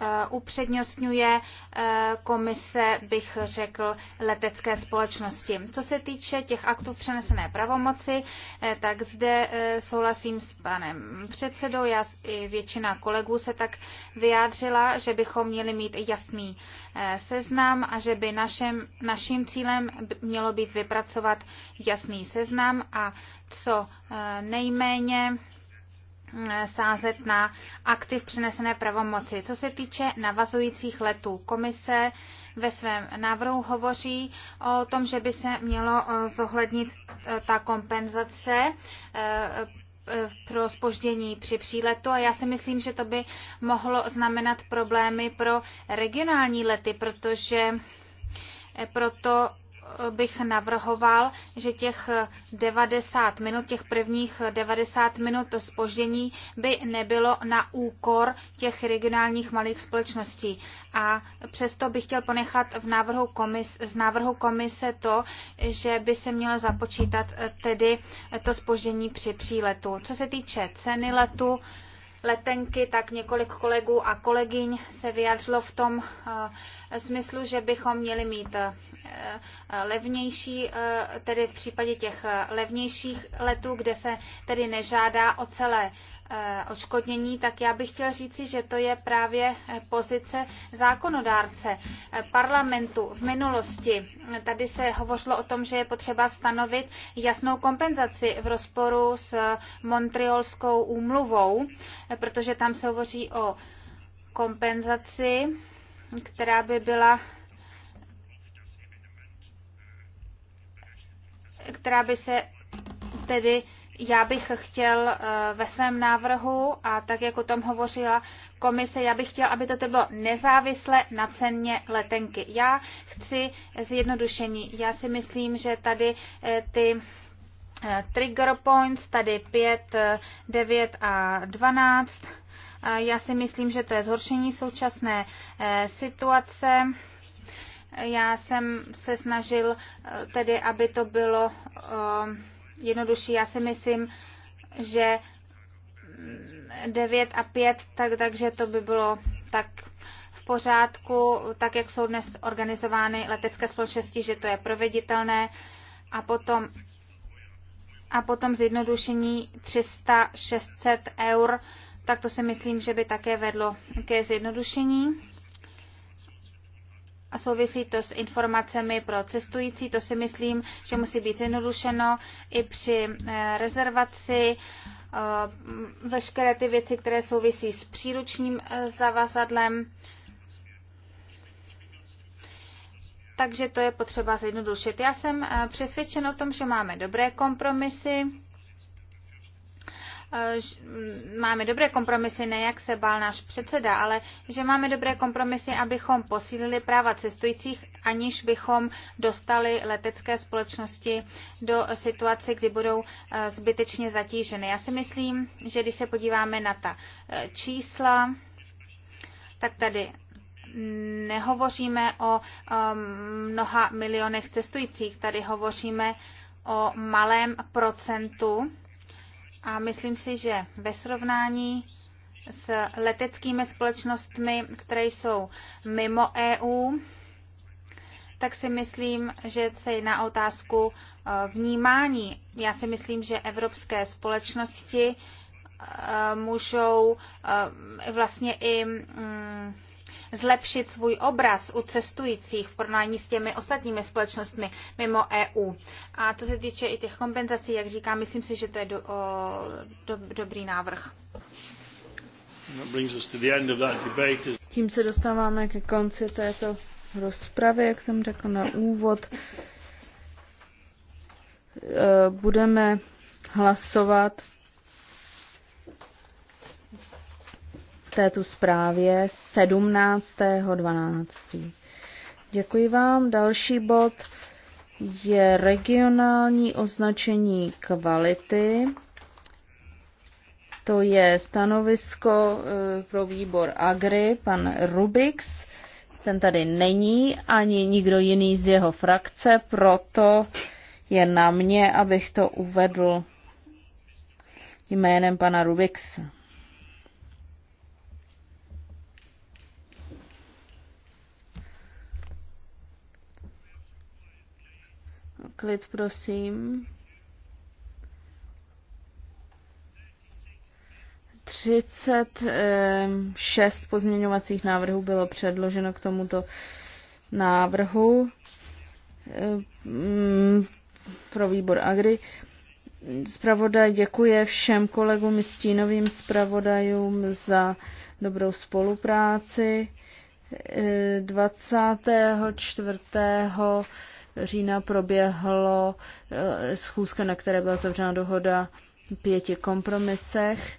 eh, upřednostňuje eh, komise, bych řekl, letecké společnosti. Co se týče těch aktů přenesené pravomoci, tak zde souhlasím s panem předsedou, já i většina kolegů se tak vyjádřila, že bychom měli mít jasný seznam a že by našem, naším cílem mělo být vypracovat jasný seznam a co nejméně sázet na aktiv přenesené pravomoci. Co se týče navazujících letů, komise ve svém návrhu hovoří o tom, že by se mělo eh, zohlednit eh, ta kompenzace eh, pro spoždění při příletu a já si myslím, že to by mohlo znamenat problémy pro regionální lety, protože proto bych navrhoval, že těch 90 minut, těch prvních 90 minut spoždění by nebylo na úkor těch regionálních malých společností. A přesto bych chtěl ponechat v návrhu komis, z návrhu komise to, že by se mělo započítat eh, tedy eh, to spoždění při příletu. Co se týče ceny letu, letenky, tak několik kolegů a kolegyň se vyjádřilo v tom, uh, smyslu, že bychom měli mít eh, eh, levnější, eh, tedy v případě těch levnějších letů, kde se tedy nežádá o celé odškodnění, tak já bych chtěl říci, že to je právě pozice zákonodárce parlamentu v minulosti. Tady se hovořilo o tom, že je potřeba stanovit jasnou kompenzaci v rozporu s Montrealskou úmluvou, protože tam se hovoří o kompenzaci která by byla která by se tedy já bych chtěl eh, ve svém návrhu, a tak jak o tom hovořila komise, já bych chtěl, aby to bylo nezávisle na ceně letenky. Já chci zjednodušení. Já si myslím, že tady eh, ty eh, trigger points, tady 5, 9 a 12, já si myslím, že to je zhoršení současné eh, situace. Já jsem se snažil eh, tedy, aby to bylo eh, jednodušší. Já si myslím, že 9 mm, a 5, tak, takže to by bylo tak v pořádku, tak jak jsou dnes organizovány letecké společnosti, že to je proveditelné. A potom, a potom zjednodušení 300-600 eur tak to si myslím, že by také vedlo ke zjednodušení. A souvisí to s informacemi pro cestující, to si myslím, že musí být zjednodušeno i při eh, rezervaci. Eh, veškeré ty věci, které souvisí s příručním eh, zavazadlem. Takže to je potřeba zjednodušit. Já jsem přesvědčen o tom, že máme dobré kompromisy. Eh, máme dobré kompromisy, ne jak se bál náš předseda, ale že máme dobré kompromisy, abychom posílili práva cestujících, aniž bychom dostali letecké společnosti do situace, kdy budou eh, zbytečně zatíženy. Já si myslím, že když se podíváme na ta eh, čísla, tak tady nehovoříme o ehm, mnoha milionech cestujících, tady hovoříme o malém procentu a myslím si, že ve srovnání s leteckými společnostmi, které jsou mimo EU, tak si myslím, že se jedná otázku e, vnímání. Já si myslím, že evropské společnosti e, můžou e, vlastně i mm, zlepšit svůj obraz u cestujících v porovnání s těmi ostatními společnostmi mimo EU. A to se týče i těch kompenzací, jak říkám, myslím si, že to je do, o, do, dobrý návrh. Tím se dostáváme ke konci této rozpravy, jak jsem řekl na úvod. E, budeme hlasovat této zprávě 17.12. Děkuji vám. Další bod je regionální označení kvality. To je stanovisko e, pro výbor Agri, pan Rubix. Ten tady není, ani nikdo jiný z jeho frakce, proto je na mě, abych to uvedl jménem pana Rubixa. Klid, prosím. 36 eh, pozměňovacích návrhů bylo předloženo k tomuto návrhu eh, mm, pro výbor Agri. Zpravodaj děkuje všem kolegům i stínovým zpravodajům za dobrou spolupráci. 24 eh, října proběhlo eh, schůzka, na které byla zavřena dohoda pěti kompromisech.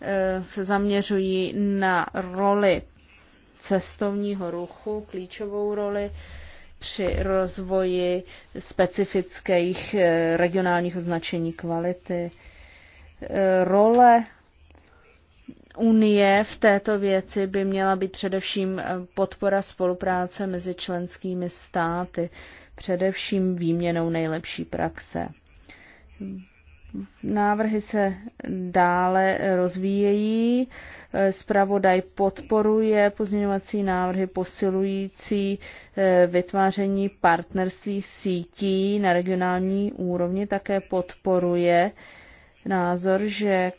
Eh, se zaměřují na roli cestovního ruchu, klíčovou roli při rozvoji specifických eh, regionálních označení kvality. Role Unie v této věci by měla být především podpora spolupráce mezi členskými státy především výměnou nejlepší praxe. Návrhy se dále rozvíjejí. Spravodaj podporuje pozměňovací návrhy posilující eh, vytváření partnerství sítí na regionální úrovni. Také podporuje názor, že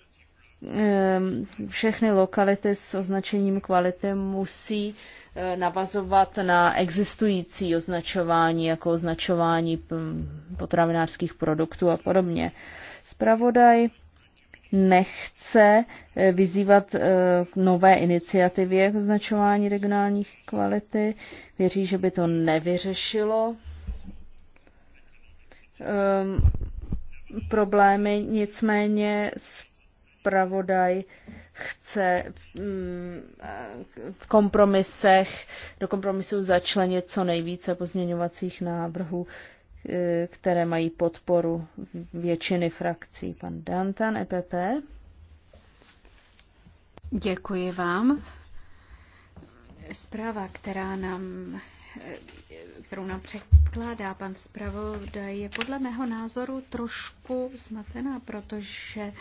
eh, všechny lokality s označením kvality musí Eh, navazovat na existující označování, jako označování hm, potravinářských produktů a podobně. Spravodaj nechce eh, vyzývat eh, k nové iniciativě k označování regionálních kvality. Věří, že by to nevyřešilo ehm, problémy, nicméně spravodaj chce mm, v kompromisech, do kompromisů začlenit co nejvíce pozměňovacích návrhů, e, které mají podporu většiny frakcí. Pan Dantan, EPP. Děkuji vám. Zpráva, která nám kterou nám překládá pan zpravodaj, je podle mého názoru trošku zmatená, protože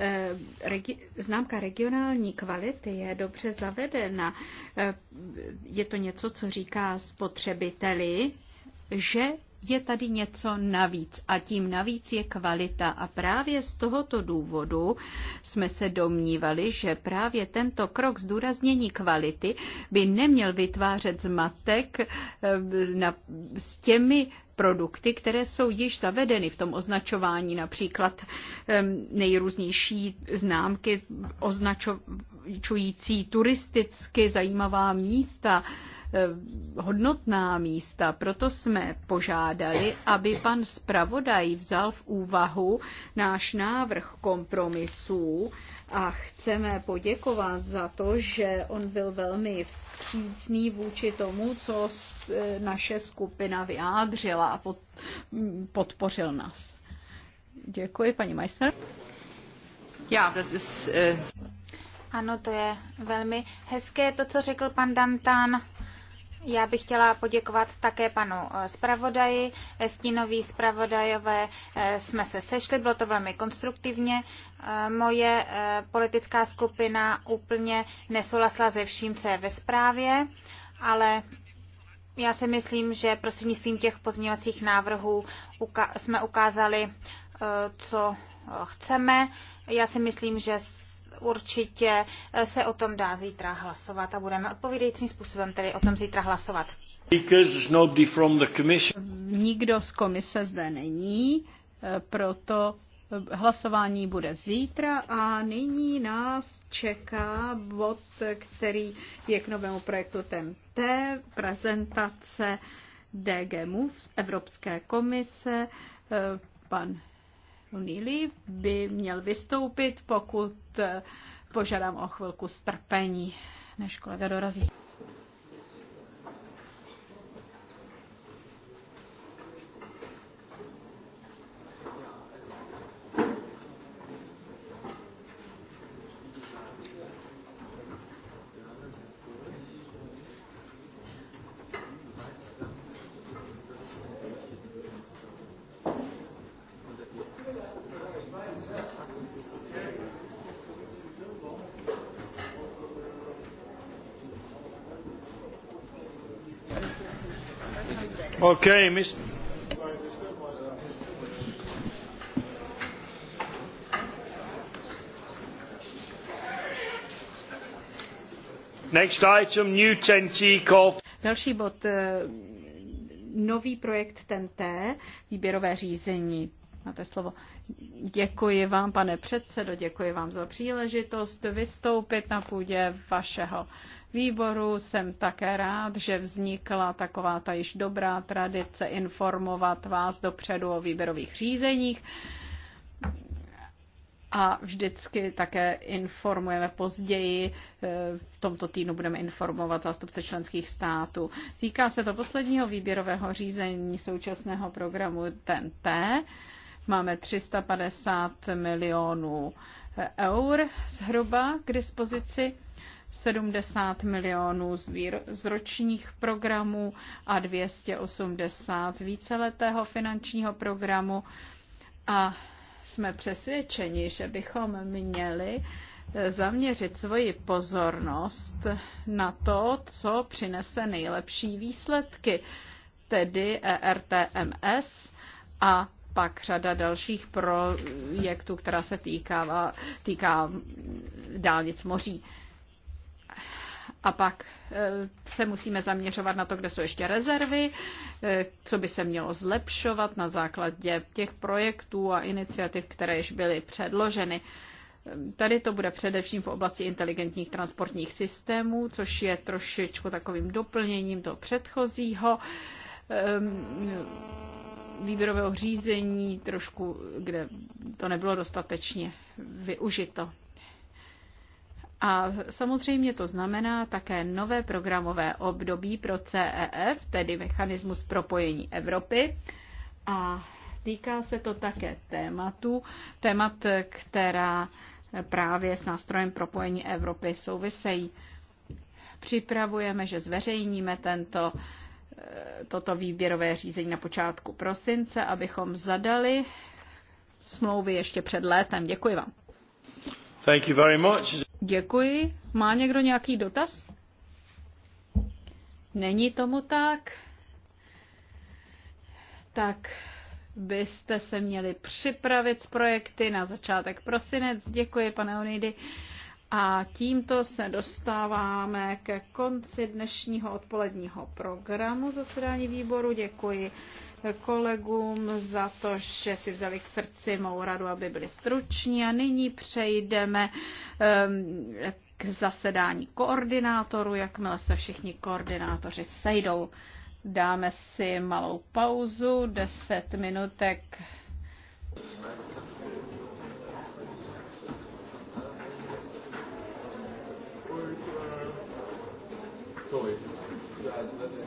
eh, regi- známka regionální kvality je dobře zavedena. Eh, je to něco, co říká spotřebiteli, že je tady něco navíc a tím navíc je kvalita. A právě z tohoto důvodu jsme se domnívali, že právě tento krok zdůraznění kvality by neměl vytvářet zmatek eh, s těmi produkty, které jsou již zavedeny v tom označování, například nejrůznější známky označující turisticky zajímavá místa, hodnotná místa. Proto jsme požádali, aby pan zpravodaj vzal v úvahu náš návrh kompromisů a chceme poděkovat za to, že on byl velmi vstřícný vůči tomu, co e, naše skupina vyjádřila a podpořil nás. Děkuji, paní majster. Já, to je... Ano, to je velmi hezké, to, co řekl pan Dantán já bych chtěla poděkovat také panu eh, zpravodaji. Eh, stínový zpravodajové eh, jsme se sešli, bylo to velmi konstruktivně. Moje politická skupina úplně nesouhlasila ze vším, co je ve zprávě, ale já si myslím, že prostřednictvím těch pozměňovacích návrhů jsme ukázali, co chceme. Já si myslím, že určitě se o tom dá zítra hlasovat a budeme odpovídajícím způsobem tedy o tom zítra hlasovat. Nikdo z komise zde není, proto hlasování bude zítra a nyní nás čeká bod, který je k novému projektu TMT, prezentace DG Moves Evropské komise. Eh, pan Unili by měl vystoupit, pokud eh, požádám o chvilku strpení, než kolega dorazí. Okay, mis... Next item, new TNT call. Další bod, eh, nový projekt TNT, výběrové řízení. Máte slovo. Děkuji vám, pane předsedo, děkuji vám za příležitost vystoupit na půdě vašeho výboru. Jsem také rád, že vznikla taková ta již dobrá tradice informovat vás dopředu o výběrových řízeních. A vždycky také informujeme později, eh, v tomto týdnu budeme informovat zástupce členských států. Týká se to posledního výběrového řízení současného programu TNT. Máme 350 milionů eh, eur zhruba k dispozici, 70 milionů z, z ročních programů a 280 z víceletého finančního programu. A jsme přesvědčeni, že bychom měli eh, zaměřit svoji pozornost na to, co přinese nejlepší výsledky, tedy ERTMS a pak řada dalších projektů, která se týká, týká dálnic moří. A pak eh, se musíme zaměřovat na to, kde jsou ještě rezervy, eh, co by se mělo zlepšovat na základě těch projektů a iniciativ, které již byly předloženy. Tady to bude především v oblasti inteligentních transportních systémů, což je trošičku takovým doplněním toho předchozího ehm, výběrového řízení trošku, kde to nebylo dostatečně využito. A samozřejmě to znamená také nové programové období pro CEF, tedy mechanismus propojení Evropy. A týká se to také tématu, témat, která právě s nástrojem propojení Evropy souvisejí. Připravujeme, že zveřejníme tento uh, Eh, toto výběrové řízení na počátku prosince, abychom zadali smlouvy ještě před létem. Děkuji vám. Thank you very much. Děkuji. Má někdo nějaký dotaz? Není tomu tak? Tak byste se měli připravit s projekty na začátek prosinec. Děkuji, pane Onidy. A tímto se dostáváme ke konci dnešního odpoledního programu zasedání výboru. Děkuji kolegům za to, že si vzali k srdci mou radu, aby byli struční. A nyní přejdeme ehm, k zasedání koordinátoru, jakmile se všichni koordinátoři sejdou. Dáme si malou pauzu, 10 minutek. Sorry. Ja,